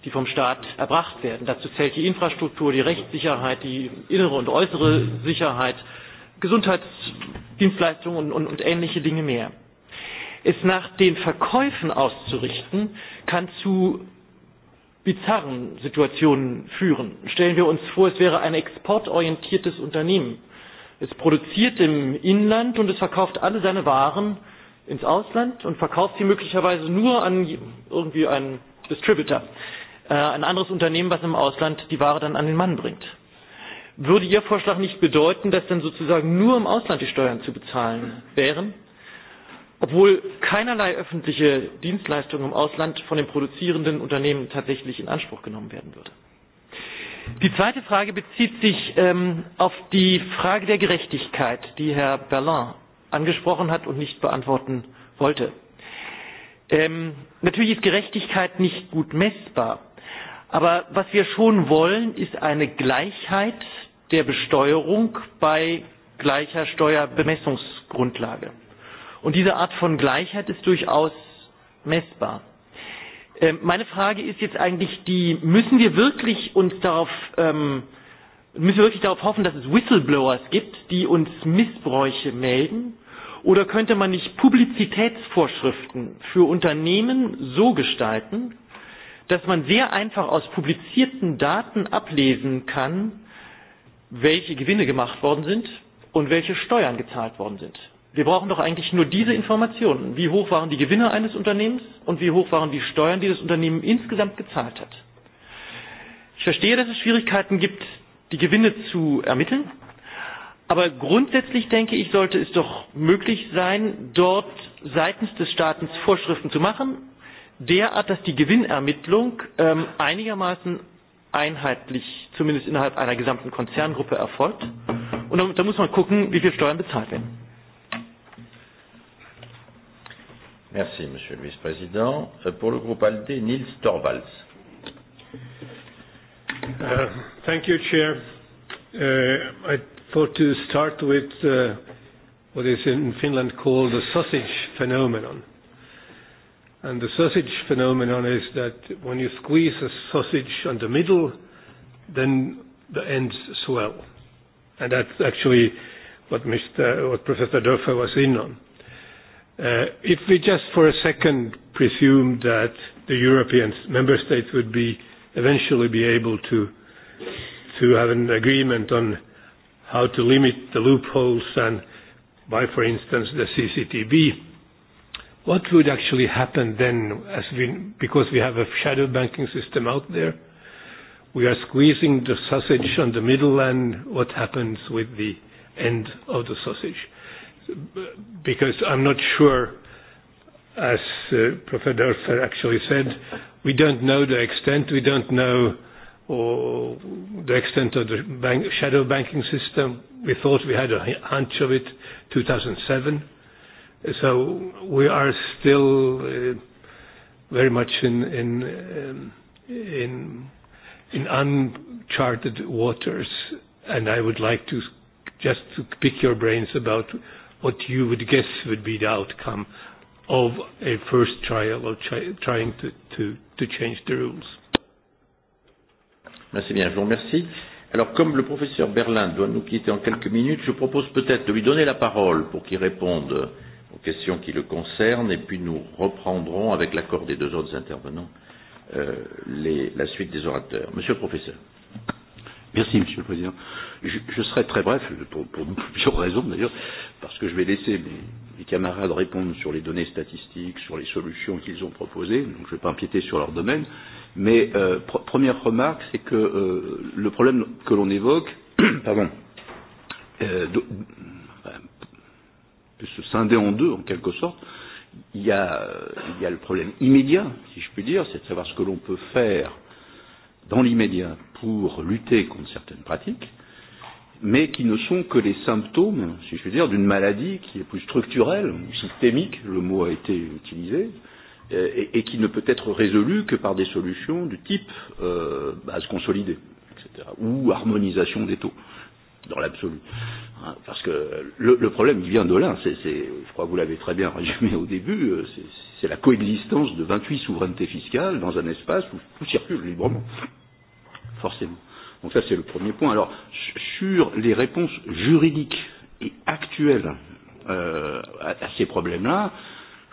[SPEAKER 23] die vom Staat erbracht werden. Dazu zählt die Infrastruktur, die Rechtssicherheit, die innere und äußere Sicherheit, Gesundheitsdienstleistungen und, und, und ähnliche Dinge mehr. Es nach den Verkäufen auszurichten, kann zu bizarren Situationen führen. Stellen wir uns vor, es wäre ein exportorientiertes Unternehmen. Es produziert im Inland und es verkauft alle seine Waren ins Ausland und verkauft sie möglicherweise nur an irgendwie einen Distributor, äh, ein anderes Unternehmen, was im Ausland die Ware dann an den Mann bringt. Würde Ihr Vorschlag nicht bedeuten, dass dann sozusagen nur im Ausland die Steuern zu bezahlen wären? obwohl keinerlei öffentliche Dienstleistungen im Ausland von den produzierenden Unternehmen tatsächlich in Anspruch genommen werden würde. Die zweite Frage bezieht sich ähm, auf die Frage der Gerechtigkeit, die Herr Berlin angesprochen hat und nicht beantworten wollte. Ähm, natürlich ist Gerechtigkeit nicht gut messbar, aber was wir schon wollen, ist eine Gleichheit der Besteuerung bei gleicher Steuerbemessungsgrundlage. Und diese Art von Gleichheit ist durchaus messbar. Ähm, meine Frage ist jetzt eigentlich die, müssen wir wirklich uns darauf, ähm, müssen wir wirklich darauf hoffen, dass es Whistleblowers gibt, die uns Missbräuche melden? Oder könnte man nicht Publizitätsvorschriften für Unternehmen so gestalten, dass man sehr einfach aus publizierten Daten ablesen kann, welche Gewinne gemacht worden sind und welche Steuern gezahlt worden sind? Wir brauchen doch eigentlich nur diese Informationen. Wie hoch waren die Gewinne eines Unternehmens und wie hoch waren die Steuern, die das Unternehmen insgesamt gezahlt hat? Ich verstehe, dass es Schwierigkeiten gibt, die Gewinne zu ermitteln. Aber grundsätzlich denke ich, sollte es doch möglich sein, dort seitens des Staates Vorschriften zu machen, derart, dass die Gewinnermittlung ähm, einigermaßen einheitlich, zumindest innerhalb einer gesamten Konzerngruppe, erfolgt. Und da muss man gucken, wie viel Steuern bezahlt werden.
[SPEAKER 1] Merci, Monsieur le Vice-président. Euh, pour le groupe ALDE, Nils Torvalds.
[SPEAKER 21] Uh, thank you, Chair. Uh, I thought to start with uh, what is in Finland called the sausage phenomenon. And the sausage phenomenon is that when you squeeze a sausage on the middle, then the ends swell. And that's actually what, Mr., what Professor Dörfer was in on. Uh, if we just for a second presume that the European member states would be eventually be able to to have an agreement on how to limit the loopholes and by, for instance, the CCTB, what would actually happen then as we, because we have a shadow banking system out there? We are squeezing the sausage on the middle, and what happens with the end of the sausage? because I'm not sure, as uh, Professor Dorfer actually said, we don't know the extent, we don't know or the extent of the bank, shadow banking system. We thought we had a hunch of it 2007. So we are still uh, very much in in um, in in uncharted waters, and I would like to just to pick your brains about what you would guess would be the outcome of a first trial of chi- trying to, to, to change the rules.
[SPEAKER 1] Merci bien, je vous remercie. Alors, comme le professeur Berlin doit nous quitter en quelques minutes, je propose peut-être de lui donner la parole pour qu'il réponde aux questions qui le concernent, et puis nous reprendrons, avec l'accord des deux autres intervenants, euh, les, la suite des orateurs. Monsieur le
[SPEAKER 18] professeur. Merci. Merci, Monsieur le Président. Je, je serai très bref, pour, pour plusieurs raisons d'ailleurs, parce que je vais laisser mes, mes camarades répondre sur les données statistiques, sur les solutions qu'ils ont proposées, donc je ne vais pas empiéter sur leur domaine. Mais euh, pr première remarque, c'est que euh, le problème que l'on évoque, pardon, euh, de, de se scinder en deux en quelque sorte, il y, a, il y a le problème immédiat, si je puis dire, c'est de savoir ce que l'on peut faire dans l'immédiat pour lutter contre certaines pratiques, mais qui ne sont que les symptômes, si je veux dire, d'une maladie qui est plus structurelle ou systémique, le mot a été utilisé, et, et qui ne peut être résolue que par des solutions du type euh, base consolidée, etc., ou harmonisation des taux, dans l'absolu. parce que le, le problème, il vient de là, c'est, est, je crois que vous l'avez très bien résumé au début, euh, c'est, c'est la coexistence de 28 souverainetés fiscales dans un espace où tout circule librement. Euh, forcément. Donc ça, c'est le premier point. Alors, sur les réponses juridiques et actuelles euh, à, à ces problèmes-là,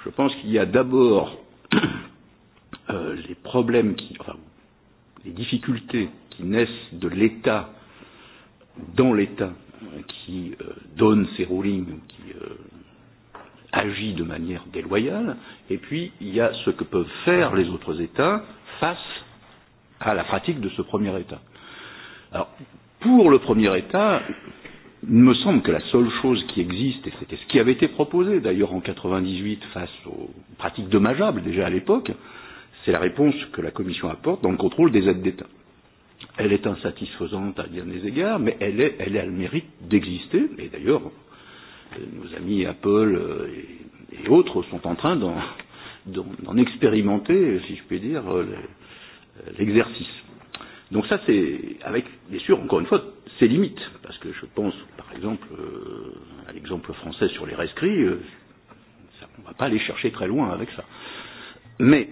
[SPEAKER 18] je pense qu'il y a d'abord euh, les problèmes qui, enfin, les difficultés qui naissent de l'État dans l'État qui euh, donne ses rulings, qui euh, agit de manière déloyale, et puis il y a ce que peuvent faire les autres États face à la pratique de ce premier État. Alors, pour le premier État, il me semble que la seule chose qui existe, et c'était ce qui avait été proposé d'ailleurs en 98 face aux pratiques dommageables déjà à l'époque, c'est la réponse que la Commission apporte dans le contrôle des aides d'État. Elle est insatisfaisante à bien des égards, mais elle, est, elle a le mérite d'exister, et d'ailleurs, euh, nos amis Apple euh, et, et autres sont en train d'en, d'en, d'en expérimenter, si je puis dire, euh, les, l'exercice. Donc ça, c'est avec, bien sûr, encore une fois, ses limites, parce que je pense, par exemple, euh, à l'exemple français sur les rescrits, euh, ça, on ne va pas aller chercher très loin avec ça. Mais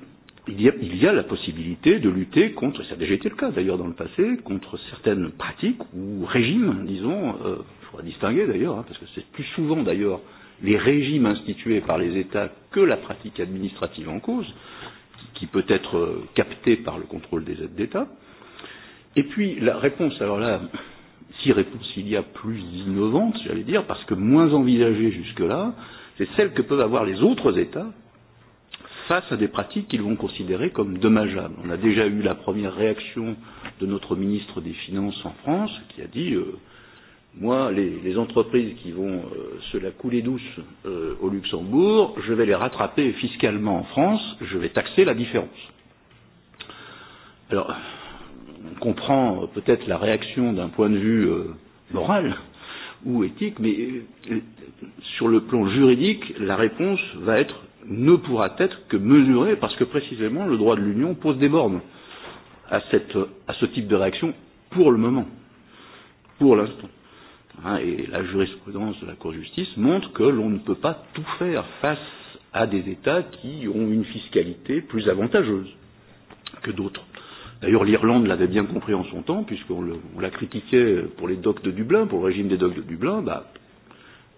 [SPEAKER 18] il y, a, il y a la possibilité de lutter contre, et ça a déjà été le cas d'ailleurs dans le passé, contre certaines pratiques ou régimes, disons, il euh, faudra distinguer d'ailleurs, hein, parce que c'est plus souvent d'ailleurs les régimes institués par les États que la pratique administrative en cause, euh, qui peut être euh, captée par le contrôle des aides d'État. Et puis la réponse, alors là, si réponse il y a plus innovante, j'allais dire, parce que moins envisagée jusque-là, c'est celle que peuvent avoir les autres États face à des pratiques qu'ils vont considérer comme dommageables. On a déjà eu la première réaction de notre ministre des Finances en France qui a dit euh, Moi, les, les entreprises qui vont euh, se la couler douce euh, au Luxembourg, je vais les rattraper fiscalement en France, je vais taxer la différence. Alors, on comprend euh, peut-être la réaction d'un point de vue euh, moral ou éthique, mais euh, sur le plan juridique, la réponse va être ne pourra être que mesurée parce que précisément le droit de l'Union pose des bornes à, cette, à ce type de réaction pour le moment, pour l'instant hein, et la jurisprudence de la Cour de justice montre que l'on ne peut pas tout faire face à des États qui ont une fiscalité plus avantageuse que d'autres. D'ailleurs, l'Irlande l'avait bien compris en son temps, puisqu'on la critiquait pour les docks de Dublin, pour le régime des docks de Dublin, bah,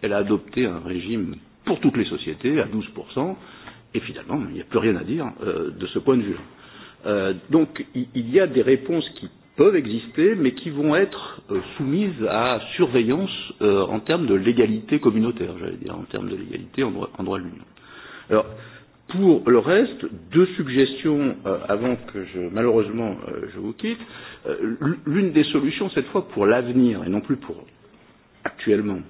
[SPEAKER 18] elle a adopté un régime pour toutes les sociétés à 12%, et finalement, il n'y a plus rien à dire euh, de ce point de vue. Euh, donc, il y a des réponses qui peuvent exister, mais qui vont être euh, soumises à surveillance euh, en termes de légalité communautaire, j'allais dire, en termes de légalité en droit, en droit de l'Union. Alors, pour le reste, deux suggestions euh, avant que je, malheureusement euh, je vous quitte. Euh, L'une des solutions, cette fois, pour l'avenir et non plus pour actuellement.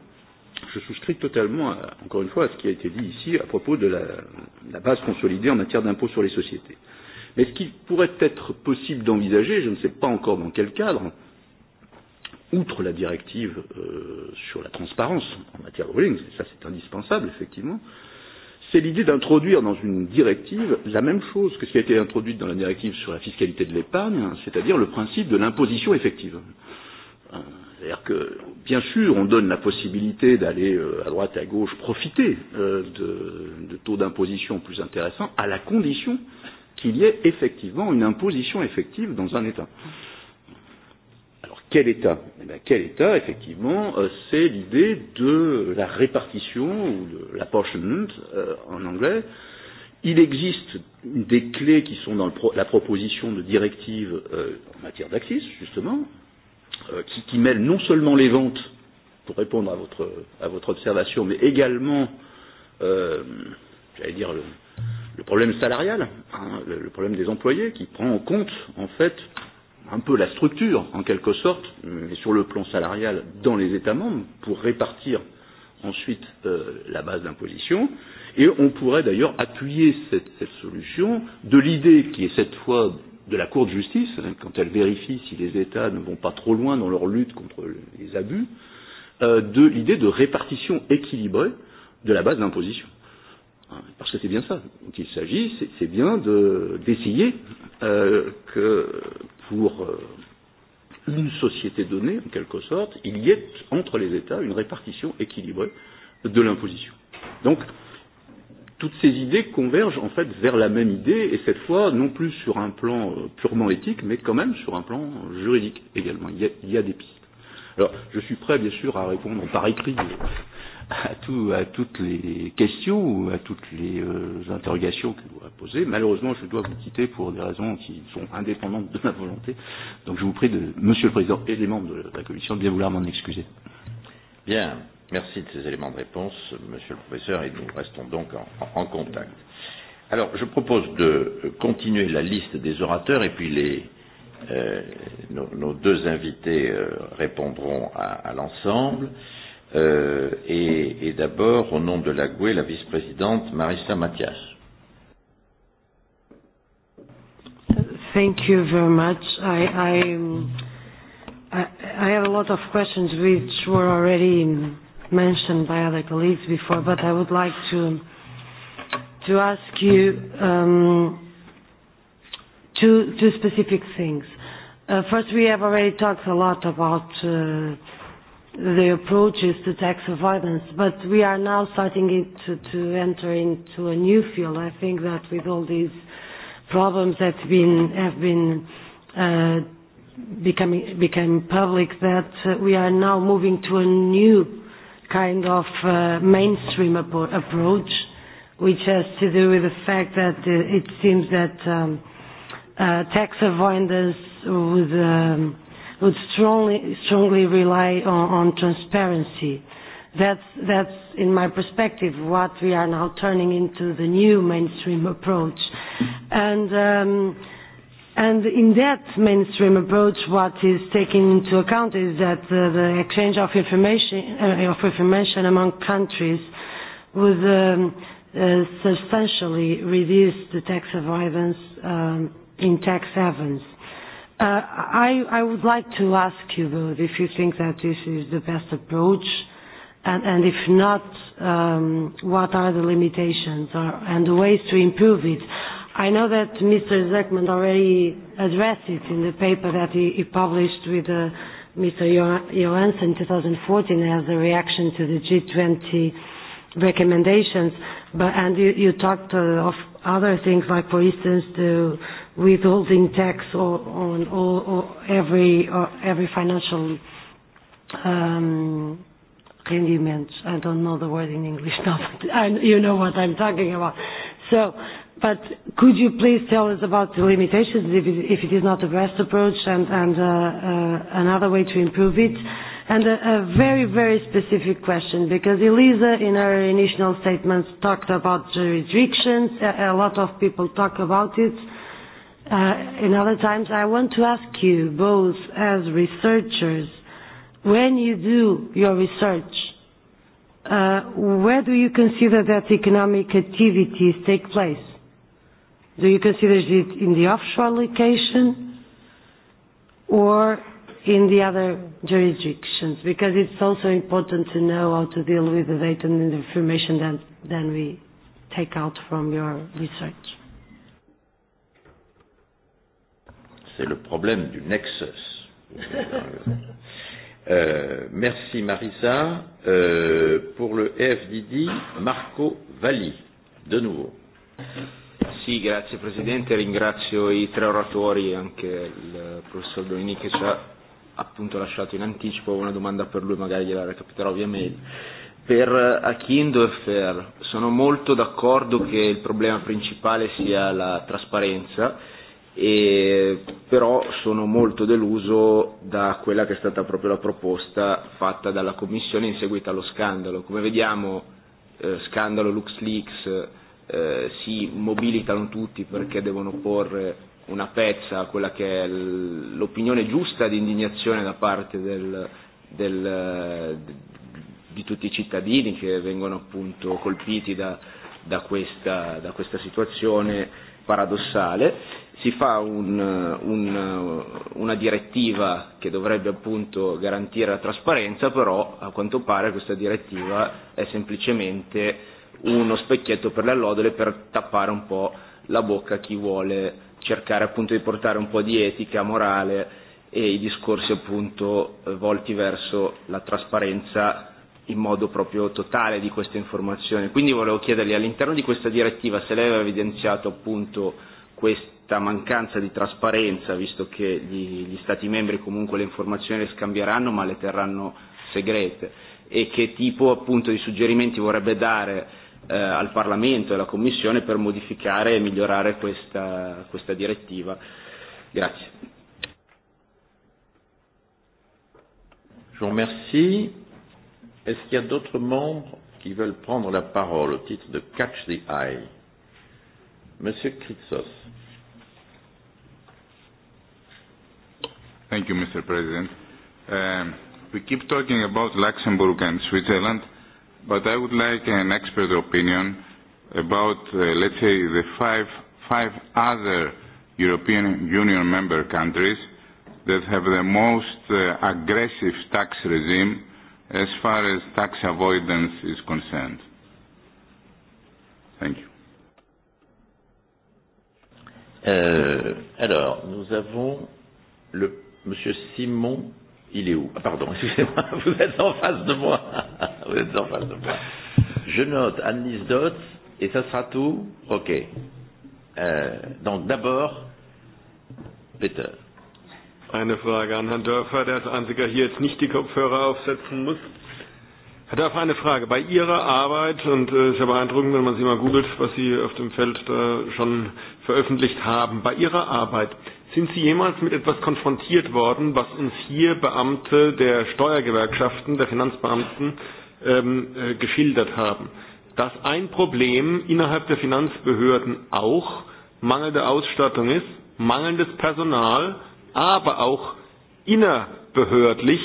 [SPEAKER 18] Je souscris totalement, à, euh, encore une fois, à ce qui a été dit ici à propos de la, la base consolidée en matière d'impôt sur les sociétés. Euh, Mais ce qu'il pourrait être possible d'envisager, je ne sais pas encore dans quel cadre, outre la directive euh, sur la transparence en matière de ruling, ça c'est indispensable effectivement, c'est l'idée d'introduire dans une directive la même chose que ce qui a été introduit dans la directive sur la fiscalité de l'épargne, c'est-à-dire le principe de l'imposition effective. Euh, c'est-à-dire que, bien sûr, on donne la possibilité d'aller euh, à droite et à gauche profiter euh, de, de taux d'imposition plus intéressants, à la condition euh, qu'il y ait effectivement une imposition effective dans un État. Alors quel État eh bien, Quel État, effectivement, euh, c'est l'idée de la répartition ou de l'apportionment euh, en anglais. Il existe des clés qui sont dans le pro la proposition de directive euh, en matière d'axis, justement, euh, qui, qui mêlent non seulement les ventes, pour répondre à votre, à votre observation, mais également, euh, j'allais dire, le, le problème salarial, hein, le, le problème des employés, qui prend en compte, en fait, un peu la structure, en quelque sorte, mais sur le plan salarial dans les États membres, pour répartir ensuite euh, la base d'imposition. Et on pourrait d'ailleurs appuyer cette, cette solution de l'idée qui est cette fois de la Cour de justice, quand elle vérifie si les États ne vont pas trop loin dans leur lutte contre les abus, euh, de l'idée de répartition équilibrée de la base d'imposition parce que c'est bien ça qu'il s'agit, c'est bien d'essayer de, euh, que pour euh, une société donnée, en quelque sorte, il y ait entre les États une répartition équilibrée de l'imposition. Donc, toutes ces idées convergent en fait vers la même idée, et cette fois non plus sur un plan euh, purement éthique, mais quand même sur un plan juridique également. Il y a, il y a des pistes. Alors, je suis prêt, bien sûr, à répondre par écrit à, tout, à toutes les questions, ou à toutes les euh, interrogations que vous avez posées. Malheureusement, je dois vous quitter pour des raisons qui sont indépendantes de ma volonté. Donc je vous prie, de, Monsieur le Président et les membres de la Commission, de bien vouloir m'en excuser.
[SPEAKER 1] Bien, merci de ces éléments de réponse, Monsieur le Professeur, et nous restons donc en, en contact. Alors, je propose de continuer la liste des orateurs et puis les, euh, nos, nos deux invités euh, répondront à, à l'ensemble. Euh, euh, et, et d'abord, au nom de la GUE, la vice-présidente Marissa Mathias.
[SPEAKER 24] Thank you very much. I, I, I have a lot of questions which were already mentioned by other colleagues before, but I would like to, to ask you um, two, two specific things. Uh, first, we have already talked a lot about uh, the approaches to tax avoidance, but we are now starting to, to enter into a new field. I think that with all these problems that have been, have been uh, becoming became public, that uh, we are now moving to a new kind of uh, mainstream appro- approach, which has to do with the fact that uh, it seems that um, uh, tax avoidance would um, would strongly, strongly rely on, on transparency. That's, that's, in my perspective, what we are now turning into the new mainstream approach. And, um, and in that mainstream approach, what is taken into account is that uh, the exchange of information, uh, of information among countries would um, uh, substantially reduce the tax avoidance um, in tax havens. Uh, I, I would like to ask you both if you think that this is the best approach, and, and if not, um, what are the limitations or, and the ways to improve it. I know that Mr. Zuckman already addressed it in the paper that he, he published with uh, Mr. Johansson in 2014 as a reaction to the G20 recommendations, but, and you, you talked uh, of other things like, for instance, the withholding tax on, on all, all, every, uh, every financial um, rendiment. I don't know the word in English now, but I, you know what I'm talking about. So, but could you please tell us about the limitations if it, if it is not the best approach and, and uh, uh, another way to improve it? And a, a very, very specific question, because Elisa, in her initial statements, talked about jurisdictions. A, a lot of people talk about it uh, in other times, I want to ask you both as researchers, when you do your research, uh, where do you consider that economic activities take place? Do you consider it in the offshore location or in the other jurisdictions? Because it's also important to know how to deal with the data and the information that then we take out from your research.
[SPEAKER 1] C'est le problème du nexus. Euh, merci Marisa. Euh, pour le FDD, Marco Valli, de nouveau.
[SPEAKER 12] Sì, grazie Presidente, ringrazio i tre oratori e anche il professor Dolini che ci ha appunto lasciato in anticipo una domanda per lui, magari gliela recapiterò via mail. Per eh, Achindo e Fer, sono molto d'accordo che il problema principale sia la trasparenza e però sono molto deluso da quella che è stata proprio la proposta fatta dalla Commissione in seguito allo scandalo. Come vediamo, eh, scandalo LuxLeaks, eh, si mobilitano tutti perché devono porre una pezza a quella che è l'opinione giusta di indignazione da parte del, del, di tutti i cittadini che vengono appunto colpiti da, da, questa, da questa situazione paradossale si fa un, un, una direttiva che dovrebbe appunto garantire la trasparenza, però a quanto pare questa direttiva è semplicemente uno specchietto per le allodole per tappare un po' la bocca a chi vuole cercare appunto di portare un po' di etica, morale e i discorsi appunto volti verso la trasparenza in modo proprio totale di queste informazioni. Quindi volevo chiedergli all'interno di questa direttiva se lei aveva evidenziato appunto questa mancanza di trasparenza, visto che gli, gli Stati membri comunque le informazioni le scambieranno ma le terranno segrete e che tipo appunto di suggerimenti vorrebbe dare eh, al Parlamento e alla Commissione per modificare e migliorare questa, questa direttiva. Grazie.
[SPEAKER 1] Est-ce qu'il y a d'autres membres qui veulent prendre la parole au titre de Catch the Eye
[SPEAKER 18] Monsieur Kritsos.
[SPEAKER 8] Thank you, Mr. President. Um, we keep talking about Luxembourg and Switzerland, but I would like an expert opinion about, uh, let's say, the five, five other European Union member countries that
[SPEAKER 18] have the most uh, aggressive tax regime as far as tax avoidance is concerned. Thank you.
[SPEAKER 1] Euh, alors, nous avons le Monsieur Simon, il est où ah, Pardon, excusez-moi, vous êtes en face de moi. Vous êtes en face de moi. Je note Annelise Dotz, et ça sera tout Ok. Euh, donc d'abord, Peter. Eine
[SPEAKER 25] Frage an Herrn Dörfer, der als einziger hier jetzt nicht die Kopfhörer aufsetzen muss. Herr Dörfer, eine Frage. Bei Ihrer Arbeit, und es äh, ist ja beeindruckend, wenn man Sie mal googelt, was Sie auf dem Feld da äh, schon veröffentlicht haben, bei Ihrer Arbeit, äh, Sind Sie jemals mit etwas konfrontiert worden, was uns hier Beamte der Steuergewerkschaften, der Finanzbeamten ähm, äh, geschildert haben? Dass ein Problem innerhalb der Finanzbehörden auch mangelnde Ausstattung ist, mangelndes Personal, aber auch innerbehördlich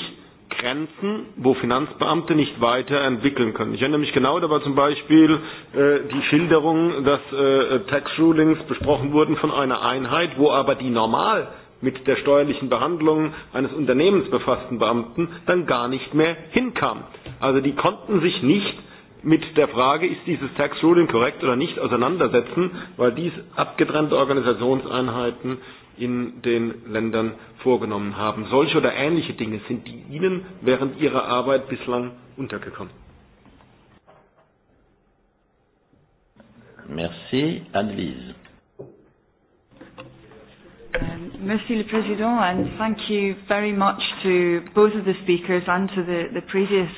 [SPEAKER 25] Grenzen, wo Finanzbeamte nicht weiterentwickeln können. Ich erinnere mich genau dabei zum Beispiel äh, die Schilderung, dass äh, Tax Rulings besprochen wurden von einer Einheit, wo aber die normal mit der steuerlichen Behandlung eines Unternehmens befassten Beamten dann gar nicht mehr hinkam. Also die konnten sich nicht mit der Frage, ist dieses Tax Ruling korrekt oder nicht, auseinandersetzen, weil dies abgetrennte Organisationseinheiten in den Ländern vorgenommen haben. Solche oder ähnliche Dinge sind die Ihnen während Ihrer Arbeit bislang untergekommen?
[SPEAKER 1] Merci, Annelise.
[SPEAKER 26] Monsieur um, le Président, and thank you very much to both of the speakers and to the, the previous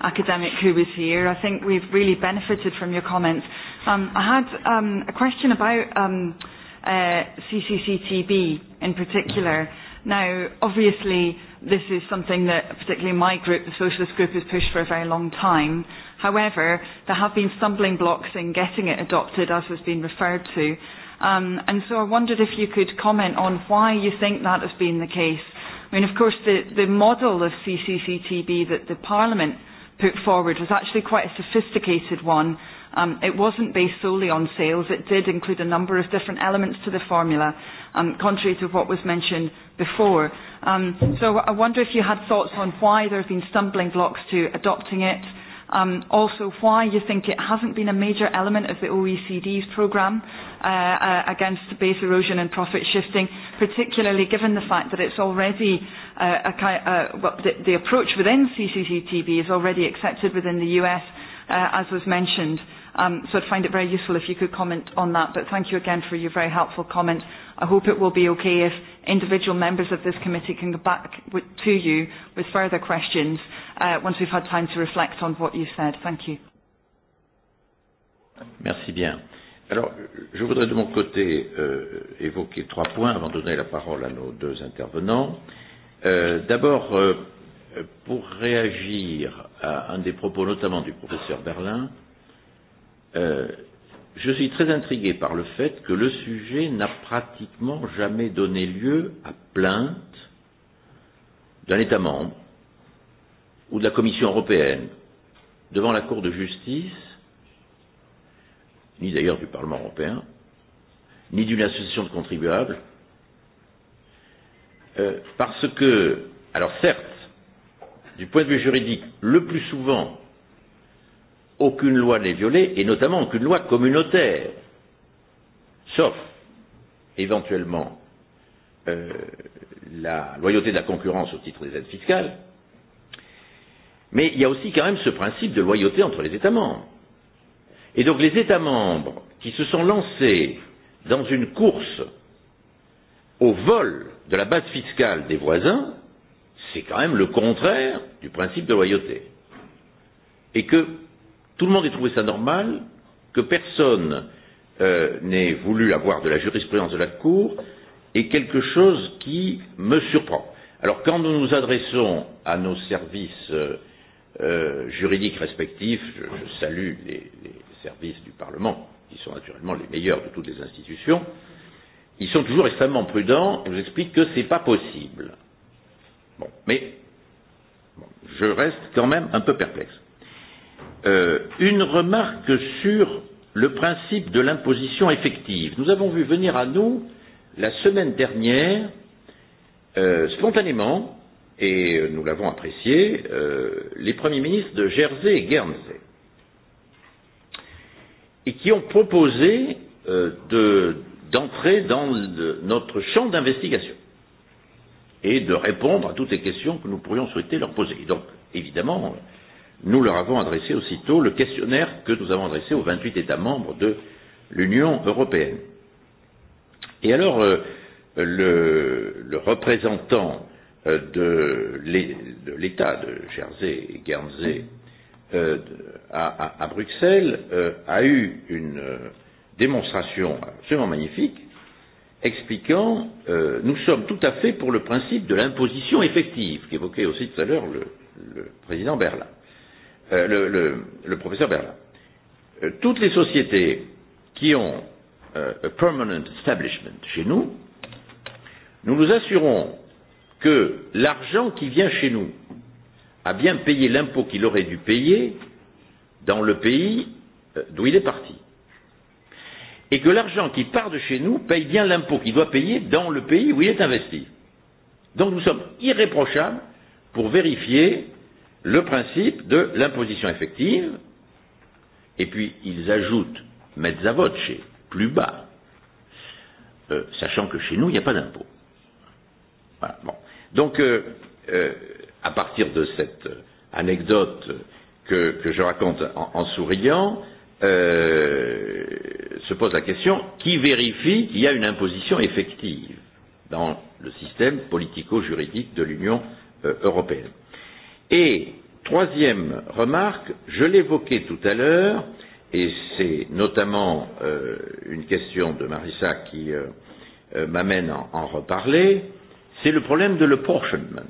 [SPEAKER 26] academic who was here. I think we've really benefited from your comments. Um, I had um, a question about um, uh, CCCTB in particular. Now, obviously, this is something that particularly my group, the Socialist Group, has pushed for a very long time. However, there have been stumbling blocks in getting it adopted, as has been referred to. Um, and so I wondered if you could comment on why you think that has been the case. I mean, of course, the, the model of CCCTB that the Parliament put forward was actually quite a sophisticated one Um, it wasn't based solely on sales. It did include a number of different elements to the formula, um, contrary to what was mentioned before. Um, so I wonder if you had thoughts on why there have been stumbling blocks to adopting it, um, also why you think it hasn't been a major element of the OECD's programme uh, uh, against base erosion and profit shifting, particularly given the fact that it's already uh, a, uh, well, the, the approach within CCCTB is already accepted within the US, uh, as was mentioned. Um, so I'd find it very useful if you could comment on that. But thank you again for your very helpful comment. I hope it will be okay if individual members of this committee can go back with, to you with further questions uh, once we've had time to reflect on what you've said. Thank you.
[SPEAKER 1] Merci bien. Alors, je voudrais de mon côté euh, évoquer trois points avant de donner la parole à nos deux intervenants. Euh, D'abord, euh, pour réagir à un des propos notamment du professeur Berlin, euh, Euh, je suis très intrigué par le fait que le sujet n'a pratiquement jamais donné lieu à plainte d'un État membre ou de la Commission européenne devant la Cour de justice, ni d'ailleurs du Parlement européen, ni d'une association de contribuables, euh, parce que, alors certes, du point de vue juridique, le plus souvent, aucune loi n'est violée, et notamment aucune loi communautaire, sauf éventuellement euh, la loyauté de la concurrence au titre des aides fiscales. Mais il y a aussi quand même ce principe de loyauté entre les États membres. Et donc les États membres qui se sont lancés dans une course au vol de la base fiscale des voisins, c'est quand même le contraire du principe de loyauté. Et que tout le monde ait trouvé ça normal, que personne euh, n'ait voulu avoir de la jurisprudence de la Cour, est quelque chose qui me surprend. Alors quand nous nous adressons à nos services euh, euh, juridiques respectifs, je, je salue les, les services du Parlement, qui sont naturellement les meilleurs de toutes les institutions, ils sont toujours extrêmement prudents et nous expliquent que ce n'est pas possible. Bon, mais bon, je reste quand même un peu perplexe euh, une remarque sur le principe de l'imposition effective. Nous avons vu venir à nous la semaine dernière, euh, spontanément, et nous l'avons apprécié, euh, les premiers ministres de Jersey et Guernsey, et qui ont proposé euh, de, d'entrer dans le, notre champ d'investigation et de répondre à toutes les questions que nous pourrions souhaiter leur poser. donc, évidemment, euh, nous leur avons adressé aussitôt le questionnaire que nous avons adressé aux 28 États membres de l'Union européenne. Et alors, euh, le, le représentant euh, de l'État de Jersey et Guernsey euh, à, à, à Bruxelles euh, a eu une euh, démonstration absolument magnifique expliquant euh, nous sommes tout à fait pour le principe de l'imposition effective qu'évoquait aussi tout à l'heure le, le président Berlin. Euh, le, le, le professeur Berlin. Euh, toutes les sociétés qui ont euh, a permanent establishment chez nous, nous nous assurons que l'argent qui vient chez nous a bien payé l'impôt qu'il aurait dû payer dans le pays euh, d'où il est parti. Et que l'argent qui part de chez nous paye bien l'impôt qu'il doit payer dans le pays où il est investi. Donc nous sommes irréprochables pour vérifier le principe de l'imposition effective, et puis ils ajoutent mezzavoce plus bas, euh, sachant que chez nous, il n'y a pas d'impôt. Voilà, bon. Donc, euh, euh, à partir de cette anecdote que, que je raconte en, en souriant, euh, se pose la question qui vérifie qu'il y a une imposition effective dans le système politico-juridique de l'Union euh, européenne Et troisième remarque, je l'évoquais tout à l'heure, et c'est notamment euh, une question de Marissa qui euh, euh m'amène à en, en reparler, c'est le problème de l'apportionment.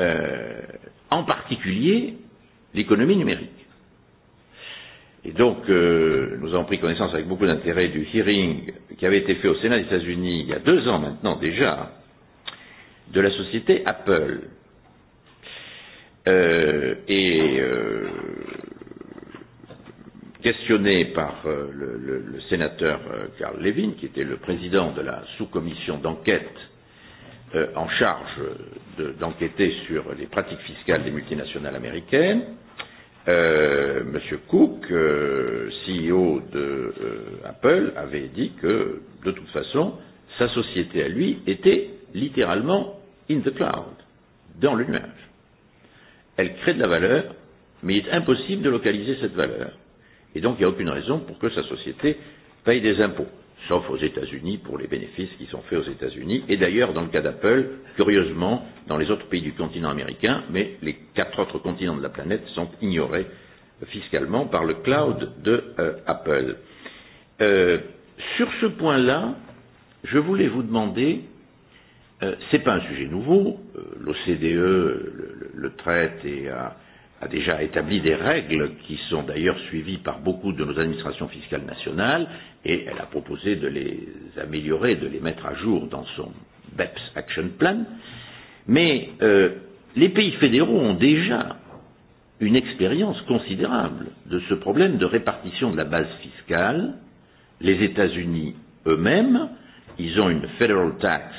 [SPEAKER 1] Euh, en particulier, l'économie numérique. Et donc, euh, nous avons pris connaissance avec beaucoup d'intérêt du hearing qui avait été fait au Sénat des États-Unis il y a deux ans maintenant déjà, de la société Apple, euh, et euh, questionné par euh, le, le, le sénateur euh, Karl Levin, qui était le président de la sous-commission d'enquête euh, en charge d'enquêter de, sur les pratiques fiscales des multinationales américaines, euh, Monsieur Cook, euh, CEO de euh, Apple, avait dit que, de toute façon, sa société à lui était littéralement in the cloud, dans le nuage elle crée de la valeur, mais il est impossible de localiser cette valeur. Et donc, il n'y a aucune raison pour que sa société paye des impôts, sauf aux États-Unis pour les bénéfices qui sont faits aux États-Unis, et d'ailleurs, dans le cas d'Apple, curieusement, dans les autres pays du continent américain, mais les quatre autres continents de la planète sont ignorés fiscalement par le cloud de euh, Apple. Euh, sur ce point-là, je voulais vous demander Euh, ce n'est pas un sujet
[SPEAKER 18] nouveau. Euh,
[SPEAKER 1] L'OCDE le, le traite et a, a déjà établi des règles qui sont d'ailleurs suivies par beaucoup de nos administrations fiscales nationales et elle a proposé de les améliorer, de les mettre à jour dans son BEPS Action Plan. Mais euh, les pays fédéraux ont déjà une expérience considérable de ce problème de répartition de la base fiscale. Les États-Unis eux-mêmes, ils ont une federal tax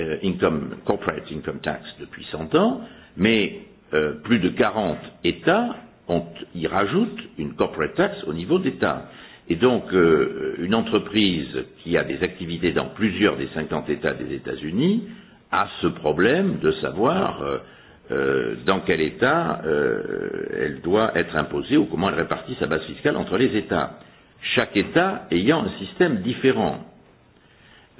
[SPEAKER 1] euh, income, corporate income tax depuis 100 ans, mais euh, plus de 40 États ont, y rajoutent une corporate tax au niveau d'État. Et donc, euh, une entreprise qui a des activités dans plusieurs des 50 États des États-Unis a ce problème de savoir euh, euh, dans quel État euh, elle doit être imposée ou comment elle répartit sa base fiscale entre les États. Chaque État ayant un système différent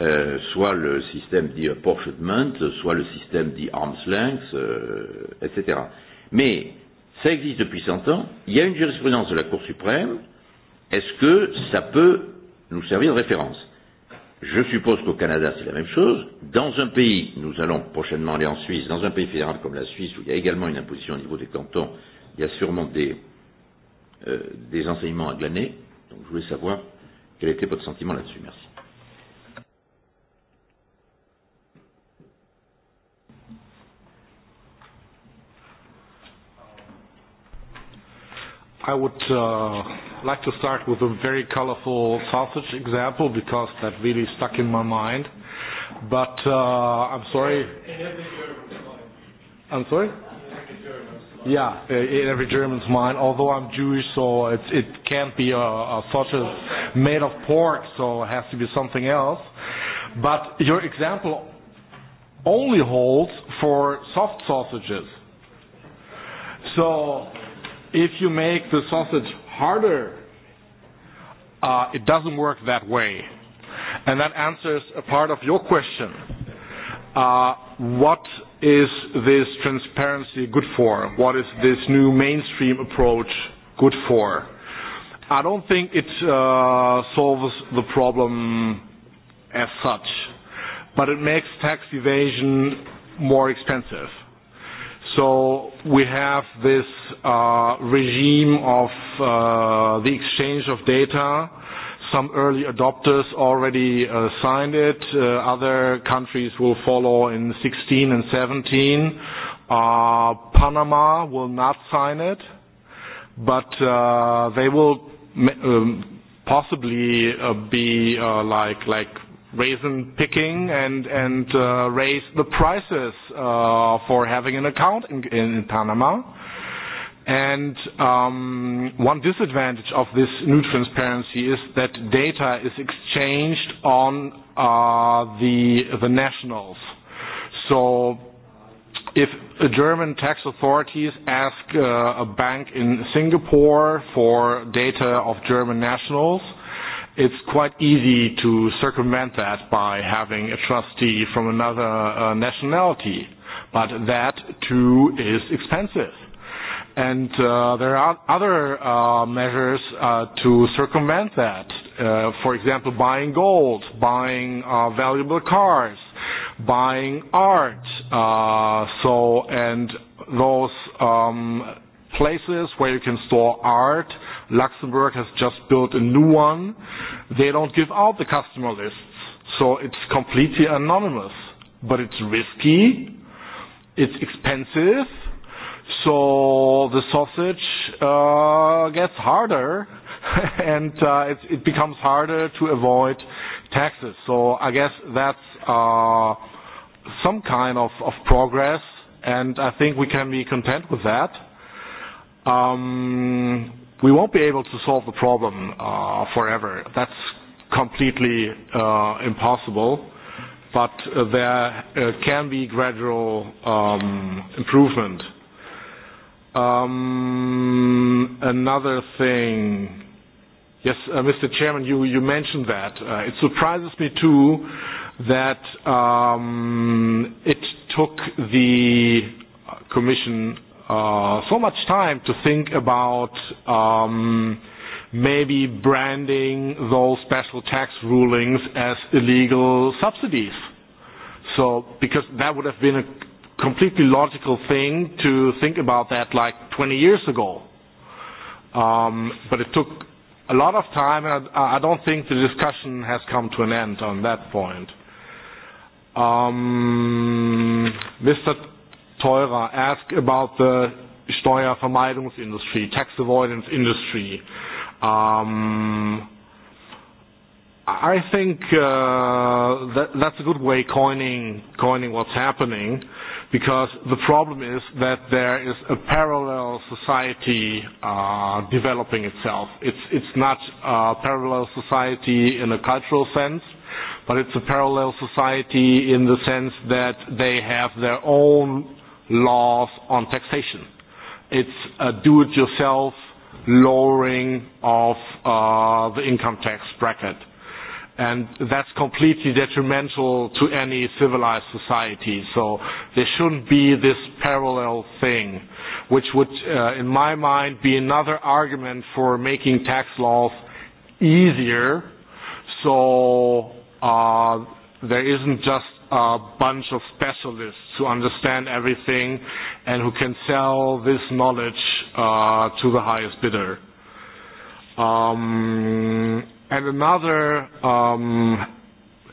[SPEAKER 1] euh, soit le système dit apportionment, soit le système dit arm's length, euh, etc. Mais ça existe depuis 100 ans, il y a une jurisprudence de la Cour suprême, est-ce que ça peut nous servir de référence Je suppose qu'au Canada, c'est la même chose. Dans un pays, nous allons prochainement aller en Suisse, dans un pays fédéral comme la Suisse, où il y a également une imposition au niveau des cantons, il y a sûrement des, euh, des enseignements à glaner. Donc je voulais savoir quel était votre sentiment là-dessus. Merci.
[SPEAKER 20] I would uh, like to start with a very colorful sausage example because that really stuck in my mind. But uh, I'm sorry.
[SPEAKER 14] in every I'm sorry. Yeah,
[SPEAKER 20] in every German's mind. Although I'm Jewish, so it it can't be a, a sausage made of pork, so it has to be something else. But your example only holds for soft sausages. So if you make the sausage harder, uh, it doesn't work that way. And that answers a part of your question. Uh, what is this transparency good for? What is this new mainstream approach good for? I don't think it uh, solves the problem as such, but it makes tax evasion more expensive so we have this uh, regime of uh, the exchange of data. Some early adopters already uh, signed it. Uh, other countries will follow in 16 and 17. Uh, Panama will not sign it, but uh, they will um, possibly uh, be uh, like like raisin picking and and uh, raise the prices uh, for having an account in, in Panama. And um, one disadvantage of this new transparency is that data is exchanged on uh, the the nationals. So if a German tax authorities ask uh, a bank in Singapore for data of German nationals, it's quite easy to circumvent that by having a trustee from another uh, nationality, but that too is expensive. And uh, there are other uh, measures uh, to circumvent that. Uh, for example, buying gold, buying uh, valuable cars, buying art. Uh, so, and those um, places where you can store art uh, Luxembourg has just built a new one. They don't give out the customer lists, so it's completely anonymous. But it's risky, it's expensive, so the sausage uh, gets harder, and uh, it, it becomes harder to avoid taxes. So I guess that's uh, some kind of, of progress, and I think we can be content with that. Um, we won't be able to solve the problem uh, forever. That's completely uh, impossible, but uh, there uh, can be gradual um, improvement. Um, another thing, yes, uh, Mr. Chairman, you, you mentioned that. Uh, it surprises me too that um, it took the Commission uh, so much time to think about um, maybe branding those special tax rulings as illegal subsidies. So, because that would have been a completely logical thing to think about that like 20 years ago. Um, but it took a lot of time, and I, I don't think the discussion has come to an end on that point. Um, Mr teurer. Ask about the Steuervermeidungsindustrie, tax avoidance industry. Um, I think uh, that, that's a good way coining coining what's happening, because the problem is that there is a parallel society uh, developing itself. It's it's not a parallel society in a cultural sense, but it's a parallel society in the sense that they have their own laws on taxation. It's a do-it-yourself lowering of uh, the income tax bracket. And that's completely detrimental to any civilized society. So there shouldn't be this parallel thing, which would, uh, in my mind, be another argument for making tax laws easier. So uh, there isn't just a bunch of specialists who understand everything and who can sell this knowledge uh, to the highest bidder. Um, and another um,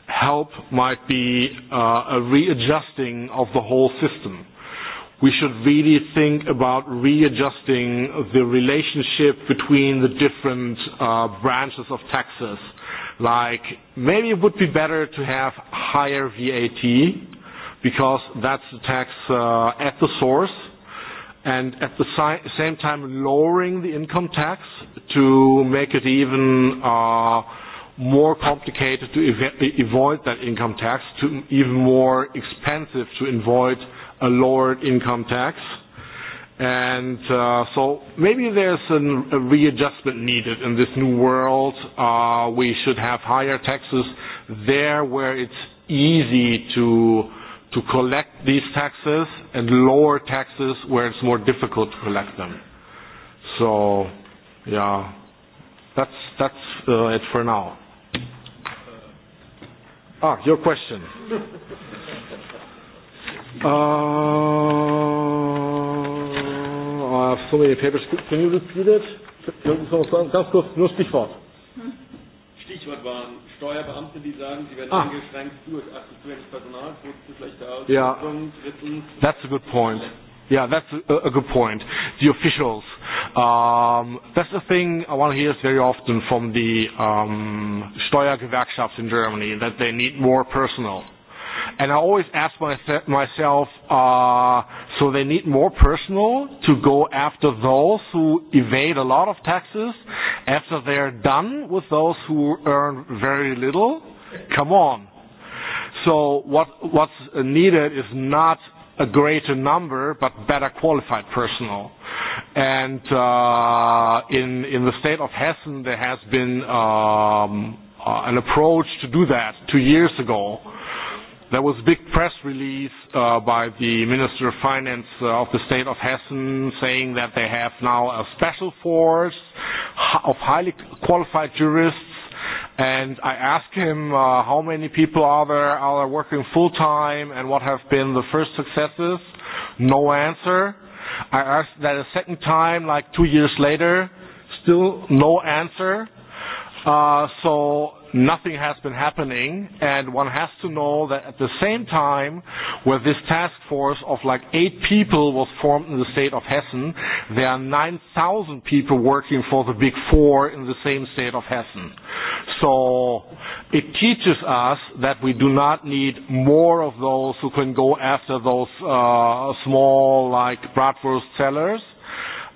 [SPEAKER 20] help might be uh, a readjusting of the whole system. We should really think about readjusting the relationship between the different uh, branches of taxes like maybe it would be better to have higher VAT because that's the tax uh, at the source and at the si same time lowering the income tax to make it even uh, more complicated to ev avoid that income tax, to even more expensive to avoid a lowered income tax. And uh, so maybe there's an, a readjustment needed in this new world. Uh, we should have higher taxes there where it's easy to to collect these taxes and lower taxes where it's more difficult to collect them. So, yeah, that's that's uh, it for now. Ah, your question. Uh, have so many papers. Can you repeat
[SPEAKER 21] it? Ganz kurz, nur Stichwort.
[SPEAKER 25] Stichwort waren Steuerbeamte, die sagen, sie werden ah. eingeschränkt durch akzeptierendes Personal, durch schlechte Ausbildung, yeah.
[SPEAKER 20] drittens. That's a good point. Yeah, that's a, a good point. The officials. Um, that's the thing I to hear very often from the um, Steuergewerkschafts in Germany, that they need more personnel And I always ask my, myself, uh, so they need more personal to go after those who evade a lot of taxes after they're done with those who earn very little? Come on. So what, what's needed is not a greater number, but better qualified personal. And uh, in, in the state of Hessen, there has been um, uh, an approach to do that two years ago There was a big press release uh, by the Minister of Finance uh, of the state of Hessen saying that they have now a special force of highly qualified jurists. And I asked him uh, how many people are there, are there working full time, and what have been the first successes. No answer. I asked that a second time, like two years later, still no answer. Uh, so nothing has been happening, and one has to know that at the same time where this task force of like eight people was formed in the state of Hessen, there are 9,000 people working for the big four in the same state of Hessen. So it teaches us that we do not need more of those who can go after those uh, small like bratwurst sellers,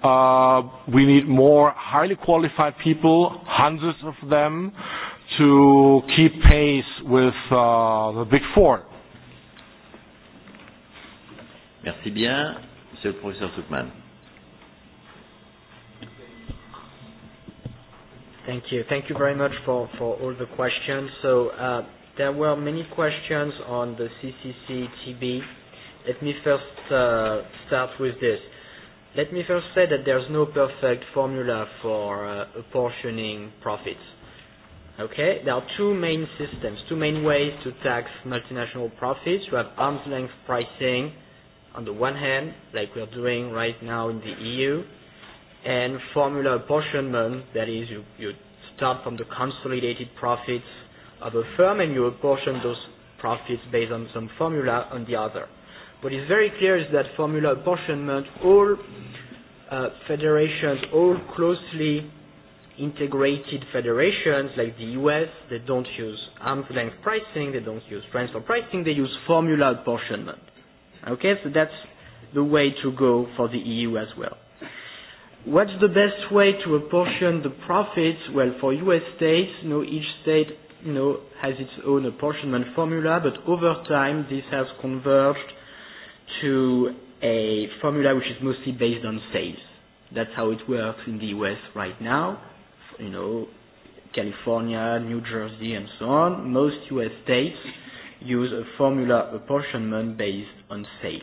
[SPEAKER 20] uh, we need more highly qualified people, hundreds of them, to keep pace with uh, the Big Four.
[SPEAKER 1] Merci bien, Monsieur le Professeur Zuckman.
[SPEAKER 19] Thank you. Thank you very much for, for all the questions. So uh, there were many questions on the CCCTB. Let me first uh, start with this. Let me first say that there's no perfect formula for uh, apportioning profits Okay, there are two main systems, two main ways to tax multinational profits. You have arm's length pricing on the one hand, like we are doing right now in the EU, and formula apportionment, that is, you, you start from the consolidated profits of a firm and you apportion those profits based on some formula on the other. What is very clear is that formula apportionment, all uh, federations, all closely integrated federations like the US, they don't use arm's length pricing, they don't use transfer pricing, they use formula apportionment. Okay, so that's the way to go for the EU as well. What's the best way to apportion the profits? Well, for US states, you know, each state you know, has its own apportionment formula, but over time this has converged to a formula which is mostly based on sales. That's how it works in the US right now you know, California, New Jersey, and so on, most U.S. states use a formula apportionment based on sales.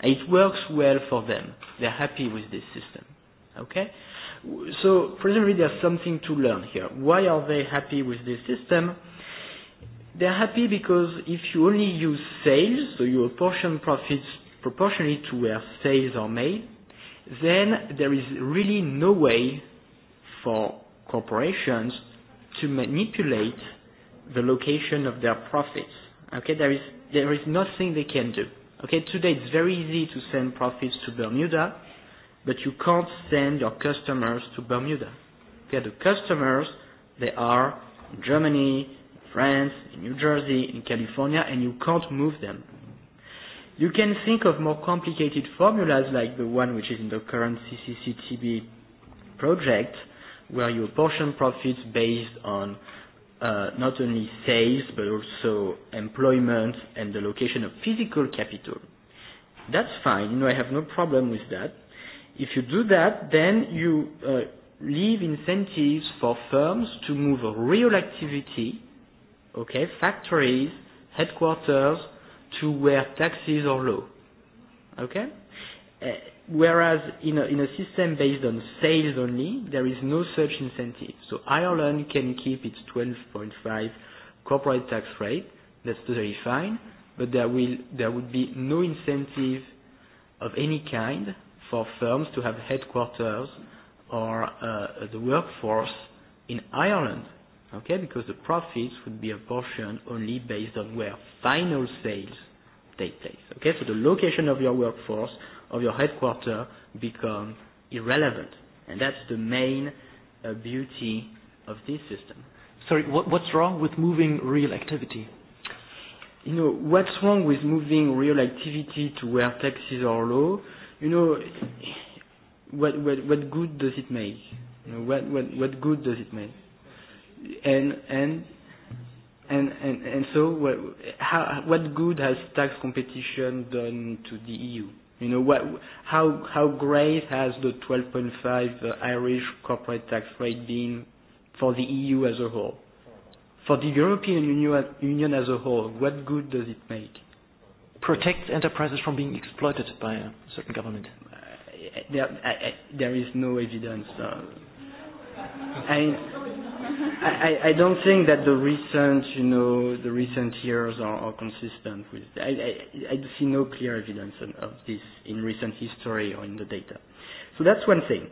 [SPEAKER 19] And it works well for them. They're happy with this system. Okay? So, presently, there's something to learn here. Why are they happy with this system? They're happy because if you only use sales, so you apportion profits proportionally to where sales are made, then there is really no way for corporations to manipulate the location of their profits. Okay, there is, there is nothing they can do. Okay, today it's very easy to send profits to Bermuda, but you can't send your customers to Bermuda. Okay, the customers, they are in Germany, France, in New Jersey, in California, and you can't move them. You can think of more complicated formulas like the one which is in the current CCCTB project, where you apportion profits based on uh, not only sales but also employment and the location of physical capital. That's fine. You know, I have no problem with that. If you do that, then you uh, leave incentives for firms to move real activity, okay, factories, headquarters, to where taxes are low. Okay? whereas in a, in a system based on sales only, there is no such incentive. So Ireland can keep its 12.5 corporate tax rate. That's totally fine, but there will there would be no incentive of any kind for firms to have headquarters or uh, the workforce in Ireland, okay? Because the profits would be apportioned only based on where final sales take place. Okay, so the location of your workforce of your headquarter become irrelevant. And that's the main uh, beauty of this system.
[SPEAKER 8] Sorry, what, what's wrong with moving
[SPEAKER 19] real activity? You know, what's wrong with moving real activity to where taxes are low? You know, what, what, what good does it make? You know, what, what, what good does it make? And, and And, and, and so what, how, what good has tax competition done to the EU? You know, what, how, how great has the 12.5 uh, Irish corporate tax rate been for the EU as a whole? For the European Union, Union as a whole, what good does it make? Protects enterprises from being exploited by a certain government. Uh, there, I, uh, I, uh, there is no evidence. Uh, I,
[SPEAKER 14] i, I don't think that the
[SPEAKER 19] recent, you know, the recent years are, are consistent with. I, I, I see no clear evidence of this in recent history or in the data. So that's one thing.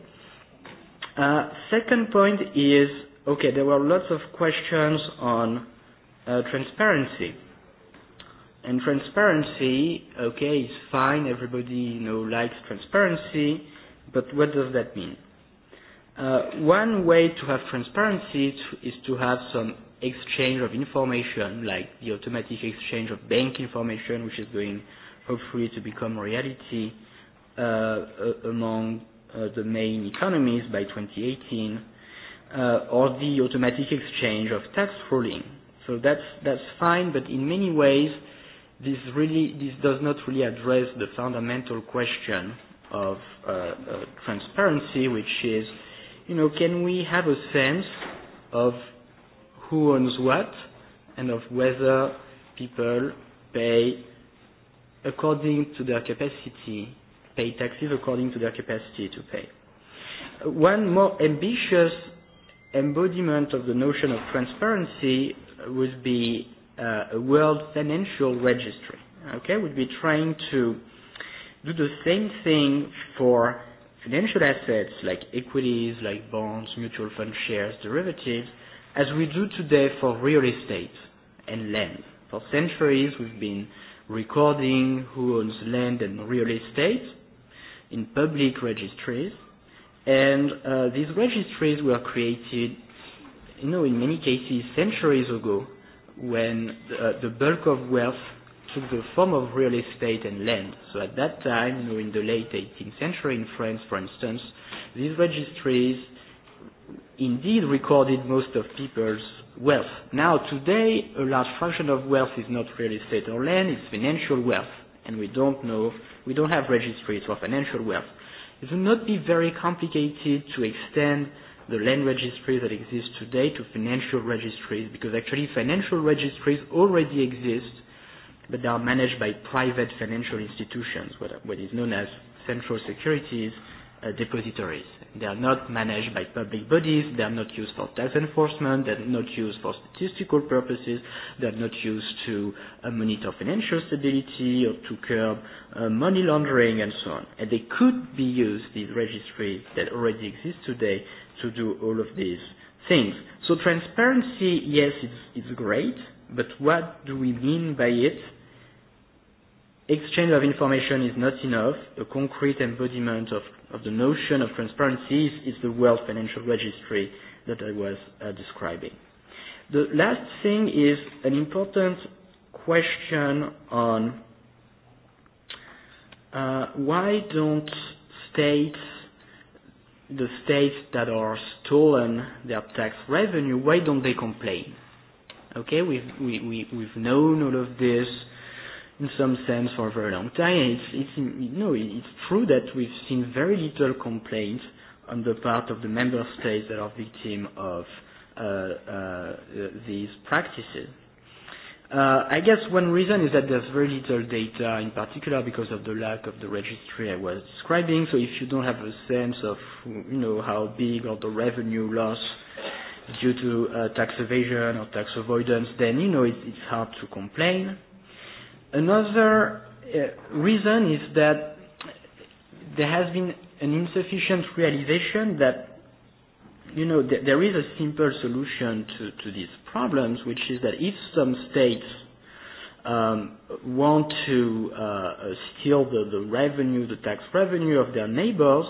[SPEAKER 19] Uh, second point is okay. There were lots of questions on uh, transparency. And transparency, okay, is fine. Everybody, you know, likes transparency, but what does that mean? Uh, one way to have transparency is to have some exchange of information, like the automatic exchange of bank information, which is going hopefully to become reality uh, uh, among uh, the main economies by 2018, uh, or the automatic exchange of tax ruling. So that's, that's fine, but in many ways, this really this does not really address the fundamental question of uh, uh, transparency, which is you know, can we have a sense of who owns what and of whether people pay according to their capacity, pay taxes according to their capacity to pay. One more ambitious embodiment of the notion of transparency would be uh, a world financial registry. Okay, would be trying to do the same thing for financial assets like equities, like bonds, mutual fund shares, derivatives, as we do today for real estate and land. For centuries, we've been recording who owns land and real estate in public registries. And uh, these registries were created, you know, in many cases centuries ago when the, uh, the bulk of wealth took the form of real estate and land. So at that time, you know, in the late 18th century in France, for instance, these registries indeed recorded most of people's wealth. Now today, a large fraction of wealth is not real estate or land, it's financial wealth. And we don't know, we don't have registries for financial wealth. It would not be very complicated to extend the land registry that exists today to financial registries because actually financial registries already exist but they are managed by private financial institutions, what, what is known as central securities uh, depositories. They are not managed by public bodies, they are not used for tax enforcement, they are not used for statistical purposes, they are not used to uh, monitor financial stability or to curb uh, money laundering and so on. And they could be used, these registries that already exist today, to do all of these things. So transparency, yes, it's, it's great, but what do we mean by it? exchange of information is not enough. A concrete embodiment of, of the notion of transparency is, is the World Financial Registry that I was uh, describing. The last thing is an important question on uh, why don't states, the states that are stolen their tax revenue, why don't they complain? Okay, we've, we, we, we've known all of this in some sense for a very long time. And it's, it's, you know, it's true that we've seen very little complaints on the part of the member states that are victims of uh, uh, these practices. Uh, I guess one reason is that there's very little data, in particular because of the lack of the registry I was describing. So if you don't have a sense of, you know, how big or the revenue loss due to uh, tax evasion or tax avoidance, then you know it, it's hard to complain. Another uh, reason is that there has been an insufficient realization that you know th- there is a simple solution to, to these problems, which is that if some states um, want to uh, uh steal the, the revenue, the tax revenue of their neighbors,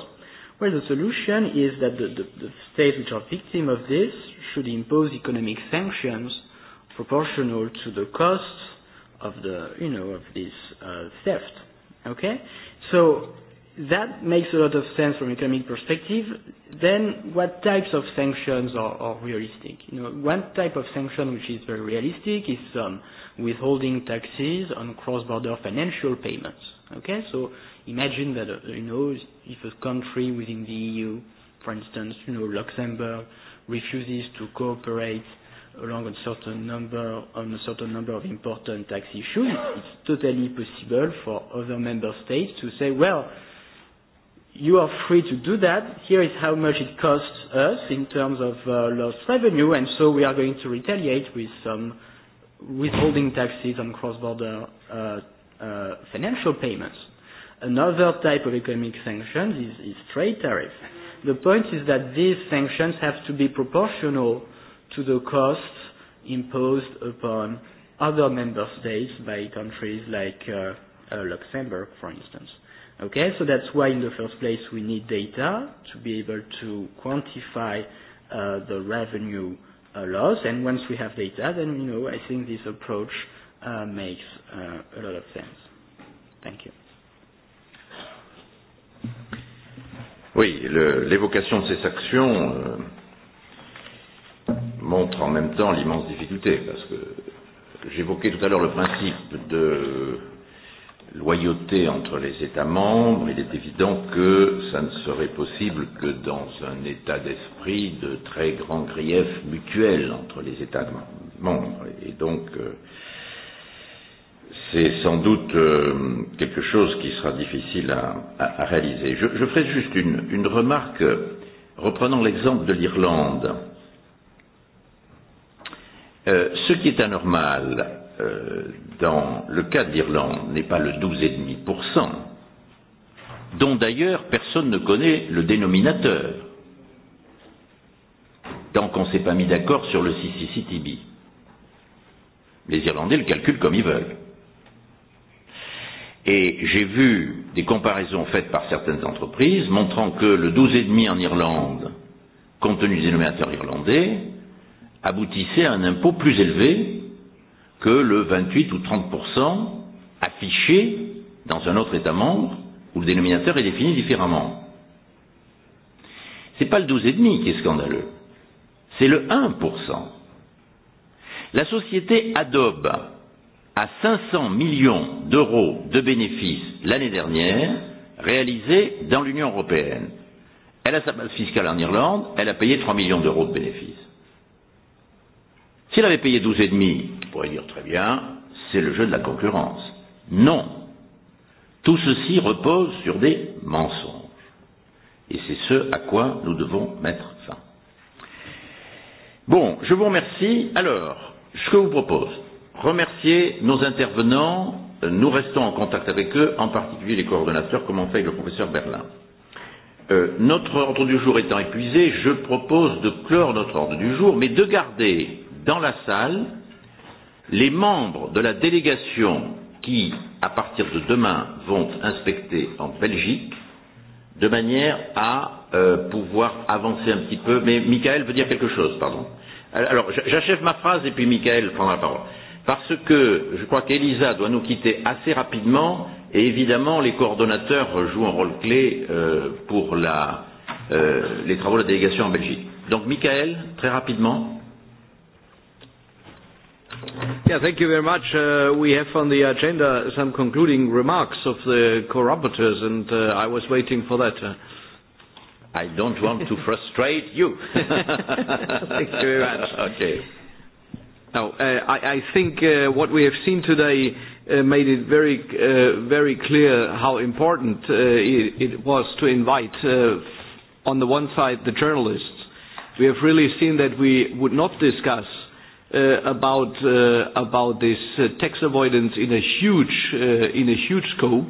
[SPEAKER 19] well, the solution is that the, the, the states which are victims of this should impose economic sanctions proportional to the costs of the you know of this uh, theft. Okay, so that makes a lot of sense from an economic perspective. Then, what types of sanctions are, are realistic? You know, one type of sanction which is very realistic is um, withholding taxes on cross-border financial payments. Okay, so imagine that uh, you know if a country within the EU, for instance, you know Luxembourg, refuses to cooperate along a certain number on a certain number of important tax issues, it's totally possible for other member states to say, well, you are free to do that. Here is how much it costs us in terms of uh, lost revenue, and so we are going to retaliate with some withholding taxes on cross-border uh, uh, financial payments. Another type of economic sanctions is, is trade tariffs. The point is that these sanctions have to be proportional to the costs imposed upon other member states by countries like uh, uh, Luxembourg, for instance. Okay, so that's why in the first place we need data to be able to quantify uh, the revenue uh, loss, and once we have data, then you know I think this approach uh, makes uh, a lot of sense. Thank you.
[SPEAKER 1] Oui, l'évocation de ces actions. Euh montre en même temps l'immense difficulté, parce que j'évoquais tout à l'heure le principe de loyauté entre les États membres, il est évident que ça ne serait possible que dans un état d'esprit de très grand grief mutuel entre les États membres. Et donc, euh, c'est sans doute euh, quelque chose qui sera difficile à, à, à réaliser. Je, je ferai juste une, une remarque, reprenant l'exemple de l'Irlande. Euh, ce qui est anormal euh, dans le cas de l'Irlande n'est pas le 12,5%, dont d'ailleurs personne ne connaît le dénominateur, tant qu'on ne s'est pas mis d'accord sur le CCCTB. Les Irlandais le calculent comme ils veulent. Et j'ai vu des comparaisons faites par certaines entreprises montrant que le 12,5 en Irlande, compte tenu du dénominateur irlandais, aboutissait à un impôt plus élevé que le 28 ou 30 affiché dans un autre État membre où le dénominateur est défini différemment. Ce n'est pas le 12,5 qui est scandaleux, c'est le 1 La société Adobe à 500 millions d'euros de bénéfices l'année dernière réalisés dans l'Union européenne. Elle a sa base fiscale en Irlande, elle a payé 3 millions d'euros de bénéfices. S'il avait payé 12,5, on pourrait dire très bien, c'est le jeu de la concurrence. Non. Tout ceci repose sur des mensonges. Et c'est ce à quoi nous devons mettre fin. Bon, je vous remercie. Alors, ce que vous propose, remercier nos intervenants. Nous restons en contact avec eux, en particulier les coordonnateurs, comme on fait avec le professeur Berlin. Euh, notre ordre du jour étant épuisé, je propose de clore notre ordre du jour, mais de garder dans la salle les membres de la délégation qui, à partir de demain, vont inspecter en Belgique de manière à euh, pouvoir avancer un petit peu. Mais Michael veut dire quelque chose, pardon. Euh, alors, j'achève ma phrase et puis Michael prendra la parole. Parce que je crois qu'Elisa doit nous quitter assez rapidement et évidemment les coordonnateurs jouent un rôle clé euh, pour la, euh, les travaux de la délégation en Belgique. Donc, Michael, très rapidement.
[SPEAKER 4] Yeah, thank you very much. Uh, we have on the agenda some concluding remarks of the co-rapporteurs, and uh, I was waiting for that. Uh, I don't want to frustrate you. thank you very much. Okay. Now, uh, I, I think uh, what we have seen today uh, made it very, uh, very clear how important uh, it, it was to invite, uh, on the one side, the journalists. We have really seen that we would not discuss uh, about uh, about this uh, tax avoidance in a huge uh, in a huge scope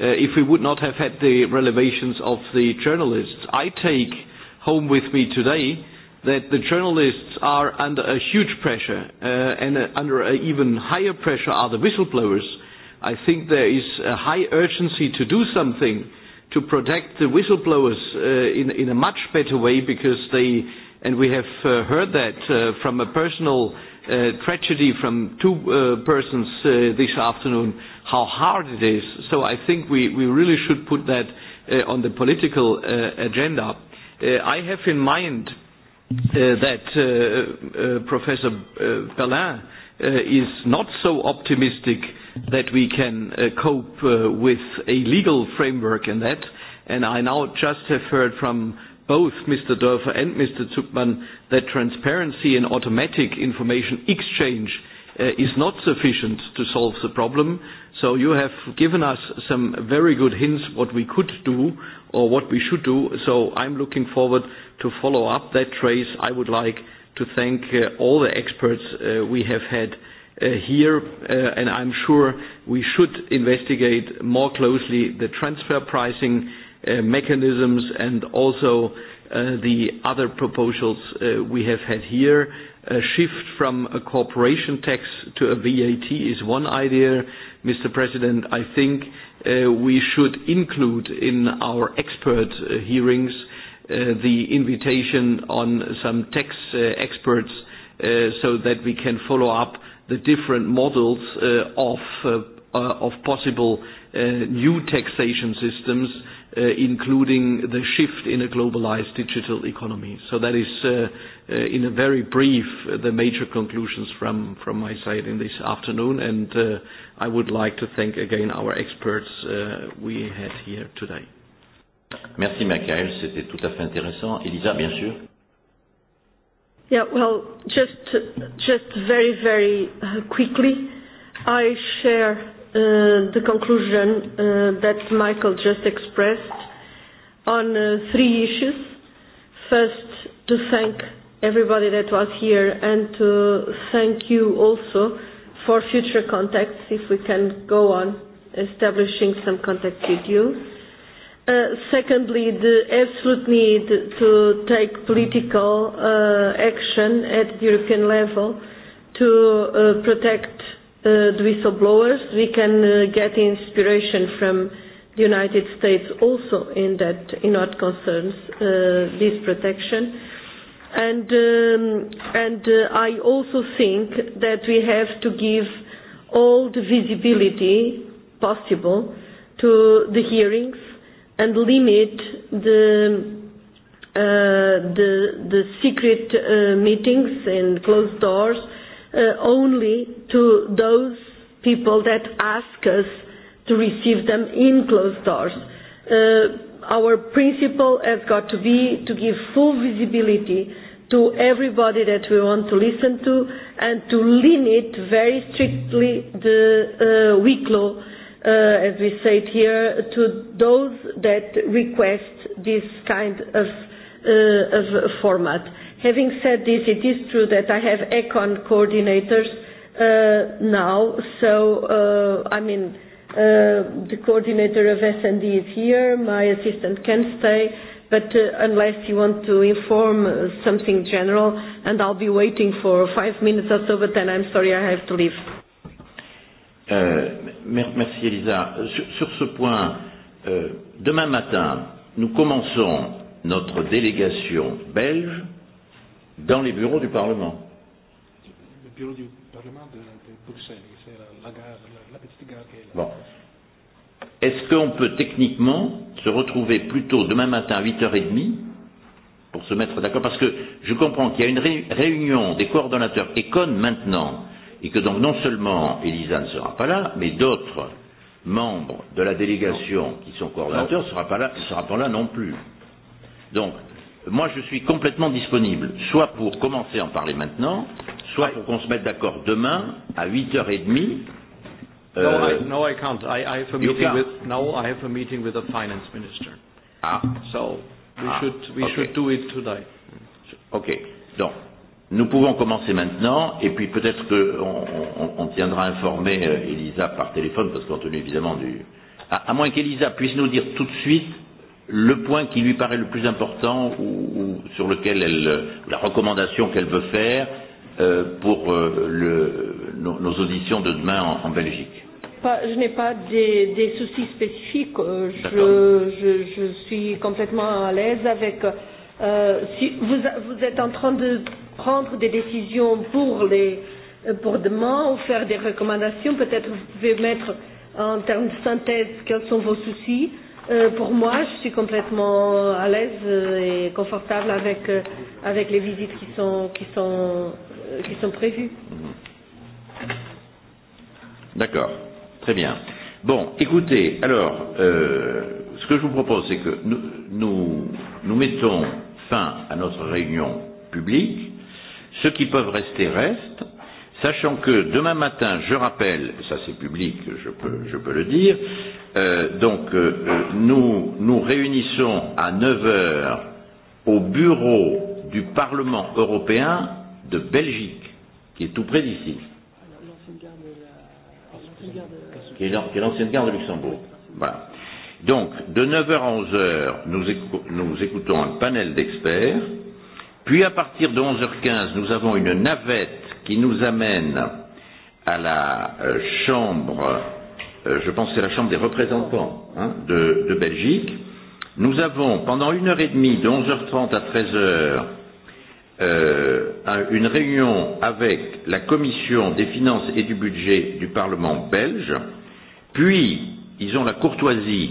[SPEAKER 4] uh, if we would not have had the revelations of the journalists. I take home with me today that the journalists are under a huge pressure uh, and uh, under a even higher pressure are the whistleblowers. I think there is a high urgency to do something to protect the whistleblowers uh, in, in a much better way because they and we have uh, heard that uh, from a personal uh, tragedy from two uh, persons uh, this afternoon, how hard it is. So I think we, we really should put that uh, on the political uh, agenda. Uh, I have in mind uh, that uh, uh, Professor uh, Berlin uh, is not so optimistic that we can uh, cope uh, with a legal framework in that. And I now just have heard from both Mr. Dörfer and Mr. Zuckmann that transparency and automatic information exchange uh, is not sufficient to solve the problem. So you have given us some very good hints what we could do or what we should do. So I'm looking forward to follow up that trace. I would like to thank uh, all the experts uh, we have had uh, here, uh, and I'm sure we should investigate more closely the transfer pricing Uh, mechanisms and also uh, the other proposals uh, we have had here. A shift from a corporation tax to a VAT is one idea. Mr. President, I think uh, we should include in our expert uh, hearings uh, the invitation on some tax uh, experts uh, so that we can follow up the different models uh, of, uh, uh, of possible uh, new taxation systems Uh, including the shift in a globalized digital economy. So that is, uh, uh, in a very brief, uh, the major conclusions from, from my side in this afternoon. And uh, I would like to thank again our experts uh, we
[SPEAKER 1] had here today. Merci, Michael. C'était tout à fait intéressant. Elisa, bien sûr.
[SPEAKER 3] Yeah, well, just, just very, very uh, quickly, I share uh, the conclusion uh, that Michael just expressed on uh, three issues. First, to thank everybody that was here and to thank you also for future contacts if we can go on establishing some contact with you. Uh, secondly, the absolute need to take political uh, action at the European level to uh, protect uh, the whistleblowers. We can uh, get inspiration from the United States also in that, in what concerns uh, this protection. And, um, and uh, I also think that we have to give all the visibility possible to the hearings and limit the uh, the the secret uh, meetings and closed doors uh, uh, only to those people that ask us to receive them in closed doors. Uh, our principle has got to be to give full visibility to everybody that we want to listen to and to limit very strictly the uh, weak law, uh, as we it here, to those that request this kind of, uh, of format. Having said this, it is true that I have ECON coordinators uh, now, so uh, I mean, uh, the coordinator of S&D is here, my assistant can stay, but uh, unless you want to inform uh, something general, and I'll be waiting for five minutes or so, but then I'm sorry I have to leave.
[SPEAKER 1] Euh, merci Elisa. Sur, sur ce point, euh, demain matin, nous commençons notre délégation belge dans les bureaux du Parlement.
[SPEAKER 21] Le bureau du Parlement de, de Bruxelles, c'est la, la, gare, la, la petite gare qui est là. Bon.
[SPEAKER 1] Est-ce qu'on peut techniquement se retrouver plus tôt demain matin à 8h30 pour se mettre d'accord Parce que je comprends qu'il y a une réunion des coordonnateurs ECON maintenant et que donc non seulement Elisa ne sera pas là, mais d'autres membres de la délégation qui sont coordonnateurs ne sera pas là, sera pas là non plus. Donc, moi je suis complètement disponible, soit pour commencer à en parler maintenant, soit pour qu'on se mette d'accord demain à 8h30. Euh, no, I, euh,
[SPEAKER 4] no, I can't. I, I have a meeting can't. with now I have a meeting with the finance minister. Ah. So we ah. should we okay. should do it today.
[SPEAKER 1] Ok. Donc nous pouvons commencer maintenant et puis peut-être qu'on on, on tiendra informé euh, Elisa par téléphone parce qu'on tenu évidemment du à, à moins qu'Elisa puisse nous dire tout de suite le point qui lui paraît le plus important ou, ou sur lequel elle, euh, la recommandation qu'elle veut faire euh, pour euh, le, nos, nos auditions de demain en, en Belgique
[SPEAKER 3] pas, je n'ai pas des, des soucis spécifiques. Euh, je, je, je suis complètement à l'aise avec. Euh, si vous, vous êtes en train de prendre des décisions pour, les, euh, pour demain ou faire des recommandations. Peut-être vous pouvez mettre en termes de synthèse quels sont vos soucis. Euh, Euh, pour moi, je suis complètement à l'aise euh, et confortable avec, euh, avec les visites qui sont, qui sont, euh, qui sont prévues. Mhm.
[SPEAKER 1] D'accord. Très bien. Bon, écoutez, alors, euh, ce que je vous propose, c'est que nous, nous, nous mettons fin à notre réunion publique. Ceux qui peuvent rester restent sachant que demain matin, je rappelle, et ça c'est public, je peux, je peux le dire, euh, donc euh, euh nous nous réunissons à 9 heures au bureau du Parlement européen de Belgique, qui est tout près d'ici.
[SPEAKER 14] Qui est l'ancienne gare de Luxembourg.
[SPEAKER 1] Voilà. Donc, de 9h à 11h, nous, écou nous écoutons un panel d'experts. Puis, à partir de 11h15, nous avons une navette qui nous amène à la euh, Chambre, euh, je pense que c'est la Chambre des représentants hein, de, de Belgique. Nous avons, pendant une heure et demie, de 11h30 à 13h, euh, une réunion avec la Commission des finances et du budget du Parlement belge. Puis, ils ont la courtoisie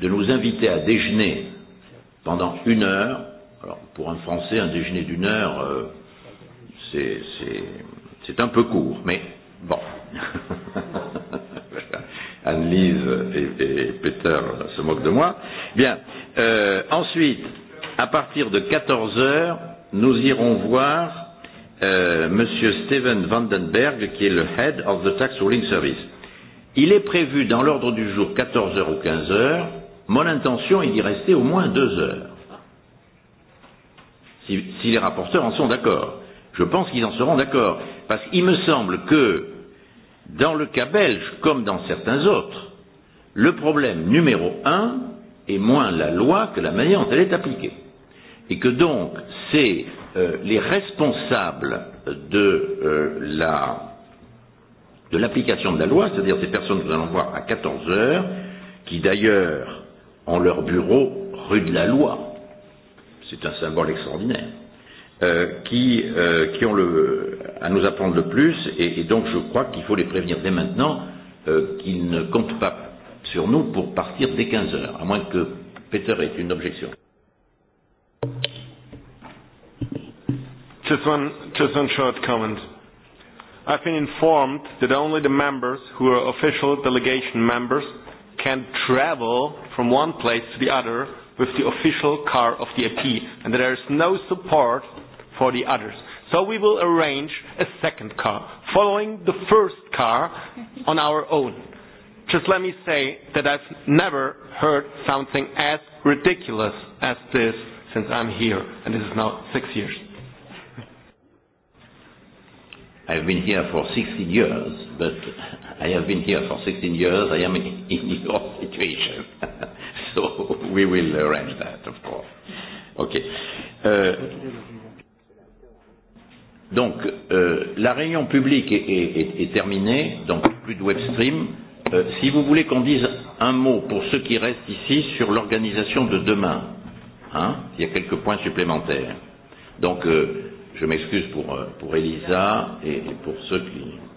[SPEAKER 1] de nous inviter à déjeuner pendant une heure. Alors, pour un Français, un déjeuner d'une heure, euh, c'est C'est un peu court, mais bon. Anne-Lise et, et Peter se moquent de moi. Bien. Euh, ensuite, à partir de 14 heures, nous irons voir euh, Monsieur Steven Vandenberg, qui est le Head of the Tax Ruling Service. Il est prévu dans l'ordre du jour 14 heures ou 15 heures. Mon intention est d'y rester au moins deux heures, si, si les rapporteurs en sont d'accord. Je pense qu'ils en seront d'accord. Parce qu'il me semble que, dans le cas belge, comme dans certains autres, le problème numéro un est moins la loi que la manière dont elle est appliquée. Et que donc, c'est euh, les responsables de euh, la de l'application de la loi, c'est-à-dire ces personnes que nous allons voir à 14 heures, qui d'ailleurs ont leur bureau rue de la loi. C'est un symbole extraordinaire. Euh, qui, euh, qui ont le, à nous apprendre le plus, et, et donc je crois qu'il faut les prévenir dès maintenant euh, qu'ils ne comptent pas sur nous pour partir dès 15 heures, à moins que Peter ait une objection.
[SPEAKER 25] Just one, just one short comment. I've been informed that only the members who are official delegation members can travel from one place to the other with the official car of the AP, and that there is no support for the others. So we will arrange a second car, following the first car on our own. Just let me say that I've never heard something as ridiculous as this since I'm here, and this is now six years.
[SPEAKER 1] I've been here for 16 years, but I have been here for 16 years. I am in, in your situation. so we will arrange that, of course. Okay. Uh, Donc, euh, la réunion publique est, est, est, est terminée, donc plus de web stream. Euh, si vous voulez qu'on dise un mot pour ceux qui restent ici sur l'organisation de demain, hein, il y a quelques points supplémentaires. Donc, euh, je m'excuse pour, euh, pour Elisa et, et pour ceux qui,